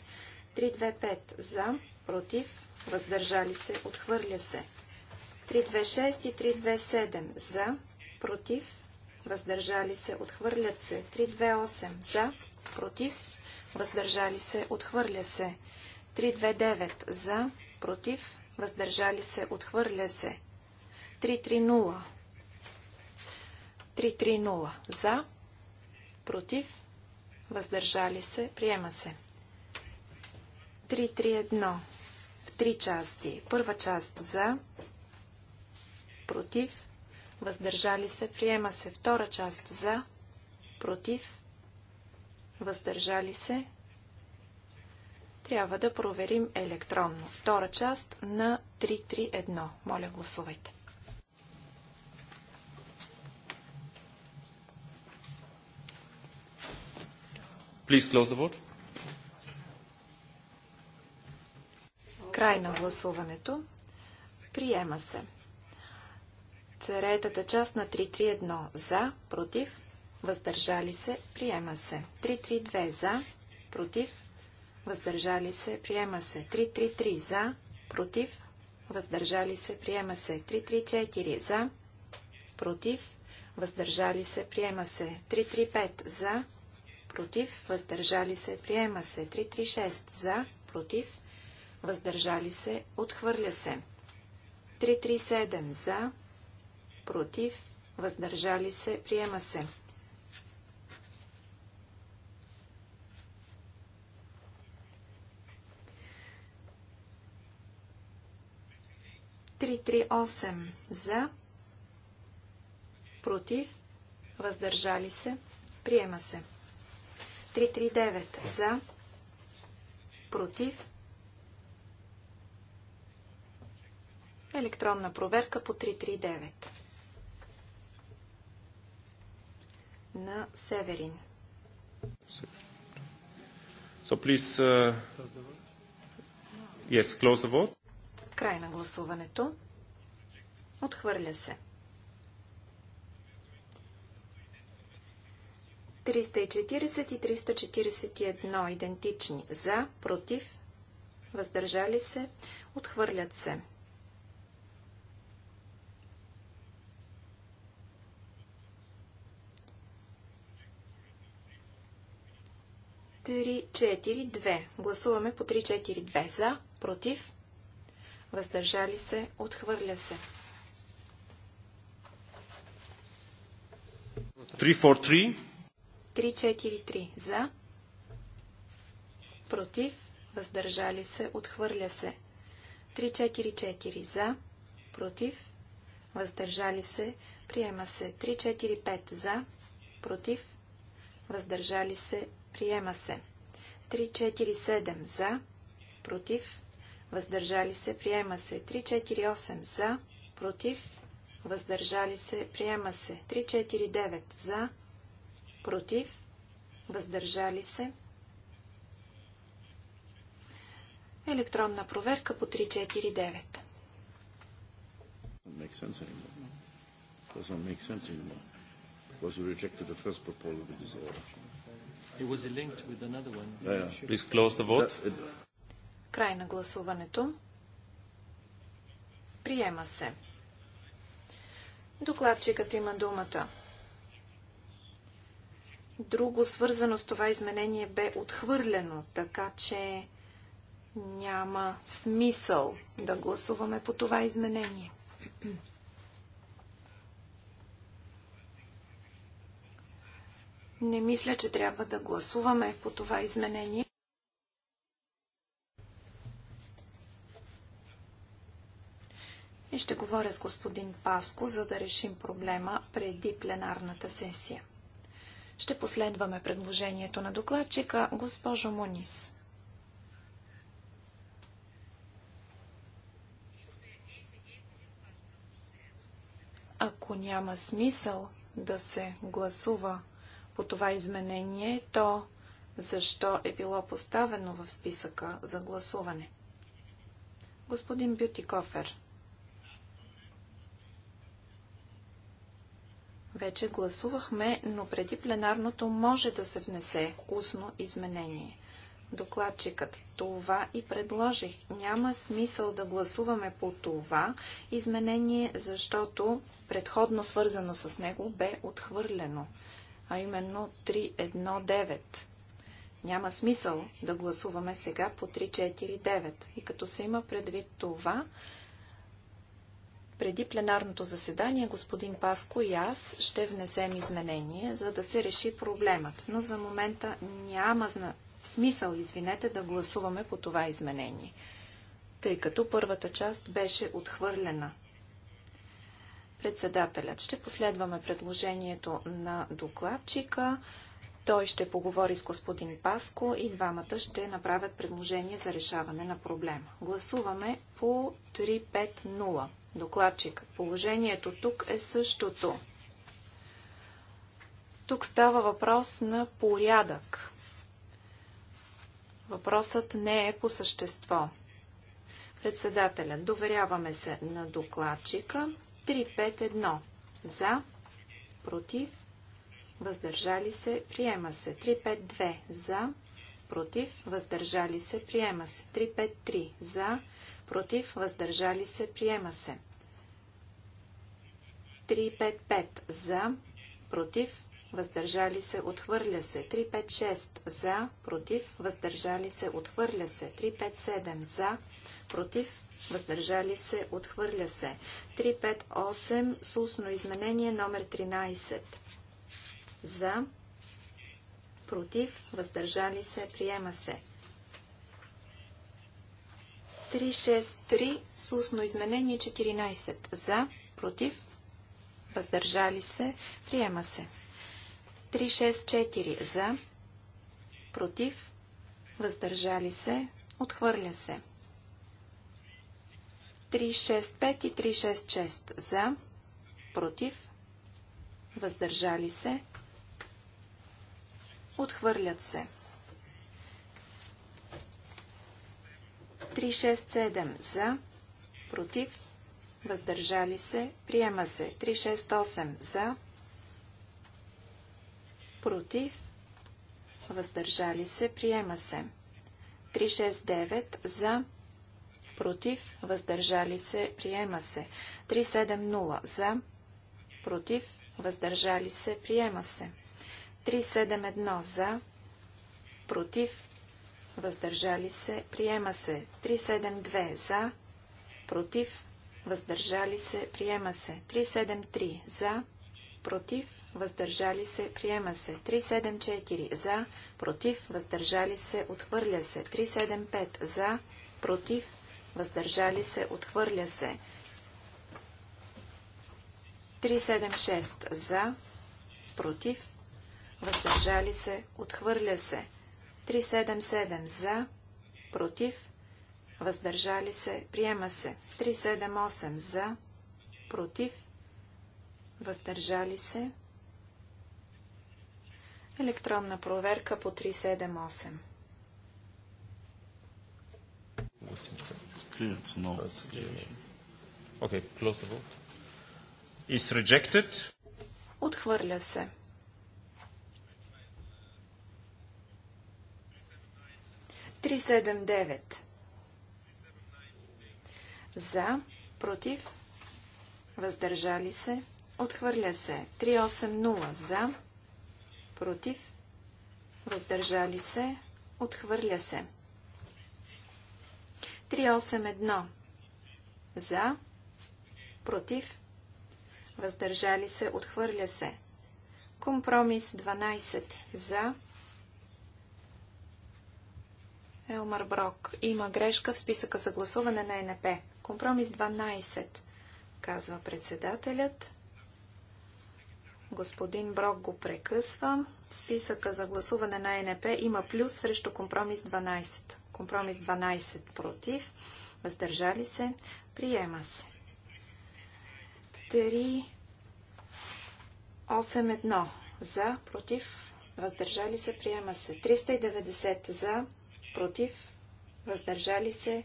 325 за, против, въздържали се, отхвърля се. 326 и 327 за, против, въздържали се, отхвърлят се. 328 за, против, въздържали се, отхвърля се. 329 за, против, въздържали се, отхвърля се. 3-3-0. За, против, въздържали се, приема се. 3 3-3-1. В три части. Първа част за, против, въздържали се, приема се. Втора част за, против, въздържали се, трябва да проверим електронно. Втора част на 331. Моля, гласувайте. Please close the vote. Край на гласуването. Приема се. Третата част на 331 за, против, въздържали се, приема се. 332 за, против, въздържали се, приема се. 333 за, против, въздържали се, приема се. 334 за, против, въздържали се, приема се. 335 за, против, въздържали се, приема се. 336 за, против, въздържали се, отхвърля се. 337 за, против, въздържали се, приема се. 338 за, против, въздържали се, приема се. 339 за, против, електронна проверка по 339 на Северин. So please, uh, yes, close the vote. Край на гласуването. Отхвърля се. 340 и 341 идентични. За, против, въздържали се, отхвърлят се. Три, четири, две. Гласуваме по 3-4-2. За, против, въздържали се, отхвърля се. 3-4-3 за, против, въздържали се, отхвърля се. 3-4-4 за, против, въздържали се, приема се. 3-4-5 за, против, въздържали се, приема се. 3-4-7 за, против, въздържали се, приема се. 348 за, против, въздържали се, приема се. 349 за, против, въздържали се. Електронна проверка по 349. Doesn't make sense anymore. Was rejected the first proposal with this order. It was linked with another one. Yeah, yeah. Please close the vote. Край на гласуването. Приема се. Докладчикът има думата. Друго свързано с това изменение бе отхвърлено, така че няма смисъл да гласуваме по това изменение. Не мисля, че трябва да гласуваме по това изменение. и ще говоря с господин Паско, за да решим проблема преди пленарната сесия. Ще последваме предложението на докладчика госпожо Монис. Ако няма смисъл да се гласува по това изменение, то защо е било поставено в списъка за гласуване? Господин Бютикофер. вече гласувахме, но преди пленарното може да се внесе устно изменение. Докладчикът. Това и предложих. Няма смисъл да гласуваме по това изменение, защото предходно свързано с него бе отхвърлено, а именно 319. Няма смисъл да гласуваме сега по 349. И като се има предвид това, преди пленарното заседание господин Паско и аз ще внесем изменение, за да се реши проблемът. Но за момента няма зна... смисъл, извинете, да гласуваме по това изменение, тъй като първата част беше отхвърлена. Председателят ще последваме предложението на докладчика. Той ще поговори с господин Паско и двамата ще направят предложение за решаване на проблема. Гласуваме по 350 докладчик. Положението тук е същото. Тук става въпрос на порядък. Въпросът не е по същество. Председателя, доверяваме се на докладчика. 3-5-1. За, против, въздържали се, приема се. 3-5-2. За, против, въздържали се, приема се. 3-5-3. За, против, въздържали се, приема се. 355 за, против, въздържали се, отхвърля се. 356 за, против, въздържали се, отхвърля се. 357 за, против, въздържали се, отхвърля се. 358 с устно изменение номер 13 за, против, въздържали се, приема се. 363 с устно изменение 14. За, против, въздържали се, приема се. 364 за, против, въздържали се, отхвърля се. 365 и 366 за, против, въздържали се, отхвърлят се. 367 за, против, въздържали се, приема се. 368 за, против, въздържали се, приема се. 369 за, против, въздържали се, приема се. 370 за, против, въздържали се, приема се. 371 за, против, въздържали се, приема се. 372 за, против, въздържали се, приема се. 373 за, против, въздържали се, приема се. 374 за, против, въздържали се, отхвърля се. 375 за, против, въздържали се, отхвърля се. 376 за, против, въздържали се, отхвърля се. 377 за, против, въздържали се, приема се. 378 за, против, въздържали се. Електронна проверка по 378. Okay, close the vote. Is rejected. Отхвърля се. 379. За, против, въздържали се, отхвърля се. 380. За, против, въздържали се, отхвърля се. 381. За, против, въздържали се, отхвърля се. Компромис 12. За, Елмар Брок. Има грешка в списъка за гласуване на НП. Компромис 12, казва председателят. Господин Брок го прекъсва. В списъка за гласуване на НП има плюс срещу компромис 12. Компромис 12 против. Въздържали се. Приема се. 3, 8, 1 за, против, въздържали се, приема се. 390 за, против, въздържали се,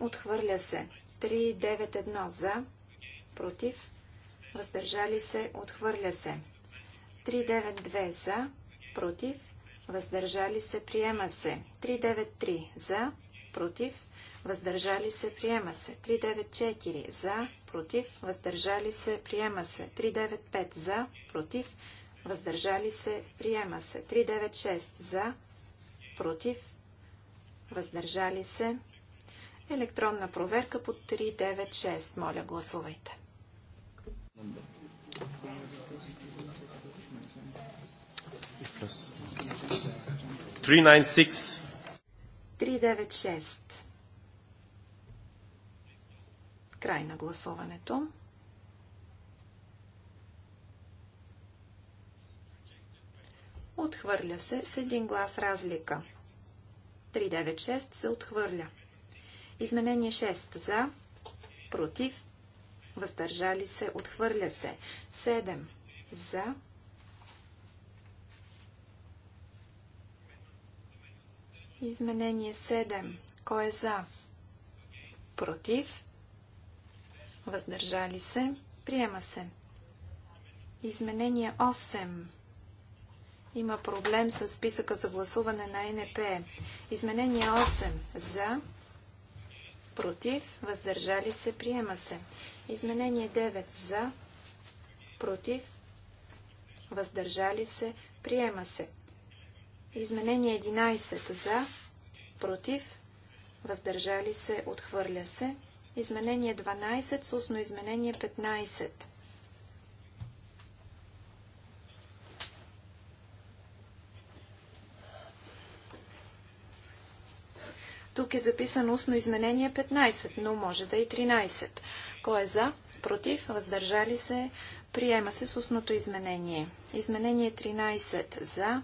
отхвърля се. 391 за, против, въздържали се, отхвърля се. 392 за, против, въздържали се, приема се. 393 за, против, въздържали се, приема се. 394 за, против, въздържали се, приема се. 395 за, против, въздържали се, приема се. 396 за, против, въздържали се. Електронна проверка по 396. Моля, гласувайте. Край на гласуването. Отхвърля се с един глас разлика. 396 се отхвърля. Изменение 6 за, против, въздържали се, отхвърля се. 7 за, Изменение 7. Кой е за? Против? Въздържали се? Приема се. Изменение 8. Има проблем с списъка за гласуване на НП. Изменение 8. За. Против. Въздържали се. Приема се. Изменение 9. За. Против. Въздържали се. Приема се. Изменение 11. За. Против. Въздържали се. Отхвърля се. Изменение 12 с устно изменение 15. Тук е записано устно изменение 15, но може да и 13. Кой е за? Против? Въздържали се? Приема се с устното изменение. Изменение 13 за,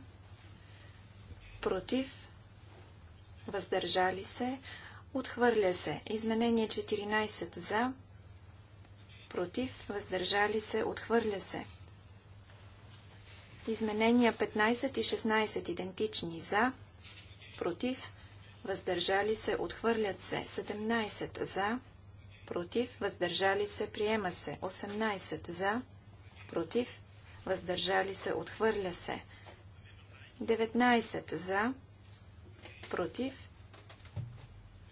против, въздържали се, отхвърля се. Изменение 14 за, против, въздържали се, отхвърля се. Изменения 15 и 16 идентични за, против, въздържали се, отхвърлят се. 17 за, против, въздържали се, приема се. 18 за, против, въздържали се, отхвърля се. 19 за, против,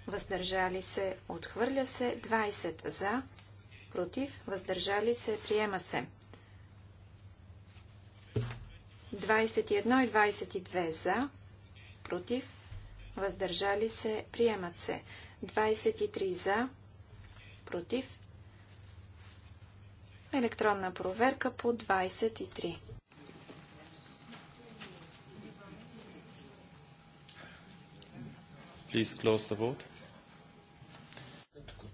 въздържали се, отхвърля се. 20 за, против, въздържали се, приема се. 21 и 22 за, против, въздържали се, приемат се. 23 за, против. Електронна проверка по 23. Please close the vote.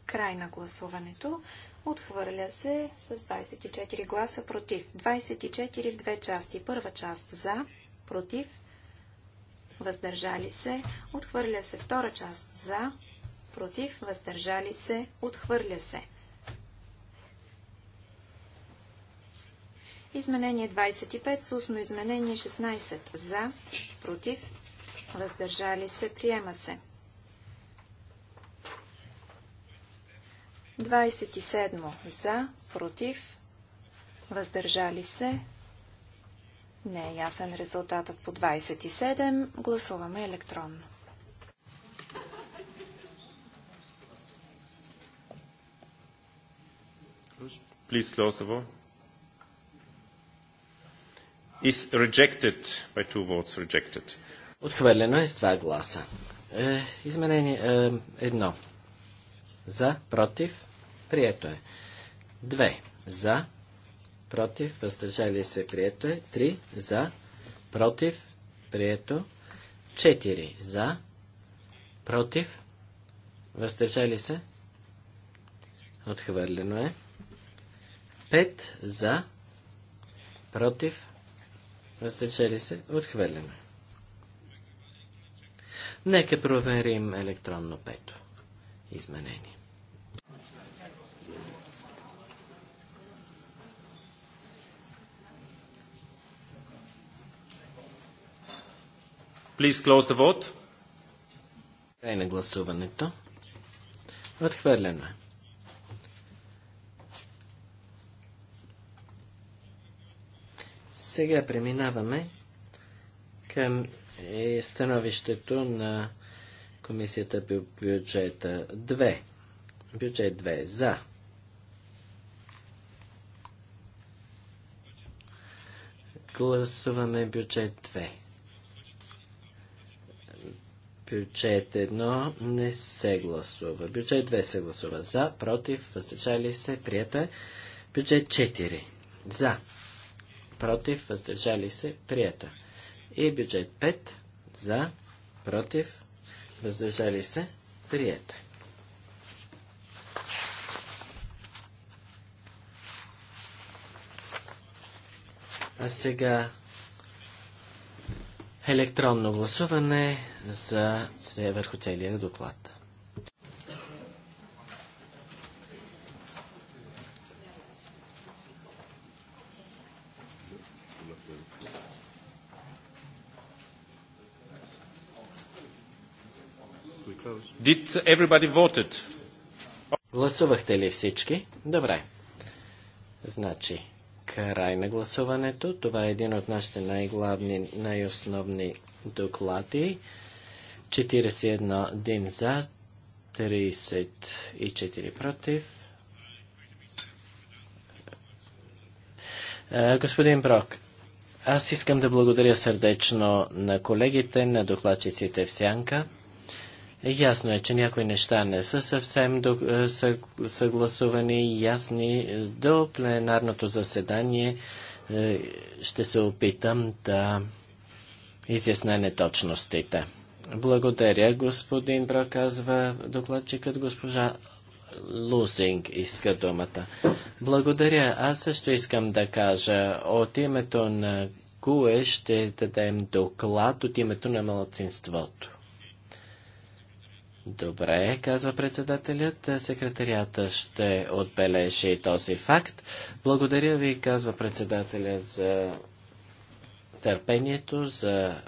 Край на гласуването. Отхвърля се с 24 гласа против. 24 в две части. Първа част за, против въздържали се, отхвърля се. Втора част за, против, въздържали се, отхвърля се. Изменение 25 сусно изменение 16 за, против, въздържали се, приема се. 27 за, против, въздържали се, не е ясен резултатът по 27. Гласуваме електронно. Please close the vote. Is rejected by two votes rejected. Отхвърлено е с два гласа. Е, изменение е, едно. За, против, прието е. Две. За, против, въздържали се, прието е. 3 за, против, прието. 4 за, против, въздържали се, отхвърлено е. 5 за, против, въздържали се, отхвърлено е. Нека проверим електронно пето изменение. Please close the vote. Край на гласуването. Отхвърлено е. Сега преминаваме към е, становището на Комисията по бюджета 2. Бюджет 2 за. Гласуваме бюджет 2. Бюджет 1 не се гласува. Бюджет 2 се гласува за, против, въздържали се, прието е. Бюджет 4 за, против, въздържали се, прието е. И бюджет 5 за, против, въздържали се, прието е. А сега електронно гласуване за върху целия доклад. Did everybody voted? Гласувахте ли всички? Добре. Значи, край на гласуването. Това е един от нашите най-главни, най-основни доклади. 41 ден за, 34 против. Господин Брок, аз искам да благодаря сърдечно на колегите, на докладчиците в Сянка. Е, ясно е, че някои неща не са съвсем до, е, са, съгласувани ясни. До пленарното заседание е, ще се опитам да изясня неточностите. Благодаря, господин Бро, казва докладчикът госпожа Лузинг иска думата. Благодаря. Аз също искам да кажа от името на ГУЕ ще дадем доклад от името на малцинството. Добре, казва председателят. Секретарията ще отбележи този факт. Благодаря ви, казва председателят, за търпението, за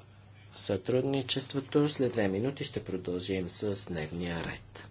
сътрудничеството. След две минути ще продължим с дневния ред.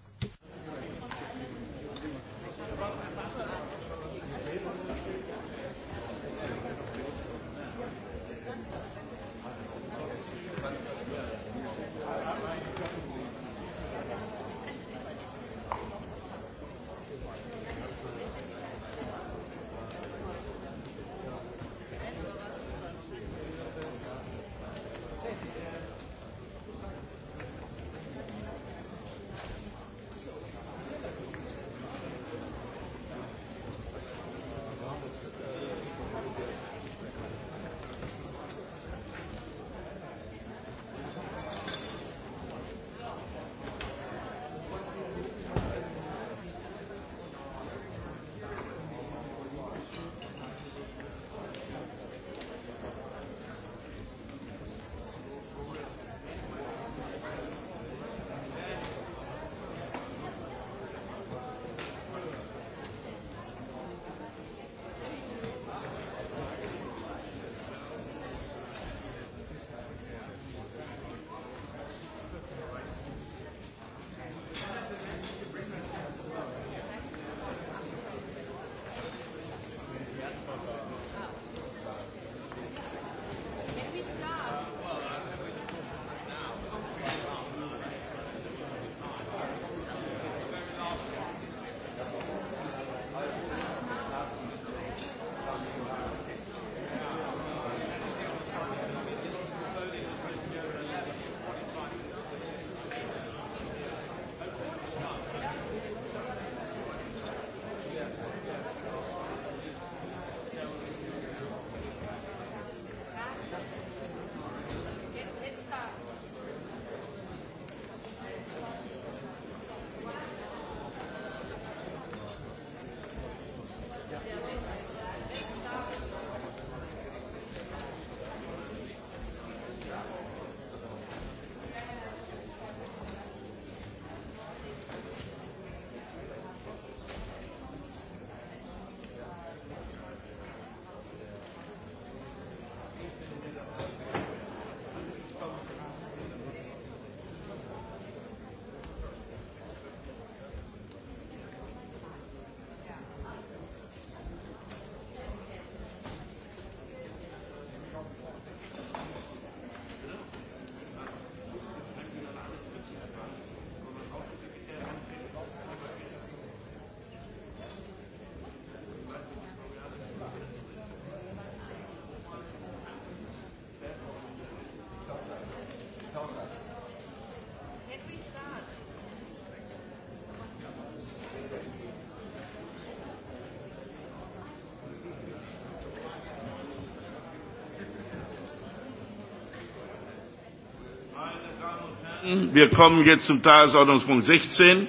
halten. Wir kommen jetzt zum Tagesordnungspunkt 16.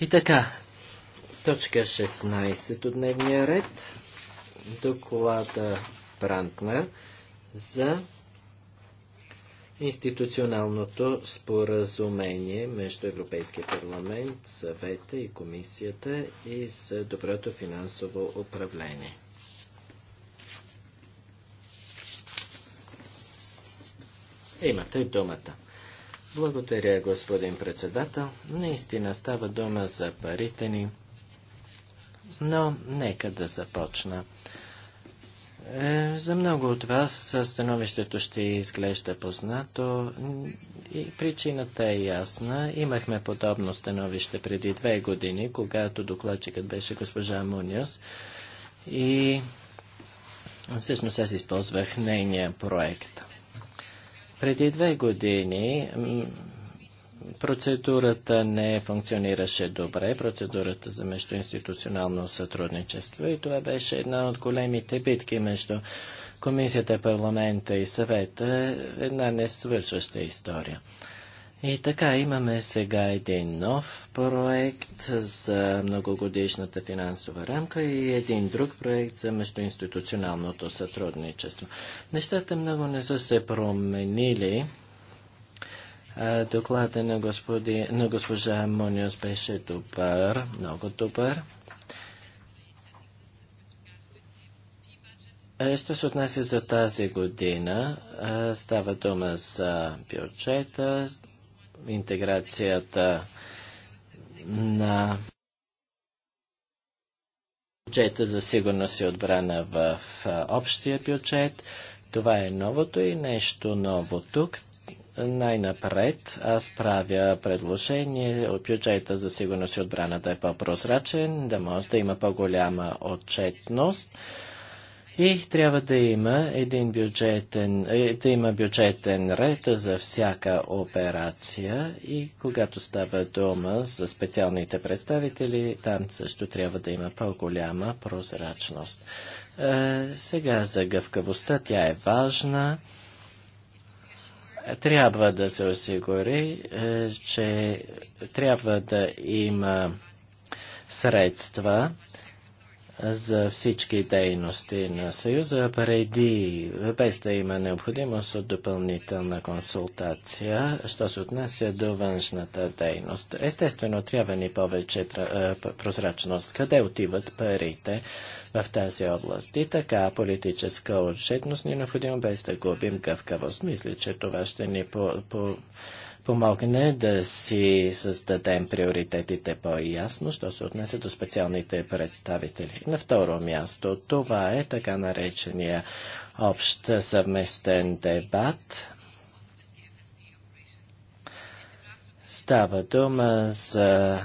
И така, точка 16 от дневния ред, доклада Брантнер за институционалното споразумение между Европейския парламент, съвета и комисията и за доброто финансово управление. Имате думата. Благодаря, господин председател. Наистина става дума за парите ни, но нека да започна. Е, за много от вас становището ще изглежда познато и причината е ясна. Имахме подобно становище преди две години, когато докладчикът беше госпожа Муниос и всъщност аз използвах нейния проект. Преди две години процедурата не функционираше добре, процедурата за междуинституционално сътрудничество и това беше една от големите битки между Комисията, парламента и съвета, една несвършваща история. И така, имаме сега един нов проект за многогодишната финансова рамка и един друг проект за междуинституционалното сътрудничество. Нещата много не са се променили. Доклада на, господи, на госпожа Мониус беше добър, много добър. Що се отнася за тази година, става дума за бюджета, интеграцията на бюджета за сигурност и отбрана в общия бюджет. Това е новото и нещо ново тук. Най-напред аз правя предложение от бюджета за сигурност и отбрана да е по-прозрачен, да може да има по-голяма отчетност и трябва да има един бюджетен, е, да има бюджетен ред за всяка операция и когато става дома за специалните представители, там също трябва да има по-голяма прозрачност. Е, сега за гъвкавостта тя е важна. Трябва да се осигури, е, че трябва да има средства, за всички дейности на Съюза, преди, без да има необходимост от допълнителна консултация, що се отнася до външната дейност. Естествено, трябва ни повече е, прозрачност. Къде отиват парите в тази област? И така, политическа отчетност ни е необходимо, без да губим гъвкавост. Мисля, че това ще ни по, по помогне е да си създадем приоритетите по-ясно, що се отнесе до специалните представители. На второ място, това е така наречения общ съвместен дебат. Става дума за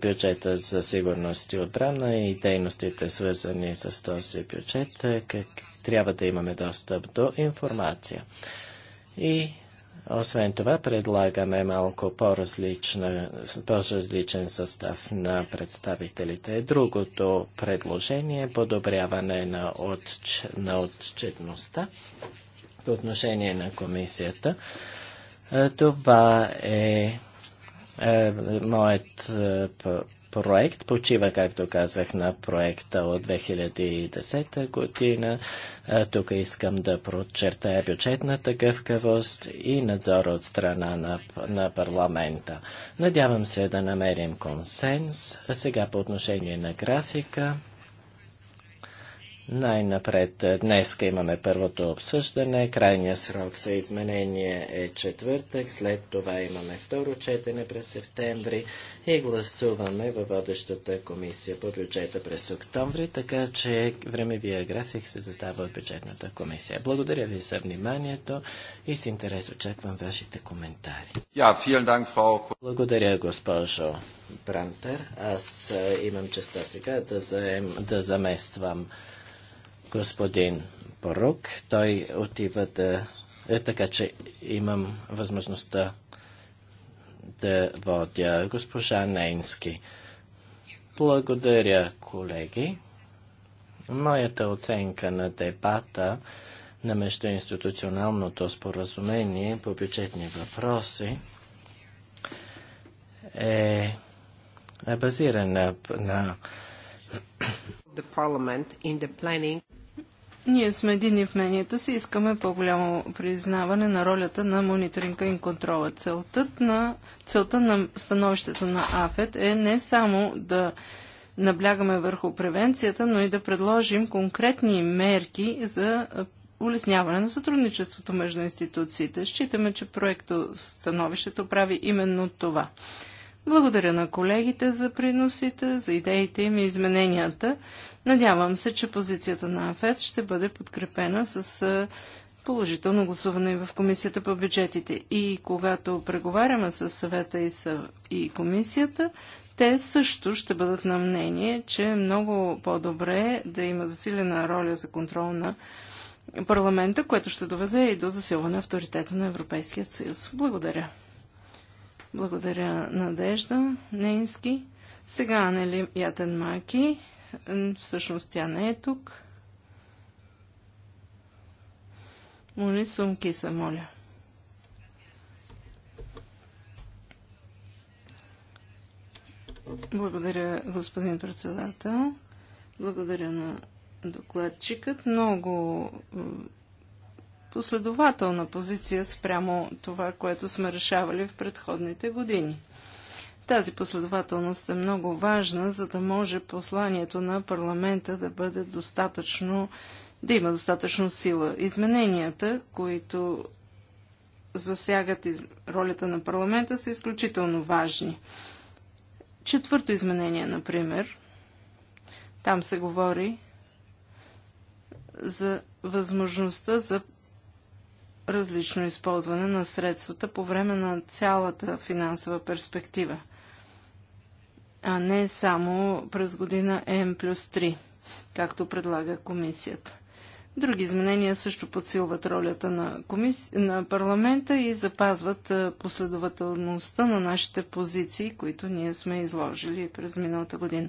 бюджета за сигурност и отбрана и дейностите свързани с този бюджет, как трябва да имаме достъп до информация. И освен това, предлагаме малко по-различен по състав на представителите. Другото предложение е подобряване на, отч, на отчетността по отношение на комисията. Това е, е моят е, проект почива, както казах, на проекта от 2010 година. Тук искам да прочертая бюджетната гъвкавост и надзор от страна на, на парламента. Надявам се да намерим консенс. А сега по отношение на графика. Най-напред е, днес имаме първото обсъждане. Крайният срок за изменение е четвъртък. След това имаме второ четене през септември и гласуваме във водещата комисия по бюджета през октомври, така че времевия график се задава от бюджетната комисия. Благодаря ви за вниманието и с интерес очаквам вашите коментари. Благодаря, госпожо Брантер. Аз е, имам честа сега да, заем, да замествам господин Порук. Той отива да... Е, така че имам възможността да водя госпожа Нейнски. Благодаря, колеги. Моята оценка на дебата на междуинституционалното споразумение по бюджетни въпроси е, е базирана на ние сме едини в мнението си, искаме по-голямо признаване на ролята на мониторинга и контрола. Целта на, целта на становището на АФЕД е не само да наблягаме върху превенцията, но и да предложим конкретни мерки за улесняване на сътрудничеството между институциите. Считаме, че проекто становището прави именно това. Благодаря на колегите за приносите, за идеите им и измененията. Надявам се, че позицията на АФЕД ще бъде подкрепена с положително гласуване в Комисията по бюджетите. И когато преговаряме с съвета и, съ... и комисията, те също ще бъдат на мнение, че е много по-добре да има засилена роля за контрол на парламента, което ще доведе и до засилване авторитета на Европейския съюз. Благодаря. Благодаря, Надежда Нейнски. Сега Анели Ятен Маки. Всъщност тя не е тук. Моли сумки се, моля. Благодаря, господин председател. Благодаря на докладчикът. Много последователна позиция спрямо това, което сме решавали в предходните години. Тази последователност е много важна, за да може посланието на парламента да бъде достатъчно, да има достатъчно сила. Измененията, които засягат ролята на парламента, са изключително важни. Четвърто изменение, например, там се говори за възможността за различно използване на средствата по време на цялата финансова перспектива, а не само през година М плюс 3, както предлага комисията. Други изменения също подсилват ролята на, комис... на парламента и запазват последователността на нашите позиции, които ние сме изложили през миналата година.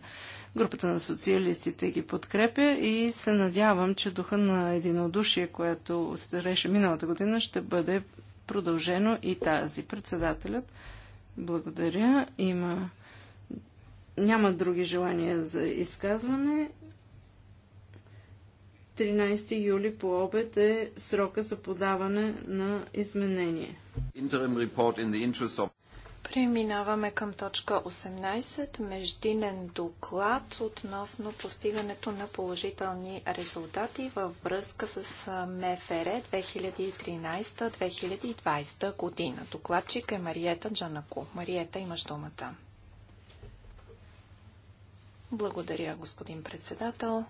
Групата на социалистите ги подкрепя и се надявам, че духа на единодушие, което стареше миналата година, ще бъде продължено и тази. Председателят, благодаря. Има... Няма други желания за изказване. 13 юли по обед е срока за подаване на изменение. Of... Преминаваме към точка 18. Междинен доклад относно постигането на положителни резултати във връзка с МФР 2013-2020 година. Докладчик е Мариета Джанако. Мариета, имаш думата. Благодаря, господин председател.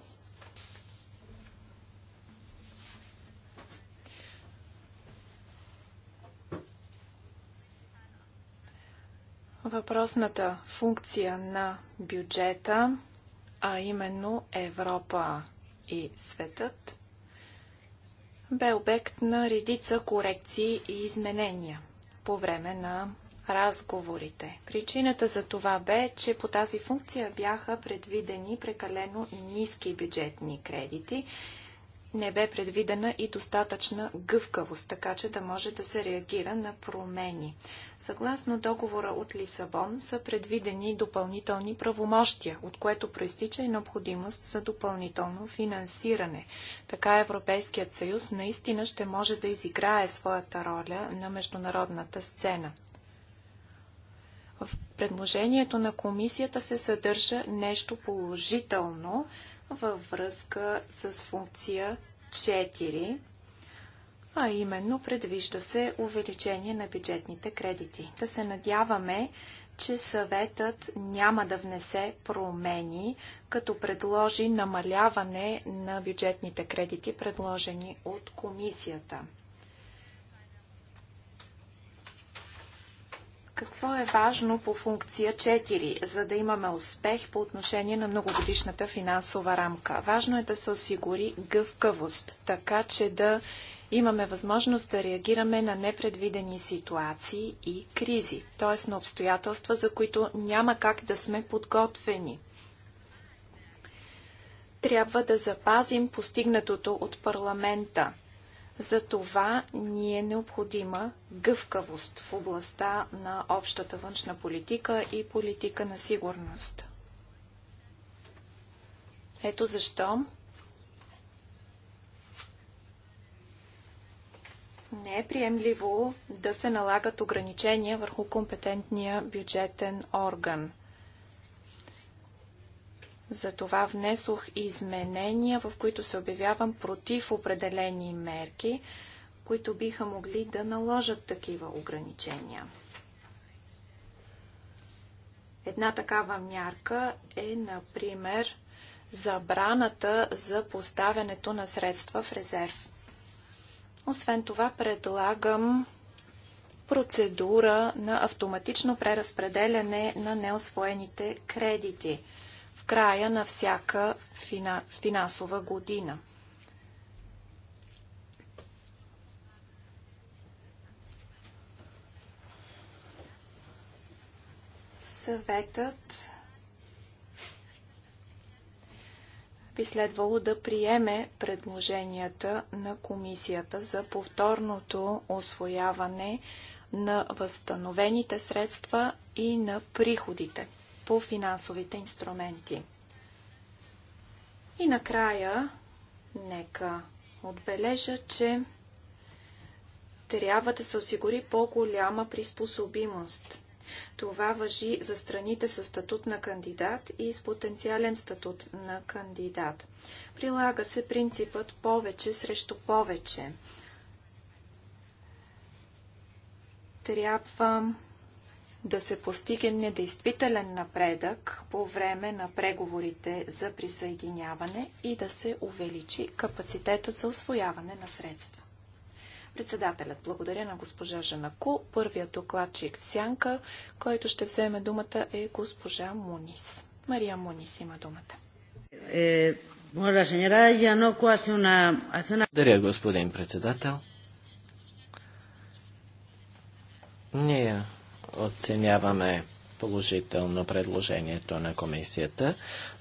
въпросната функция на бюджета, а именно Европа и светът, бе обект на редица корекции и изменения по време на разговорите. Причината за това бе, че по тази функция бяха предвидени прекалено ниски бюджетни кредити не бе предвидена и достатъчна гъвкавост, така че да може да се реагира на промени. Съгласно договора от Лисабон са предвидени допълнителни правомощия, от което проистича и необходимост за допълнително финансиране. Така Европейският съюз наистина ще може да изиграе своята роля на международната сцена. В предложението на комисията се съдържа нещо положително – във връзка с функция 4, а именно предвижда се увеличение на бюджетните кредити. Да се надяваме, че съветът няма да внесе промени, като предложи намаляване на бюджетните кредити, предложени от комисията. Какво е важно по функция 4, за да имаме успех по отношение на многогодишната финансова рамка? Важно е да се осигури гъвкавост, така че да имаме възможност да реагираме на непредвидени ситуации и кризи, т.е. на обстоятелства, за които няма как да сме подготвени. Трябва да запазим постигнатото от парламента – за това ни е необходима гъвкавост в областта на общата външна политика и политика на сигурност. Ето защо не е приемливо да се налагат ограничения върху компетентния бюджетен орган. Затова внесох изменения, в които се обявявам против определени мерки, които биха могли да наложат такива ограничения. Една такава мярка е, например, забраната за поставянето на средства в резерв. Освен това, предлагам процедура на автоматично преразпределяне на неосвоените кредити – в края на всяка финансова година. Съветът би следвало да приеме предложенията на комисията за повторното освояване на възстановените средства и на приходите – по финансовите инструменти. И накрая, нека отбележа, че трябва да се осигури по-голяма приспособимост. Това въжи за страните с статут на кандидат и с потенциален статут на кандидат. Прилага се принципът повече срещу повече. Трябва да се постигне действителен напредък по време на преговорите за присъединяване и да се увеличи капацитетът за освояване на средства. Председателят благодаря на госпожа Жанаку. Първият докладчик в сянка, който ще вземе думата е госпожа Мунис. Мария Мунис има думата. Е, благодаря, господин председател. Ние оценяваме положително предложението на комисията,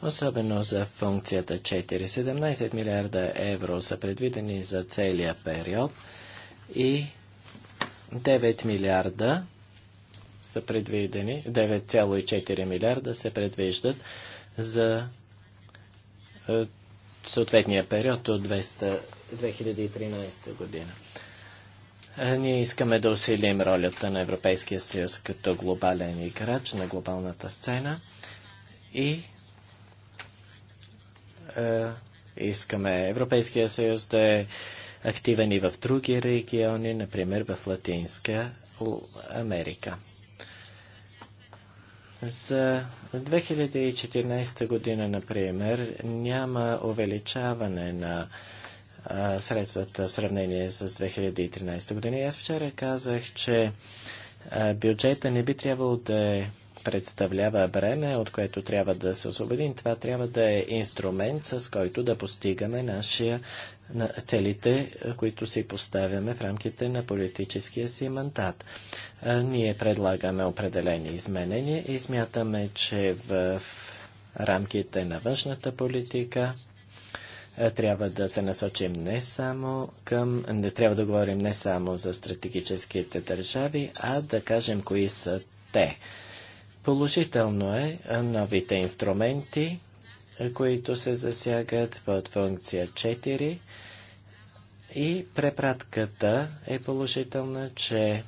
особено за функцията 4. 17 милиарда евро са предвидени за целия период и 9 милиарда са предвидени, 9,4 милиарда се предвиждат за е, съответния период от 200, 2013 година. Ние искаме да усилим ролята на Европейския съюз като глобален играч на глобалната сцена и е, искаме Европейския съюз да е активен и в други региони, например в Латинска Америка. За 2014 година, например, няма увеличаване на средствата в сравнение с 2013 година. И аз вчера казах, че бюджета не би трябвало да е представлява бреме, от което трябва да се освободим. Това трябва да е инструмент, с който да постигаме нашия, на целите, които си поставяме в рамките на политическия си мандат. ние предлагаме определени изменения и смятаме, че в рамките на външната политика е, трябва да се насочим не само към, не трябва да говорим не само за стратегическите държави, а да кажем кои са те. Положително е, е новите инструменти, е, които се засягат под функция 4 и препратката е положителна, че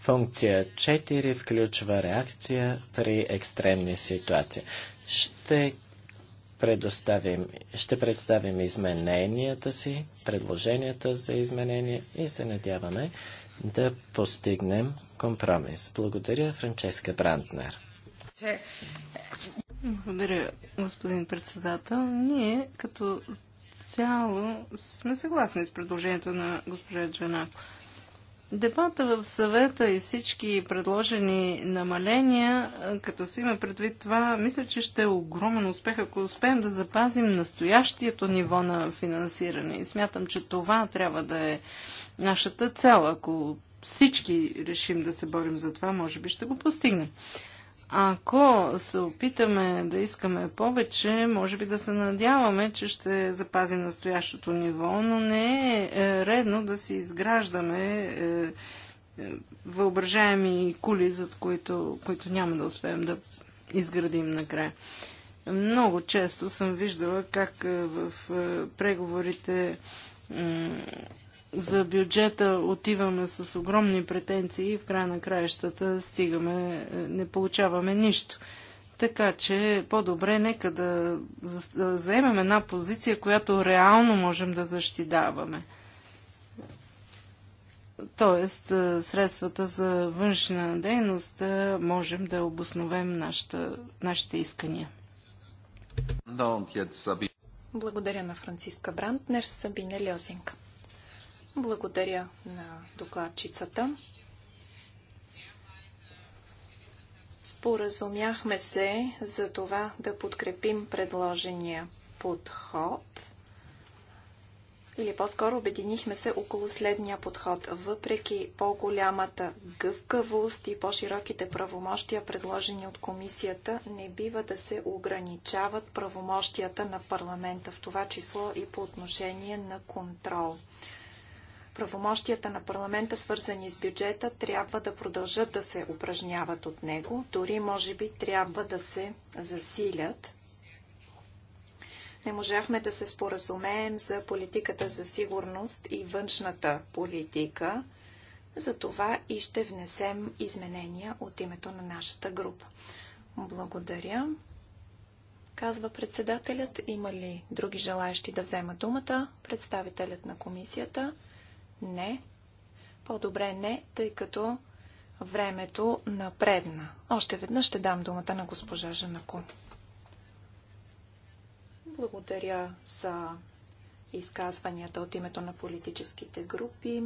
Функция 4 включва реакция при екстремни ситуации. Ще предоставим, ще представим измененията си, предложенията за изменения и се надяваме да постигнем компромис. Благодаря, Франческа Брантнер. Благодаря, господин председател. Ние като цяло сме съгласни с предложението на госпожа Джанако. Дебата в съвета и всички предложени намаления, като си има предвид това, мисля, че ще е огромен успех, ако успеем да запазим настоящието ниво на финансиране. И смятам, че това трябва да е нашата цел. Ако всички решим да се борим за това, може би ще го постигнем. Ако се опитаме да искаме повече, може би да се надяваме, че ще запази настоящото ниво, но не е, е редно да си изграждаме е, е, въображаеми кули, зад които, които няма да успеем да изградим накрая. Много често съм виждала как в преговорите за бюджета отиваме с огромни претенции и в края на краищата стигаме, е, не получаваме нищо. Така че по-добре нека да заемем една позиция, която реално можем да защитаваме. Тоест, е, средствата за външна дейност е, можем да обосновем нашата, нашите искания. Благодаря на Франциска Брантнер, Сабина Льозинг. Благодаря на докладчицата. Споразумяхме се за това да подкрепим предложения подход. Или по-скоро обединихме се около следния подход. Въпреки по-голямата гъвкавост и по-широките правомощия, предложени от комисията, не бива да се ограничават правомощията на парламента, в това число и по отношение на контрол. Правомощията на парламента, свързани с бюджета, трябва да продължат да се упражняват от него, дори може би трябва да се засилят. Не можахме да се споразумеем за политиката за сигурност и външната политика. За това и ще внесем изменения от името на нашата група. Благодаря. Казва председателят. Има ли други желаящи да взема думата? Представителят на комисията. Не. По-добре не, тъй като времето напредна. Още веднъж ще дам думата на госпожа Жанако. Благодаря за изказванията от името на политическите групи.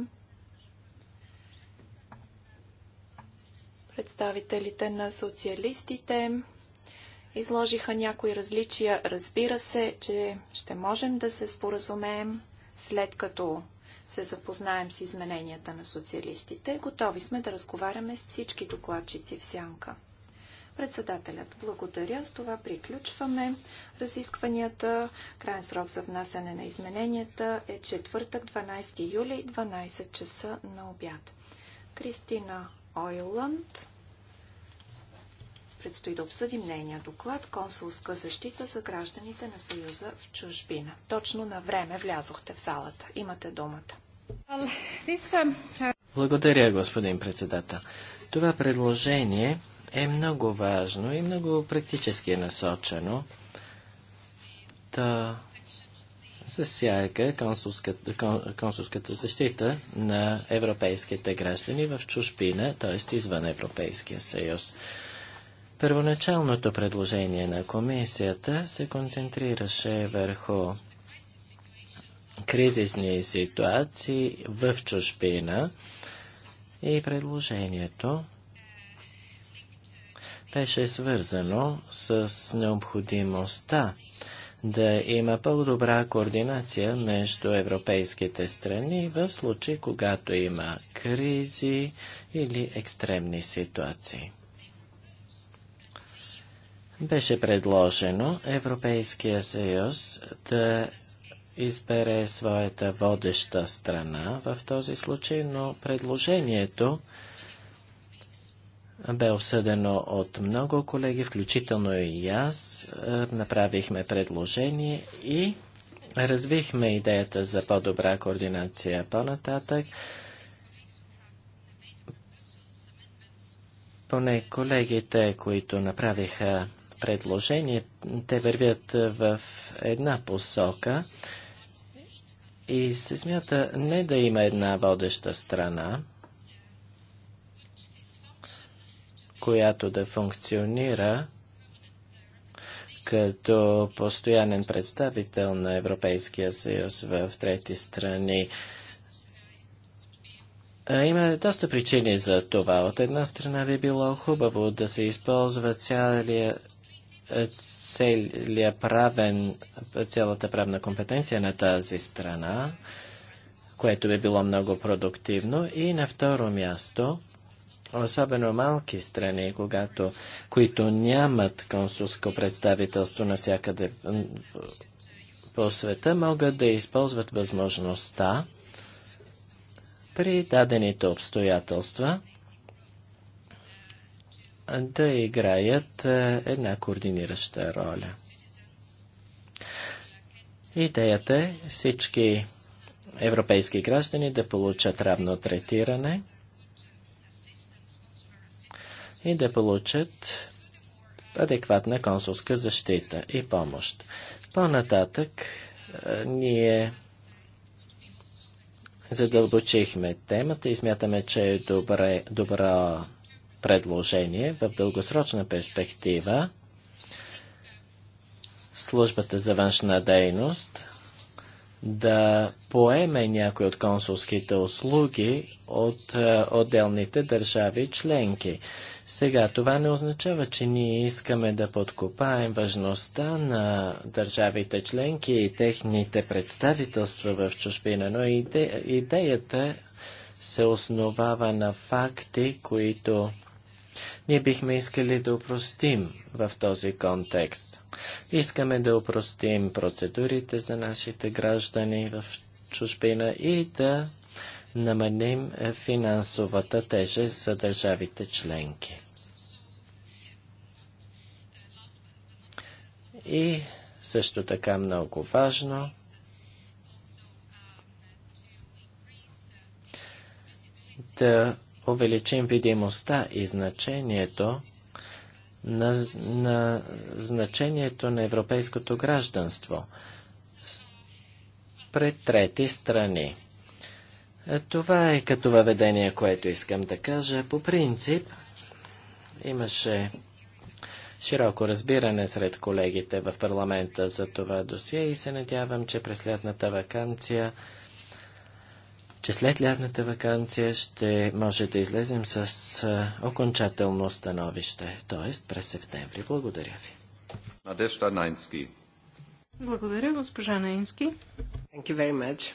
Представителите на социалистите изложиха някои различия. Разбира се, че ще можем да се споразумеем след като се запознаем с измененията на социалистите. Готови сме да разговаряме с всички докладчици в сянка. Председателят, благодаря. С това приключваме разискванията. Крайен срок за внасяне на измененията е четвъртък, 12 юли, 12 часа на обяд. Кристина Ойланд Предстои да обсъдим нейния доклад Консулска защита за гражданите на Съюза в чужбина. Точно на време влязохте в залата. Имате думата. Um, uh, Благодаря, господин председател. Това предложение е много важно и много практически е насочено. Да засяга консулската, кон, консулската защита на европейските граждани в чужбина, т.е. извън Европейския съюз. Първоначалното предложение на комисията се концентрираше върху кризисни ситуации в чужбина и предложението беше свързано с необходимостта да има по-добра координация между европейските страни в случай, когато има кризи или екстремни ситуации. Беше предложено Европейския съюз да избере своята водеща страна в този случай, но предложението бе обсъдено от много колеги, включително и аз. Е, направихме предложение и развихме идеята за по-добра координация по-нататък. Поне колегите, които направиха Предложение Те вървят в една посока и се смята не да има една водеща страна, която да функционира като постоянен представител на Европейския съюз в трети страни. Има доста причини за това. От една страна би било хубаво да се използва цялия целия правен, цялата правна компетенция на тази страна, което би било много продуктивно. И на второ място, особено малки страни, когато, които нямат консулско представителство навсякъде по света, могат да използват възможността при дадените обстоятелства да играят е, една координираща роля. Идеята е всички европейски граждани да получат равно третиране и да получат адекватна консулска защита и помощ. По-нататък е, ние задълбочихме темата и смятаме, че е добре, добра предложение в дългосрочна перспектива службата за външна дейност да поеме някои от консулските услуги от е, отделните държави членки. Сега, това не означава, че ние искаме да подкопаем важността на държавите членки и техните представителства в чужбина, но иде, идеята се основава на факти, които ние бихме искали да упростим в този контекст. Искаме да упростим процедурите за нашите граждани в чужбина и да намалим е, финансовата тежест за държавите членки. И също така много важно да увеличим видимостта и значението на, на значението на европейското гражданство пред трети страни. Е, това е като въведение, което искам да кажа. По принцип имаше широко разбиране сред колегите в парламента за това досие и се надявам, че през следната вакансия че след лятната вакансия ще може да излезем с окончателно становище, т.е. през септември. Благодаря ви. Надежда Найнски. Благодаря, госпожа Наински. Thank you very much.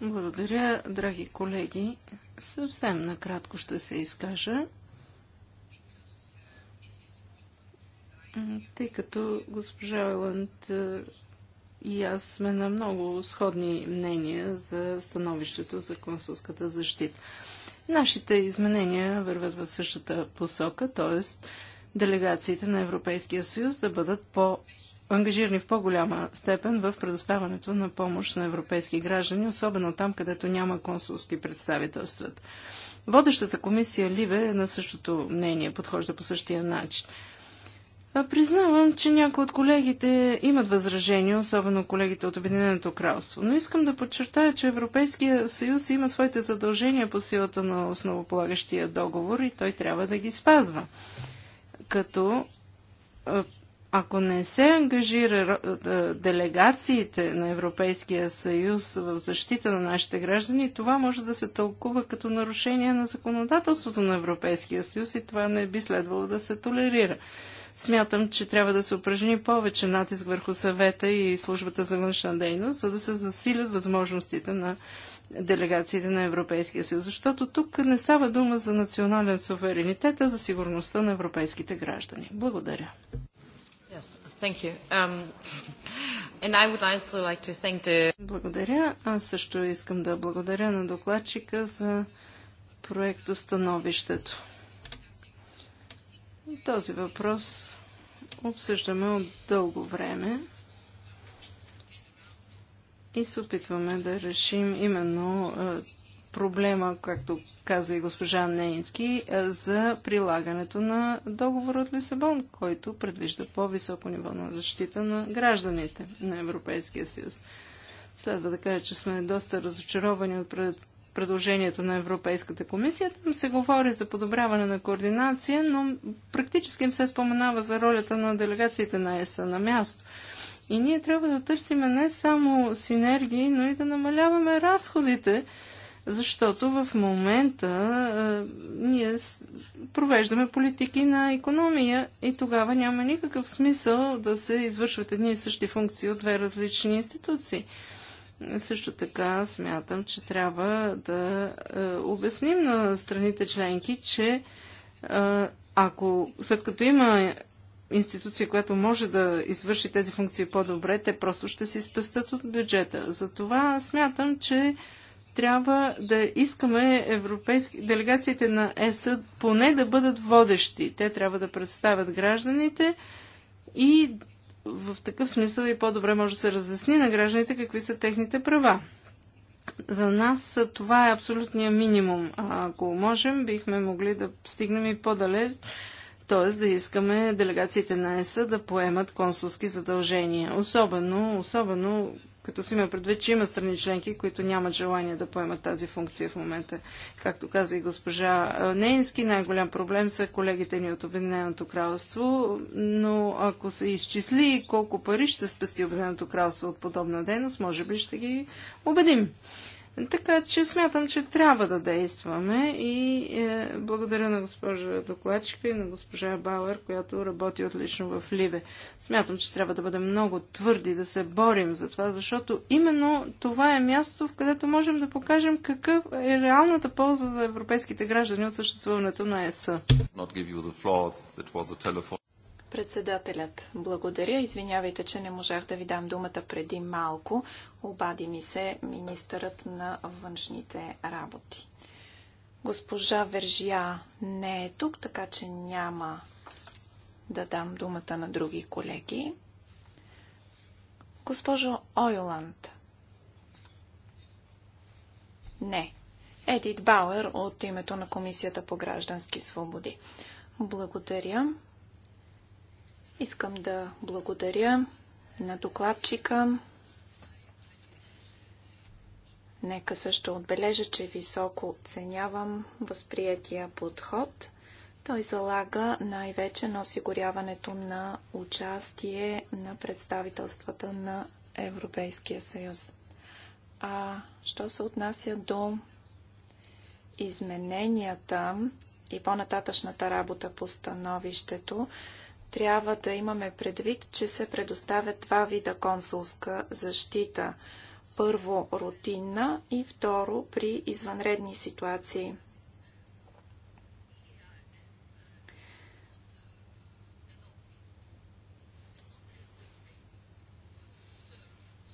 Благодаря, драги колеги. Съвсем накратко ще се изкажа. Тъй като госпожа Ойланд и аз сме на много сходни мнения за становището за консулската защита. Нашите изменения върват в същата посока, т.е. делегациите на Европейския съюз да бъдат по ангажирани в по-голяма степен в предоставането на помощ на европейски граждани, особено там, където няма консулски представителства. Водещата комисия Ливе е на същото мнение, подхожда по същия начин. Признавам, че някои от колегите имат възражения, особено колегите от Обединеното кралство, но искам да подчертая, че Европейския съюз има своите задължения по силата на основополагащия договор и той трябва да ги спазва. Като ако не се ангажира делегациите на Европейския съюз в защита на нашите граждани, това може да се тълкува като нарушение на законодателството на Европейския съюз и това не би следвало да се толерира. Смятам, че трябва да се упражни повече натиск върху съвета и службата за външна дейност, за да се засилят възможностите на делегациите на Европейския съюз. Защото тук не става дума за национален суверенитет, а за сигурността на европейските граждани. Благодаря. Yes, um, like the... Благодаря. Аз също искам да благодаря на докладчика за Становището. Този въпрос обсъждаме от дълго време и се опитваме да решим именно е, проблема, както каза и госпожа Нейнски, е, за прилагането на договор от Лисабон, който предвижда по-високо ниво на защита на гражданите на Европейския съюз. Следва да кажа, че сме доста разочаровани от пред предложението на Европейската комисия. Там се говори за подобряване на координация, но практически им се споменава за ролята на делегациите на ЕСА на място. И ние трябва да търсиме не само синергии, но и да намаляваме разходите, защото в момента е, ние провеждаме политики на економия и тогава няма никакъв смисъл да се извършват едни и същи функции от две различни институции. Също така смятам, че трябва да е, обясним на страните членки, че е, ако след като има институция, която може да извърши тези функции по-добре, те просто ще си спестят от бюджета. Затова смятам, че трябва да искаме европейски, делегациите на ЕС поне да бъдат водещи. Те трябва да представят гражданите и в такъв смисъл и по-добре може да се разясни на гражданите какви са техните права. За нас това е абсолютния минимум. А ако можем, бихме могли да стигнем и по-далеч, т.е. да искаме делегациите на ЕСА да поемат консулски задължения. Особено, особено като си има предвид, че има страни членки, които нямат желание да поемат тази функция в момента. Както каза и госпожа Нейнски, най-голям проблем са колегите ни от Обединеното кралство, но ако се изчисли колко пари ще спести Обединеното кралство от подобна дейност, може би ще ги убедим. Така че смятам, че трябва да действаме и е, благодаря на госпожа докладчика и на госпожа Бауер, която работи отлично в Ливе. Смятам, че трябва да бъдем много твърди, да се борим за това, защото именно това е място, в където можем да покажем какъв е реалната полза за европейските граждани от съществуването на ЕС. Председателят, благодаря. Извинявайте, че не можах да ви дам думата преди малко. Обади ми се министърът на външните работи. Госпожа Вержия не е тук, така че няма да дам думата на други колеги. Госпожо Ойланд. Не. Едит Бауер от името на Комисията по граждански свободи. Благодаря. Искам да благодаря на докладчика. Нека също отбележа, че високо оценявам възприятия подход. Той залага най-вече на осигуряването на участие на представителствата на Европейския съюз. А що се отнася до измененията и по-нататъчната работа по становището, трябва да имаме предвид, че се предоставят два вида консулска защита. Първо рутинна и второ при извънредни ситуации.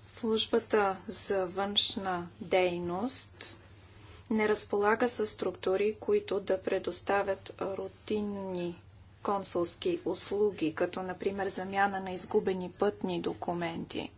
Службата за външна дейност не разполага с структури, които да предоставят рутинни консулски услуги, като например замяна на изгубени пътни документи.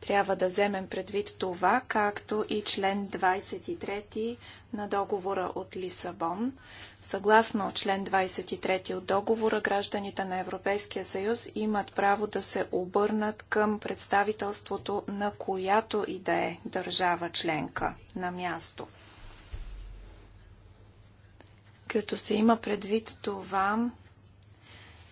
Трябва да вземем предвид това, както и член 23 на договора от Лисабон. Съгласно член 23 от договора, гражданите на Европейския съюз имат право да се обърнат към представителството на която и да е държава членка на място – като се има предвид това,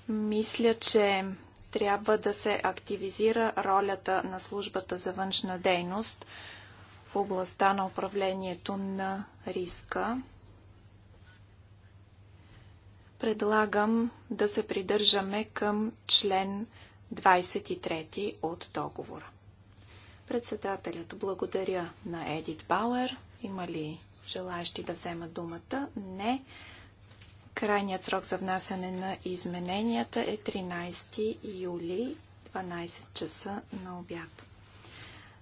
мисля, че трябва да се активизира ролята на службата за външна дейност в областта на управлението на риска. Предлагам да се придържаме към член 23 от договора. Председателят благодаря на Едит Бауер. Има ли желаящи да взема думата? Не. Крайният срок за внасяне на измененията е 13 юли 12 часа на обяд.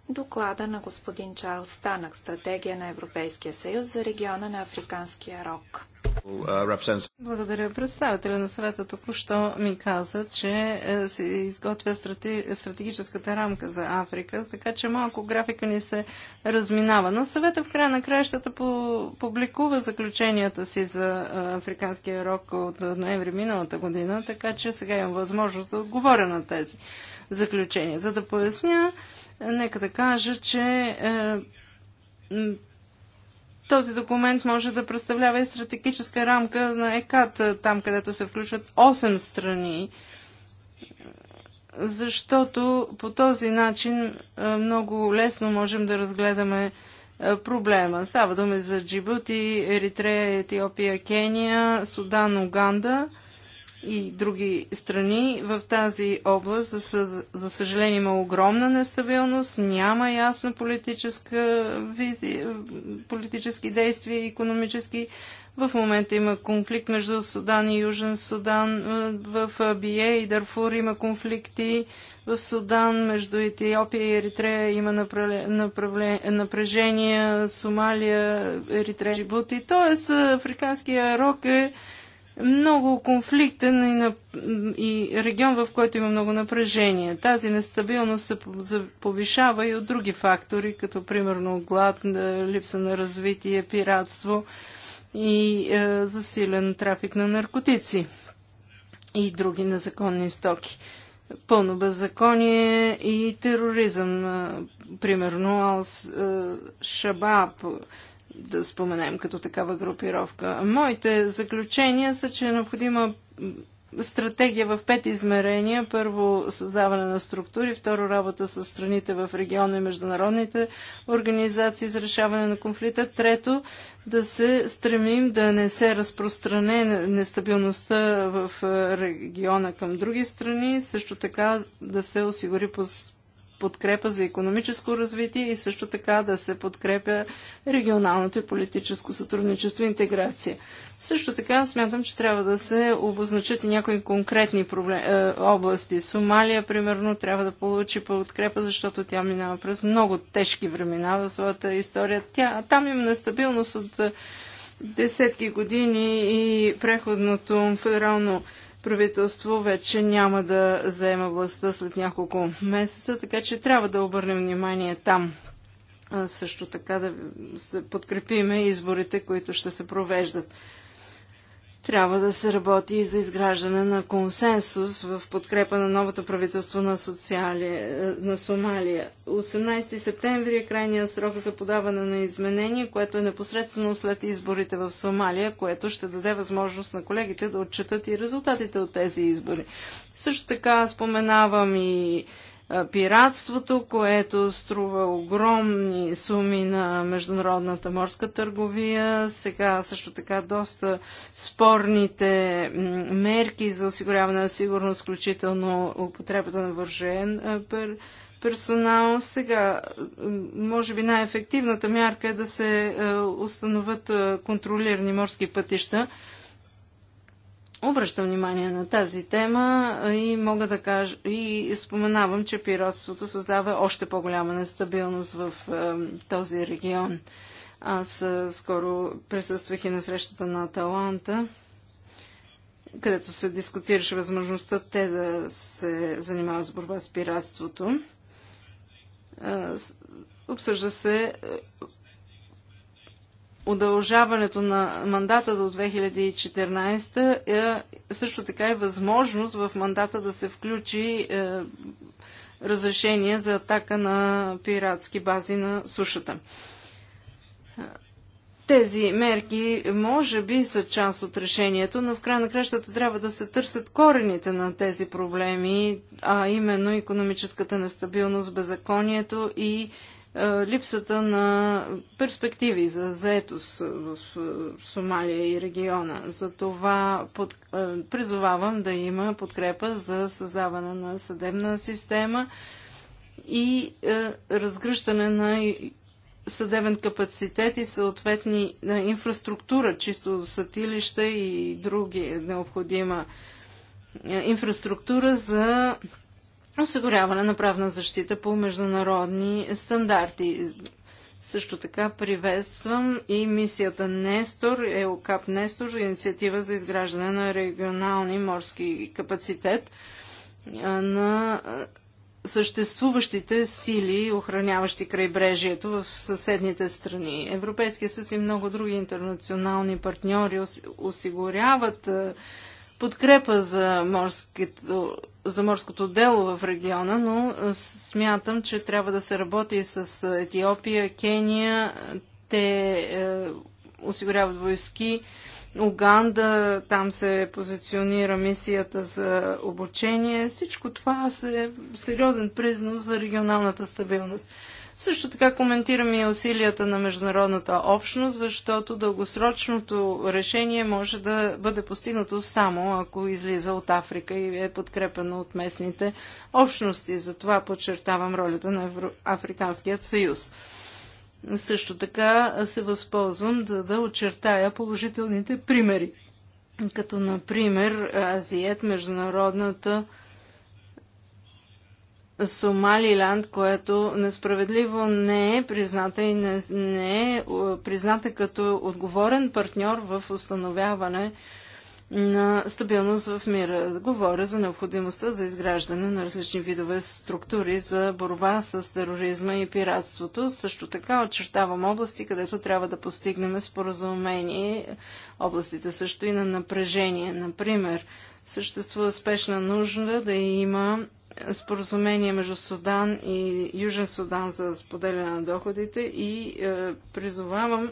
Доклада на господин Чарлз Танък Стратегия на Европейския съюз за региона на Африканския рок. Благодаря. Представителя на съвета току-що ми каза, че е, се изготвя стратегическата рамка за Африка, така че малко графика ни се разминава. Но съвета в края на краищата публикува заключенията си за е, африканския рок от ноември миналата година, така че сега имам възможност да отговоря на тези заключения. За да поясня, е, нека да кажа, че този документ може да представлява и стратегическа рамка на ЕКАТ, там където се включват 8 страни, защото по този начин много лесно можем да разгледаме проблема. Става дума за Джибути, Еритрея, Етиопия, Кения, Судан, Уганда – и други страни в тази област, за, съ... за съжаление, има огромна нестабилност, няма ясна политическа визия, политически действия и економически. В момента има конфликт между Судан и Южен Судан. В Бие и Дарфур има конфликти. В Судан между Етиопия и Еритрея има напрежения. Сомалия, Еритрея, Джибути. Тоест, африканския рок е много конфликтен и, на, и регион, в който има много напрежение. Тази нестабилност се повишава и от други фактори, като примерно глад, липса на развитие, пиратство и е, засилен трафик на наркотици и други незаконни стоки. Пълно беззаконие и тероризъм. Е, примерно Ал-Шабаб, е, да споменем като такава групировка. Моите заключения са, че е необходима стратегия в пет измерения. Първо, създаване на структури. Второ, работа с страните в региона и международните организации за решаване на конфликта. Трето, да се стремим да не се разпростране нестабилността в региона към други страни. Също така да се осигури подкрепа за економическо развитие и също така да се подкрепя регионалното и политическо сътрудничество и интеграция. Също така смятам, че трябва да се обозначат и някои конкретни проблем, е, области. Сомалия, примерно, трябва да получи подкрепа, защото тя минава през много тежки времена в своята история. Тя, там има нестабилност от е, десетки години и преходното федерално правителство вече няма да заема властта след няколко месеца, така че трябва да обърнем внимание там. А също така да подкрепиме изборите, които ще се провеждат. Трябва да се работи и за изграждане на консенсус в подкрепа на новото правителство на, социали... Е, на Сомалия. 18 септември е крайния срок за подаване на изменения, което е непосредствено след изборите в Сомалия, което ще даде възможност на колегите да отчитат и резултатите от тези избори. Също така споменавам и пиратството, което струва огромни суми на международната морска търговия. Сега също така доста спорните мерки за осигуряване на сигурност, включително употребата на вържен пер персонал. Сега, може би най-ефективната мярка е да се установят контролирани морски пътища Обръщам внимание на тази тема и мога да кажа и споменавам, че пиратството създава още по-голяма нестабилност в е, този регион. Аз е, скоро присъствах и на срещата на Аталанта, където се дискутираше възможността те да се занимават с борба с пиратството. Е, обсъжда се е, удължаването на мандата до 2014 е също така е възможност в мандата да се включи е, разрешение за атака на пиратски бази на сушата. Тези мерки може би са част от решението, но в край на кращата трябва да се търсят корените на тези проблеми, а именно економическата нестабилност, беззаконието и е, липсата на перспективи за заетост в е, Сомалия и региона. Затова под, е, призовавам да има подкрепа за създаване на съдебна система и разгръщане на съдебен капацитет и съответни на инфраструктура, чисто сътилища и други необходима инфраструктура за осигуряване на правна защита по международни стандарти. Също така приветствам и мисията Нестор, ЕОКАП Нестор, инициатива за изграждане на регионални морски капацитет на съществуващите сили, охраняващи крайбрежието в съседните страни. Европейския съюз и много други интернационални партньори осигуряват подкрепа за, морското, за морското дело в региона, но смятам, че трябва да се работи с Етиопия, Кения, те е, осигуряват войски, Уганда, там се позиционира мисията за обучение. Всичко това е сериозен признос за регионалната стабилност. Също така коментираме и усилията на международната общност, защото дългосрочното решение може да бъде постигнато само ако излиза от Африка и е подкрепено от местните общности. Затова подчертавам ролята на Евро... Африканският съюз. Също така се възползвам да, да очертая положителните примери, като например Азиет, международната Сомалиланд, което несправедливо не е призната и не, не е, е призната като отговорен партньор в установяване на стабилност в мира. Говоря за необходимостта за изграждане на различни видове структури за борба с тероризма и пиратството. Също така очертавам области, където трябва да постигнем споразумение, областите също и на напрежение. Например, съществува спешна нужда да има споразумение между Судан и Южен Судан за споделяне на доходите и е, призовавам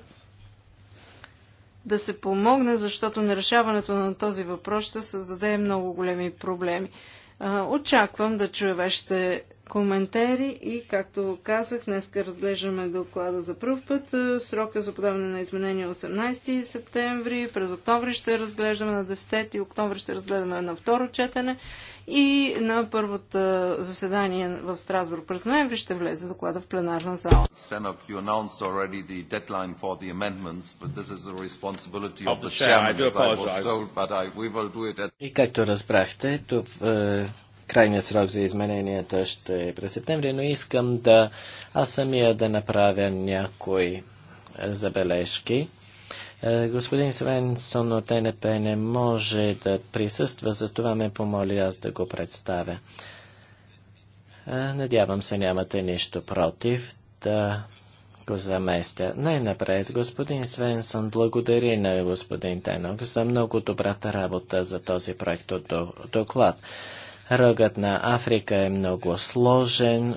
да се помогне, защото нерешаването на този въпрос ще създаде много големи проблеми. Е, очаквам да чуя вашите коментари и, както казах, днес разглеждаме доклада за първ път. Е, срока за подаване на изменения 18 е септември, през октомври ще разглеждаме на 10 и октомври ще разгледаме на второ четене и на първото е, заседание в Страсбург през ноември ще влезе доклада в пленарна зала. И както разбрахте, тук крайният срок за измененията ще е през септември, но искам да аз самия да направя някои е, забележки. Е, господин Свенсон от НП не може да присъства, затова ме помоли аз да го представя. Е, надявам се нямате нищо против да го заместя. Най-напред, господин Свенсън благодари на господин Тенок за много добрата работа за този проект от доклад. Ръгът на Африка е много сложен,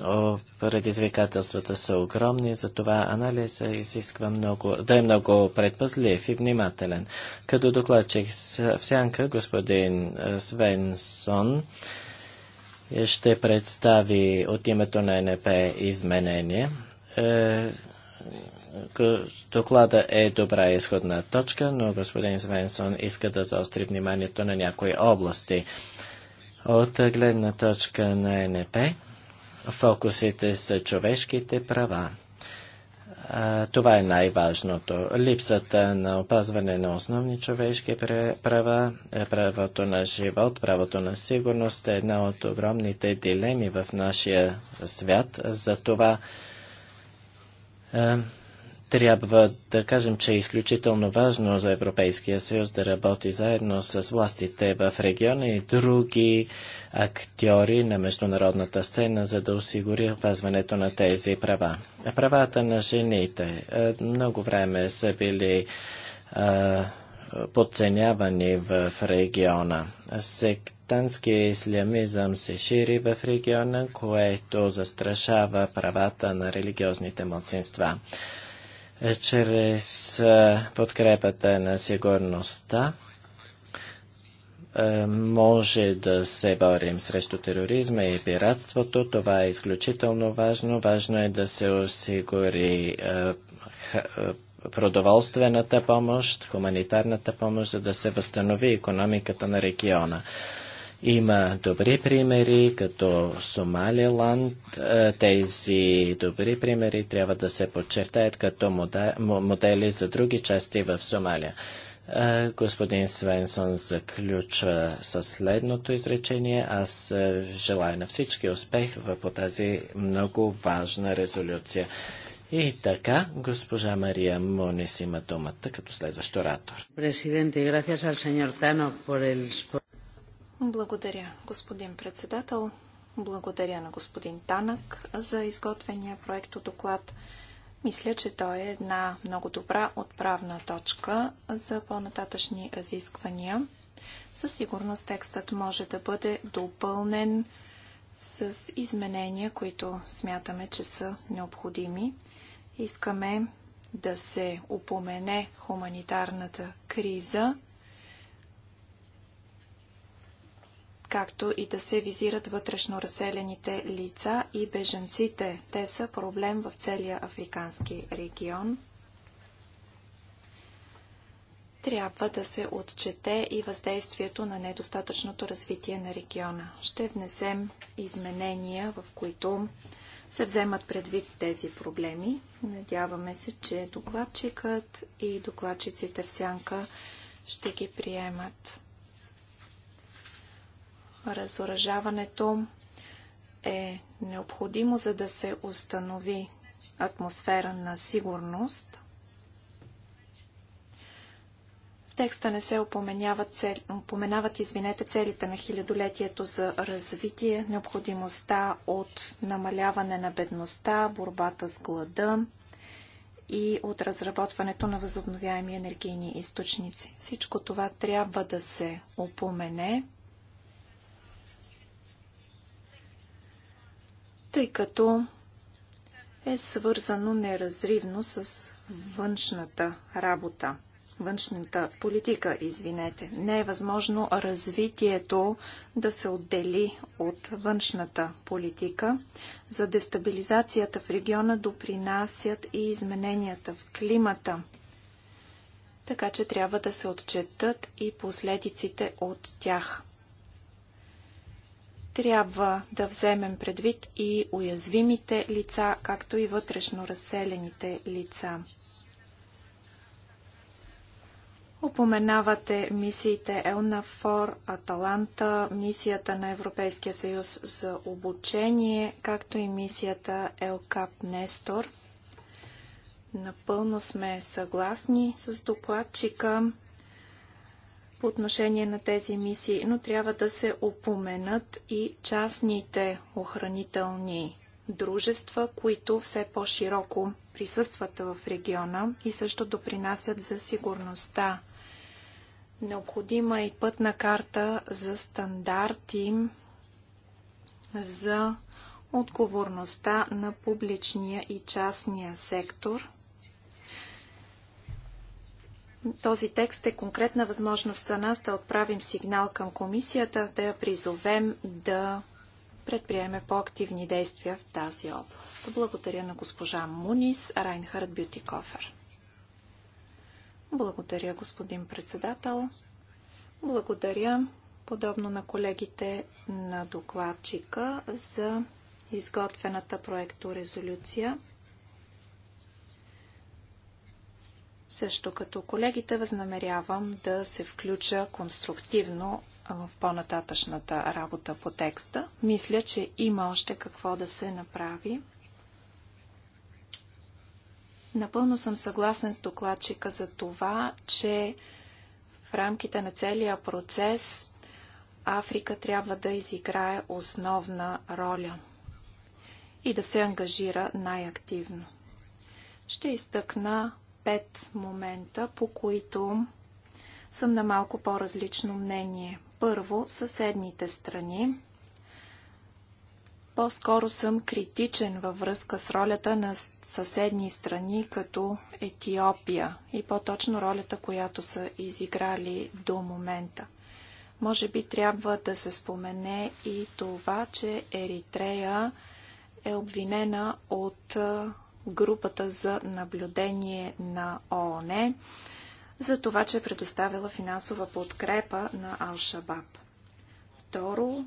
предизвикателствата са огромни, затова анализа изисква много, да е много предпазлив и внимателен. Като докладчик в сянка, господин е, Свенсон е, ще представи от името на НП изменение. Е, доклада е добра изходна точка, но господин Свенсон иска да заостри вниманието на някои области. От гледна точка на НП, фокусите са човешките права. А, това е най-важното. Липсата на опазване на основни човешки права, е правото на живот, правото на сигурност е една от огромните дилеми в нашия свят. За това а, трябва да кажем, че е изключително важно за Европейския съюз да работи заедно с властите в региона и други актьори на международната сцена, за да осигури опазването на тези права. Правата на жените е, много време са били е, подценявани в региона. Сектантския ислямизъм се шири в региона, което застрашава правата на религиозните младсинства. Е чрез подкрепата на сигурността може да се борим срещу тероризма и пиратството. Това е изключително важно. Важно е да се осигури продоволствената помощ, хуманитарната помощ, за да се възстанови економиката на региона. Има добри примери, като Сомалиланд. Е, тези добри примери трябва да се подчертаят като модели за други части в Сомалия. Е, господин Свенсон заключва със следното изречение. Аз е, желая на всички успех по тази много важна резолюция. И така, госпожа Мария Монис има думата като следващ оратор. Президенте, gracias al señor Тано por благодаря, господин председател. Благодаря на господин Танък за изготвения проект от доклад. Мисля, че той е една много добра отправна точка за по-нататъчни разисквания. Със сигурност текстът може да бъде допълнен с изменения, които смятаме, че са необходими. Искаме да се упомене хуманитарната криза както и да се визират вътрешно разселените лица и бежанците. Те са проблем в целия африкански регион. Трябва да се отчете и въздействието на недостатъчното развитие на региона. Ще внесем изменения, в които се вземат предвид тези проблеми. Надяваме се, че докладчикът и докладчиците в сянка ще ги приемат. Разоръжаването е необходимо, за да се установи атмосфера на сигурност. В текста не се упоменават, цел... упоменават извинете, целите на хилядолетието за развитие, необходимостта от намаляване на бедността, борбата с глада и от разработването на възобновяеми енергийни източници. Всичко това трябва да се упомене. тъй като е свързано неразривно с външната работа, външната политика, извинете. Не е възможно развитието да се отдели от външната политика. За дестабилизацията в региона допринасят и измененията в климата. Така че трябва да се отчетат и последиците от тях. Трябва да вземем предвид и уязвимите лица, както и вътрешно разселените лица. Упоменавате мисиите Елнафор, Аталанта, мисията на Европейския съюз за обучение, както и мисията Елкап Нестор. Напълно сме съгласни с докладчика по отношение на тези мисии, но трябва да се опоменат и частните охранителни дружества, които все по-широко присъстват в региона и също допринасят за сигурността. Необходима е и пътна карта за стандарти за отговорността на публичния и частния сектор този текст е конкретна възможност за нас да отправим сигнал към комисията, да я призовем да предприеме по-активни действия в тази област. Благодаря на госпожа Мунис Райнхард Бютикофер. Благодаря, господин председател. Благодаря, подобно на колегите на докладчика, за изготвената проекторезолюция. резолюция Също като колегите възнамерявам да се включа конструктивно в по-нататъчната работа по текста. Мисля, че има още какво да се направи. Напълно съм съгласен с докладчика за това, че в рамките на целия процес Африка трябва да изиграе основна роля и да се ангажира най-активно. Ще изтъкна пет момента, по които съм на малко по-различно мнение. Първо, съседните страни. По-скоро съм критичен във връзка с ролята на съседни страни като Етиопия и по-точно ролята, която са изиграли до момента. Може би трябва да се спомене и това, че Еритрея е обвинена от групата за наблюдение на ООН за това, че е предоставила финансова подкрепа на Ал-Шабаб. Второ,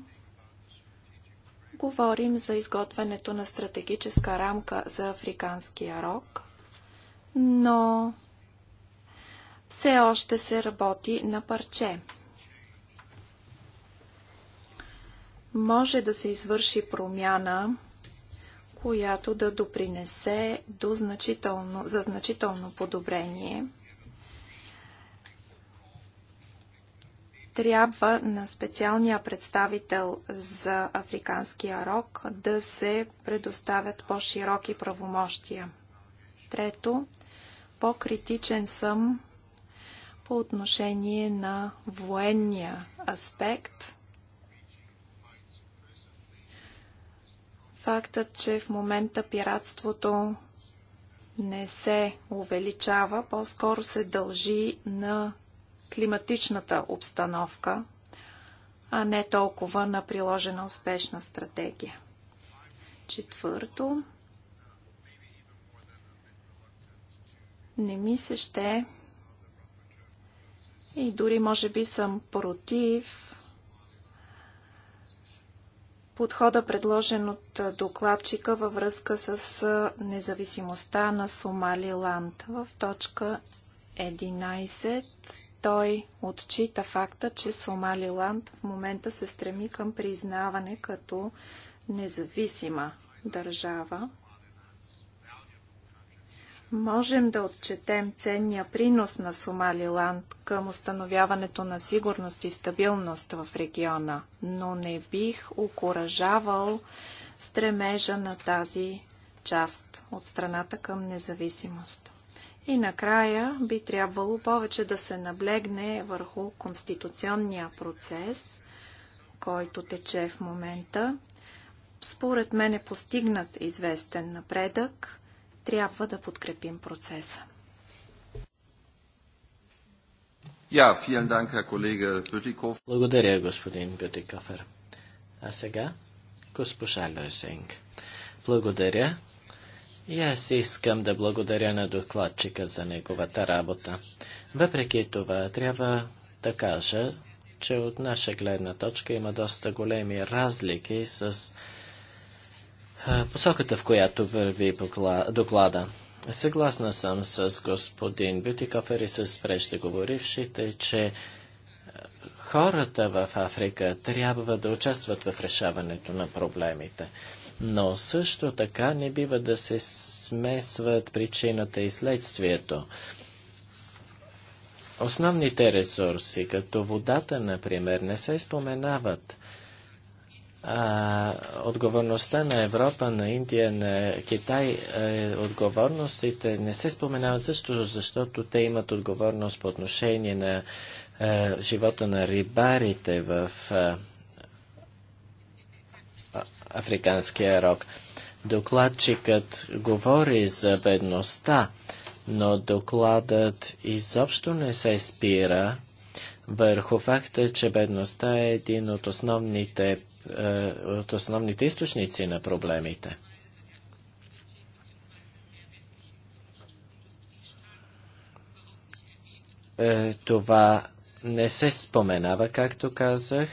говорим за изготвянето на стратегическа рамка за африканския рок, но все още се работи на парче. Може да се извърши промяна която да допринесе до значително, за значително подобрение. Трябва на специалния представител за африканския рок да се предоставят по-широки правомощия. Трето, по-критичен съм по отношение на военния аспект – Фактът, че в момента пиратството не се увеличава, по-скоро се дължи на климатичната обстановка, а не толкова на приложена успешна стратегия. Четвърто, не ми се ще и дори може би съм против подхода, предложен от докладчика във връзка с независимостта на Сомалиланд. В точка 11 той отчита факта, че Сомалиланд в момента се стреми към признаване като независима държава. Можем да отчетем ценния принос на Сомалиланд към установяването на сигурност и стабилност в региона, но не бих окоръжавал стремежа на тази част от страната към независимост. И накрая би трябвало повече да се наблегне върху конституционния процес, който тече в момента. Според мен е постигнат известен напредък трябва да подкрепим процеса. Dank, Благодаря, господин Бютикофер. А сега госпожа Лойсинг. Благодаря. И аз искам да благодаря на докладчика за неговата работа. Въпреки това, трябва да кажа, че от наша гледна точка има доста големи разлики с посоката, в която върви доклада. Съгласна съм с господин Бютикофер и с преждеговорившите, че хората в Африка трябва да участват в решаването на проблемите. Но също така не бива да се смесват причината и следствието. Основните ресурси, като водата, например, не се споменават а, отговорността на Европа, на Индия, на Китай, е отговорностите не се споменават също, защото те имат отговорност по отношение на живота на рибарите в Африканския рог. Докладчикът говори за бедността, но докладът изобщо не се спира върху факта, че бедността е един от основните е, от основните източници на проблемите. Е, това не се споменава, както казах,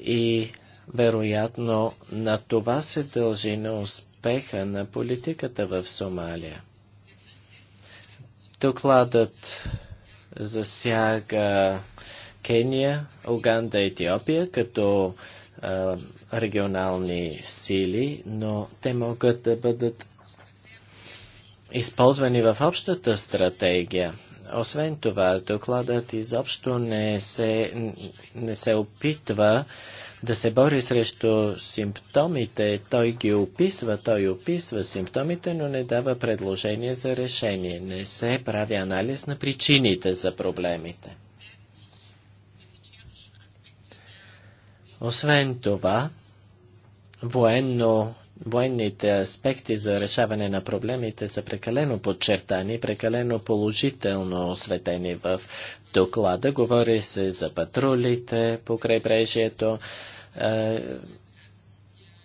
и вероятно на това се дължи на успеха на политиката в Сомалия. Докладът засяга Кения, Уганда, и Етиопия като а, регионални сили, но те могат да бъдат използвани в общата стратегия. Освен това, докладът изобщо не се, не се опитва да се бори срещу симптомите. Той ги описва, той описва симптомите, но не дава предложение за решение. Не се прави анализ на причините за проблемите. Освен това, военно, военните аспекти за решаване на проблемите са прекалено подчертани, прекалено положително осветени в доклада. Говори се за патрулите по крайбрежието. Е,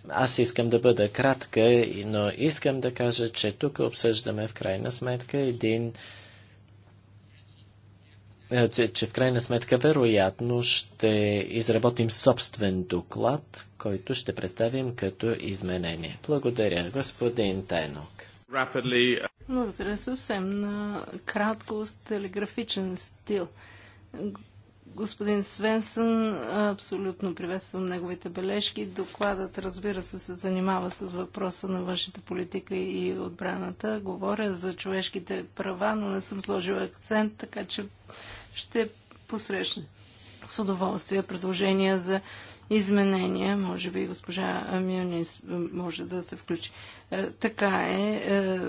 аз искам да бъда кратка, но искам да кажа, че тук обсъждаме в крайна сметка един е, че в крайна сметка вероятно ще изработим собствен доклад, който ще представим като изменение. Благодаря, господин Тайнок. Uh, Благодаря съвсем на кратко телеграфичен стил господин Свенсън. Абсолютно приветствам неговите бележки. Докладът, разбира се, се занимава с въпроса на външната политика и отбраната. Говоря за човешките права, но не съм сложила акцент, така че ще посрещна с удоволствие предложения за изменения. Може би госпожа Мюнис може да се включи. Е, така е, е.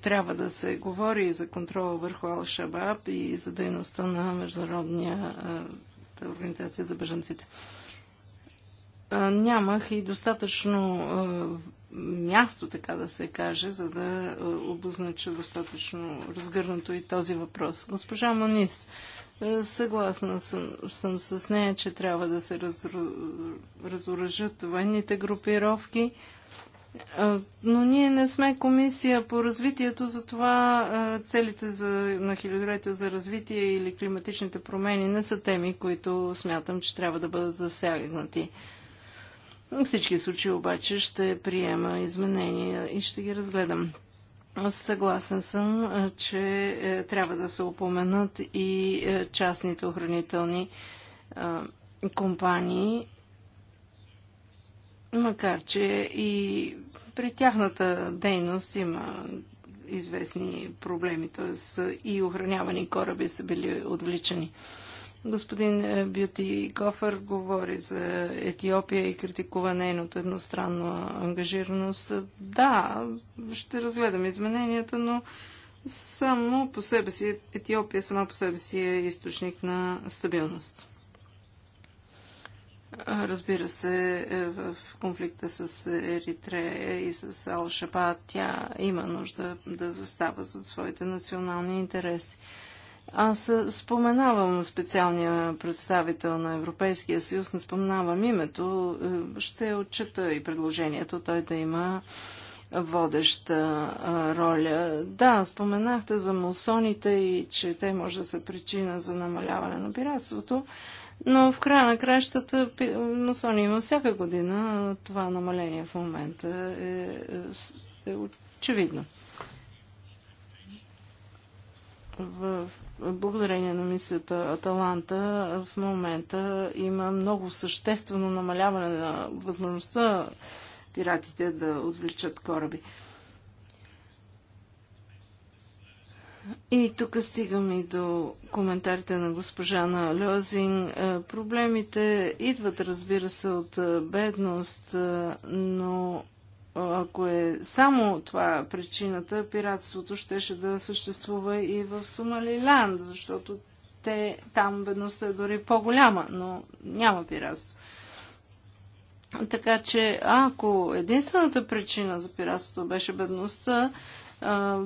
Трябва да се говори за контрола върху Ал-Шабаб и за дейността на Международния е, организация за бежанците. Нямах и достатъчно място, така да се каже, за да обознача достатъчно разгърнато и този въпрос. Госпожа Монис е, съгласна съм, съм с нея, че трябва да се разоръжат военните групировки. Е, но ние не сме комисия по развитието, затова е, целите за, на хилядолетието за развитие или климатичните промени не са теми, които смятам, че трябва да бъдат засягнати. всички случаи обаче ще приема изменения и ще ги разгледам. Съгласен съм, че е, трябва да се упоменат и е, частните охранителни компании, макар че и при тяхната дейност има известни проблеми, т.е. и охранявани кораби са били отвличани. Господин е, Бюти Кофър говори за Етиопия и критикува нейната едностранна ангажираност. Да, ще разгледам измененията, но само по себе си, Етиопия сама по себе си е източник на стабилност. Разбира се, е, в конфликта с Еритрея и с ал тя има нужда да застава за своите национални интереси. Аз споменавам специалния представител на Европейския съюз, не споменавам името, е, ще отчета и предложението той да има водеща роля. Да, споменахте за мусоните и че те може да са причина за намаляване на пиратството, но в края на кращата мусони има всяка година. Това намаление в момента е, е, е очевидно. В благодарение на мисията Аталанта в момента има много съществено намаляване на възможността пиратите да отвличат кораби. И тук стигам и до коментарите на госпожа на Льозин. Е, проблемите идват, разбира се, от е, бедност, е, но ако е само това причината, пиратството щеше да съществува и в Сомалиланд, защото те, там бедността е дори по-голяма, но няма пиратство. Така че, ако единствената причина за пиратството беше бедността,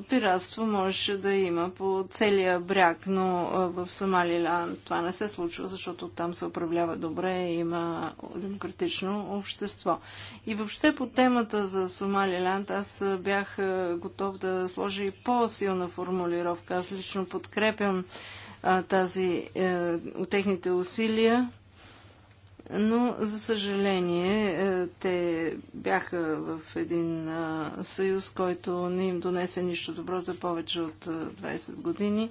пиратство можеше да има по целия бряг, но в Сомалиланд това не се случва, защото там се управлява добре и има демократично общество. И въобще по темата за Сомалиланд аз бях готов да сложа и по-силна формулировка. Аз лично подкрепям тази, е, техните усилия но за съжаление е, те бяха в един съюз, който не им донесе нищо добро за повече от 20 години.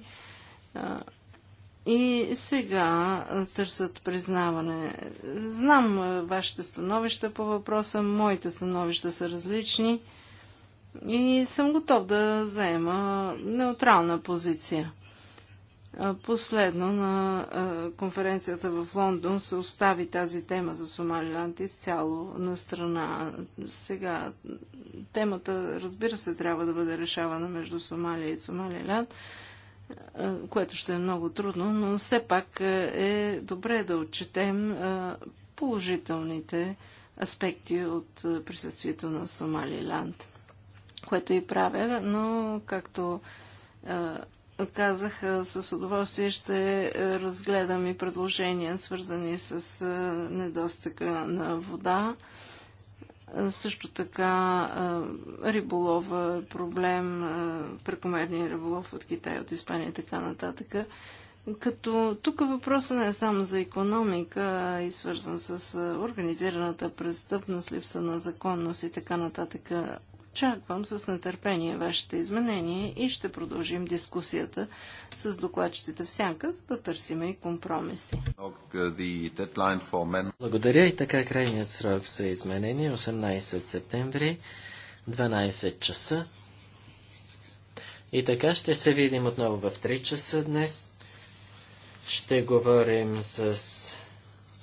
И сега търсят признаване. Знам вашите становища по въпроса, моите становища са различни и съм готов да заема неутрална позиция. Последно на конференцията в Лондон се остави тази тема за Сомалиланд изцяло на страна. Сега темата, разбира се, трябва да бъде решавана между Сомалия и Сомалиланд, което ще е много трудно, но все пак е добре да отчетем положителните аспекти от присъствието на Сомалиланд, което и правя, но както казах, с удоволствие ще е, разгледам и предложения, свързани с е, недостъка на вода. Е, също така риболова проблем, прекомерния риболов от Китай, от Испания и така нататък. Като тук въпросът не е само за економика, и свързан с организираната престъпност, липса на законност и така нататък. Очаквам с нетърпение вашите изменения и ще продължим дискусията с докладчиците в сянка, да търсим и компромиси. Благодаря и така крайният срок за изменение 18 е септември, 12 часа. И така ще се видим отново в 3 часа днес. Ще говорим с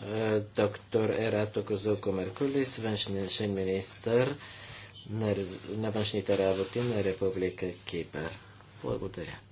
е, доктор Ерато Козуко Меркулис, външния министър на, външните работи на Република Кипър. Благодаря.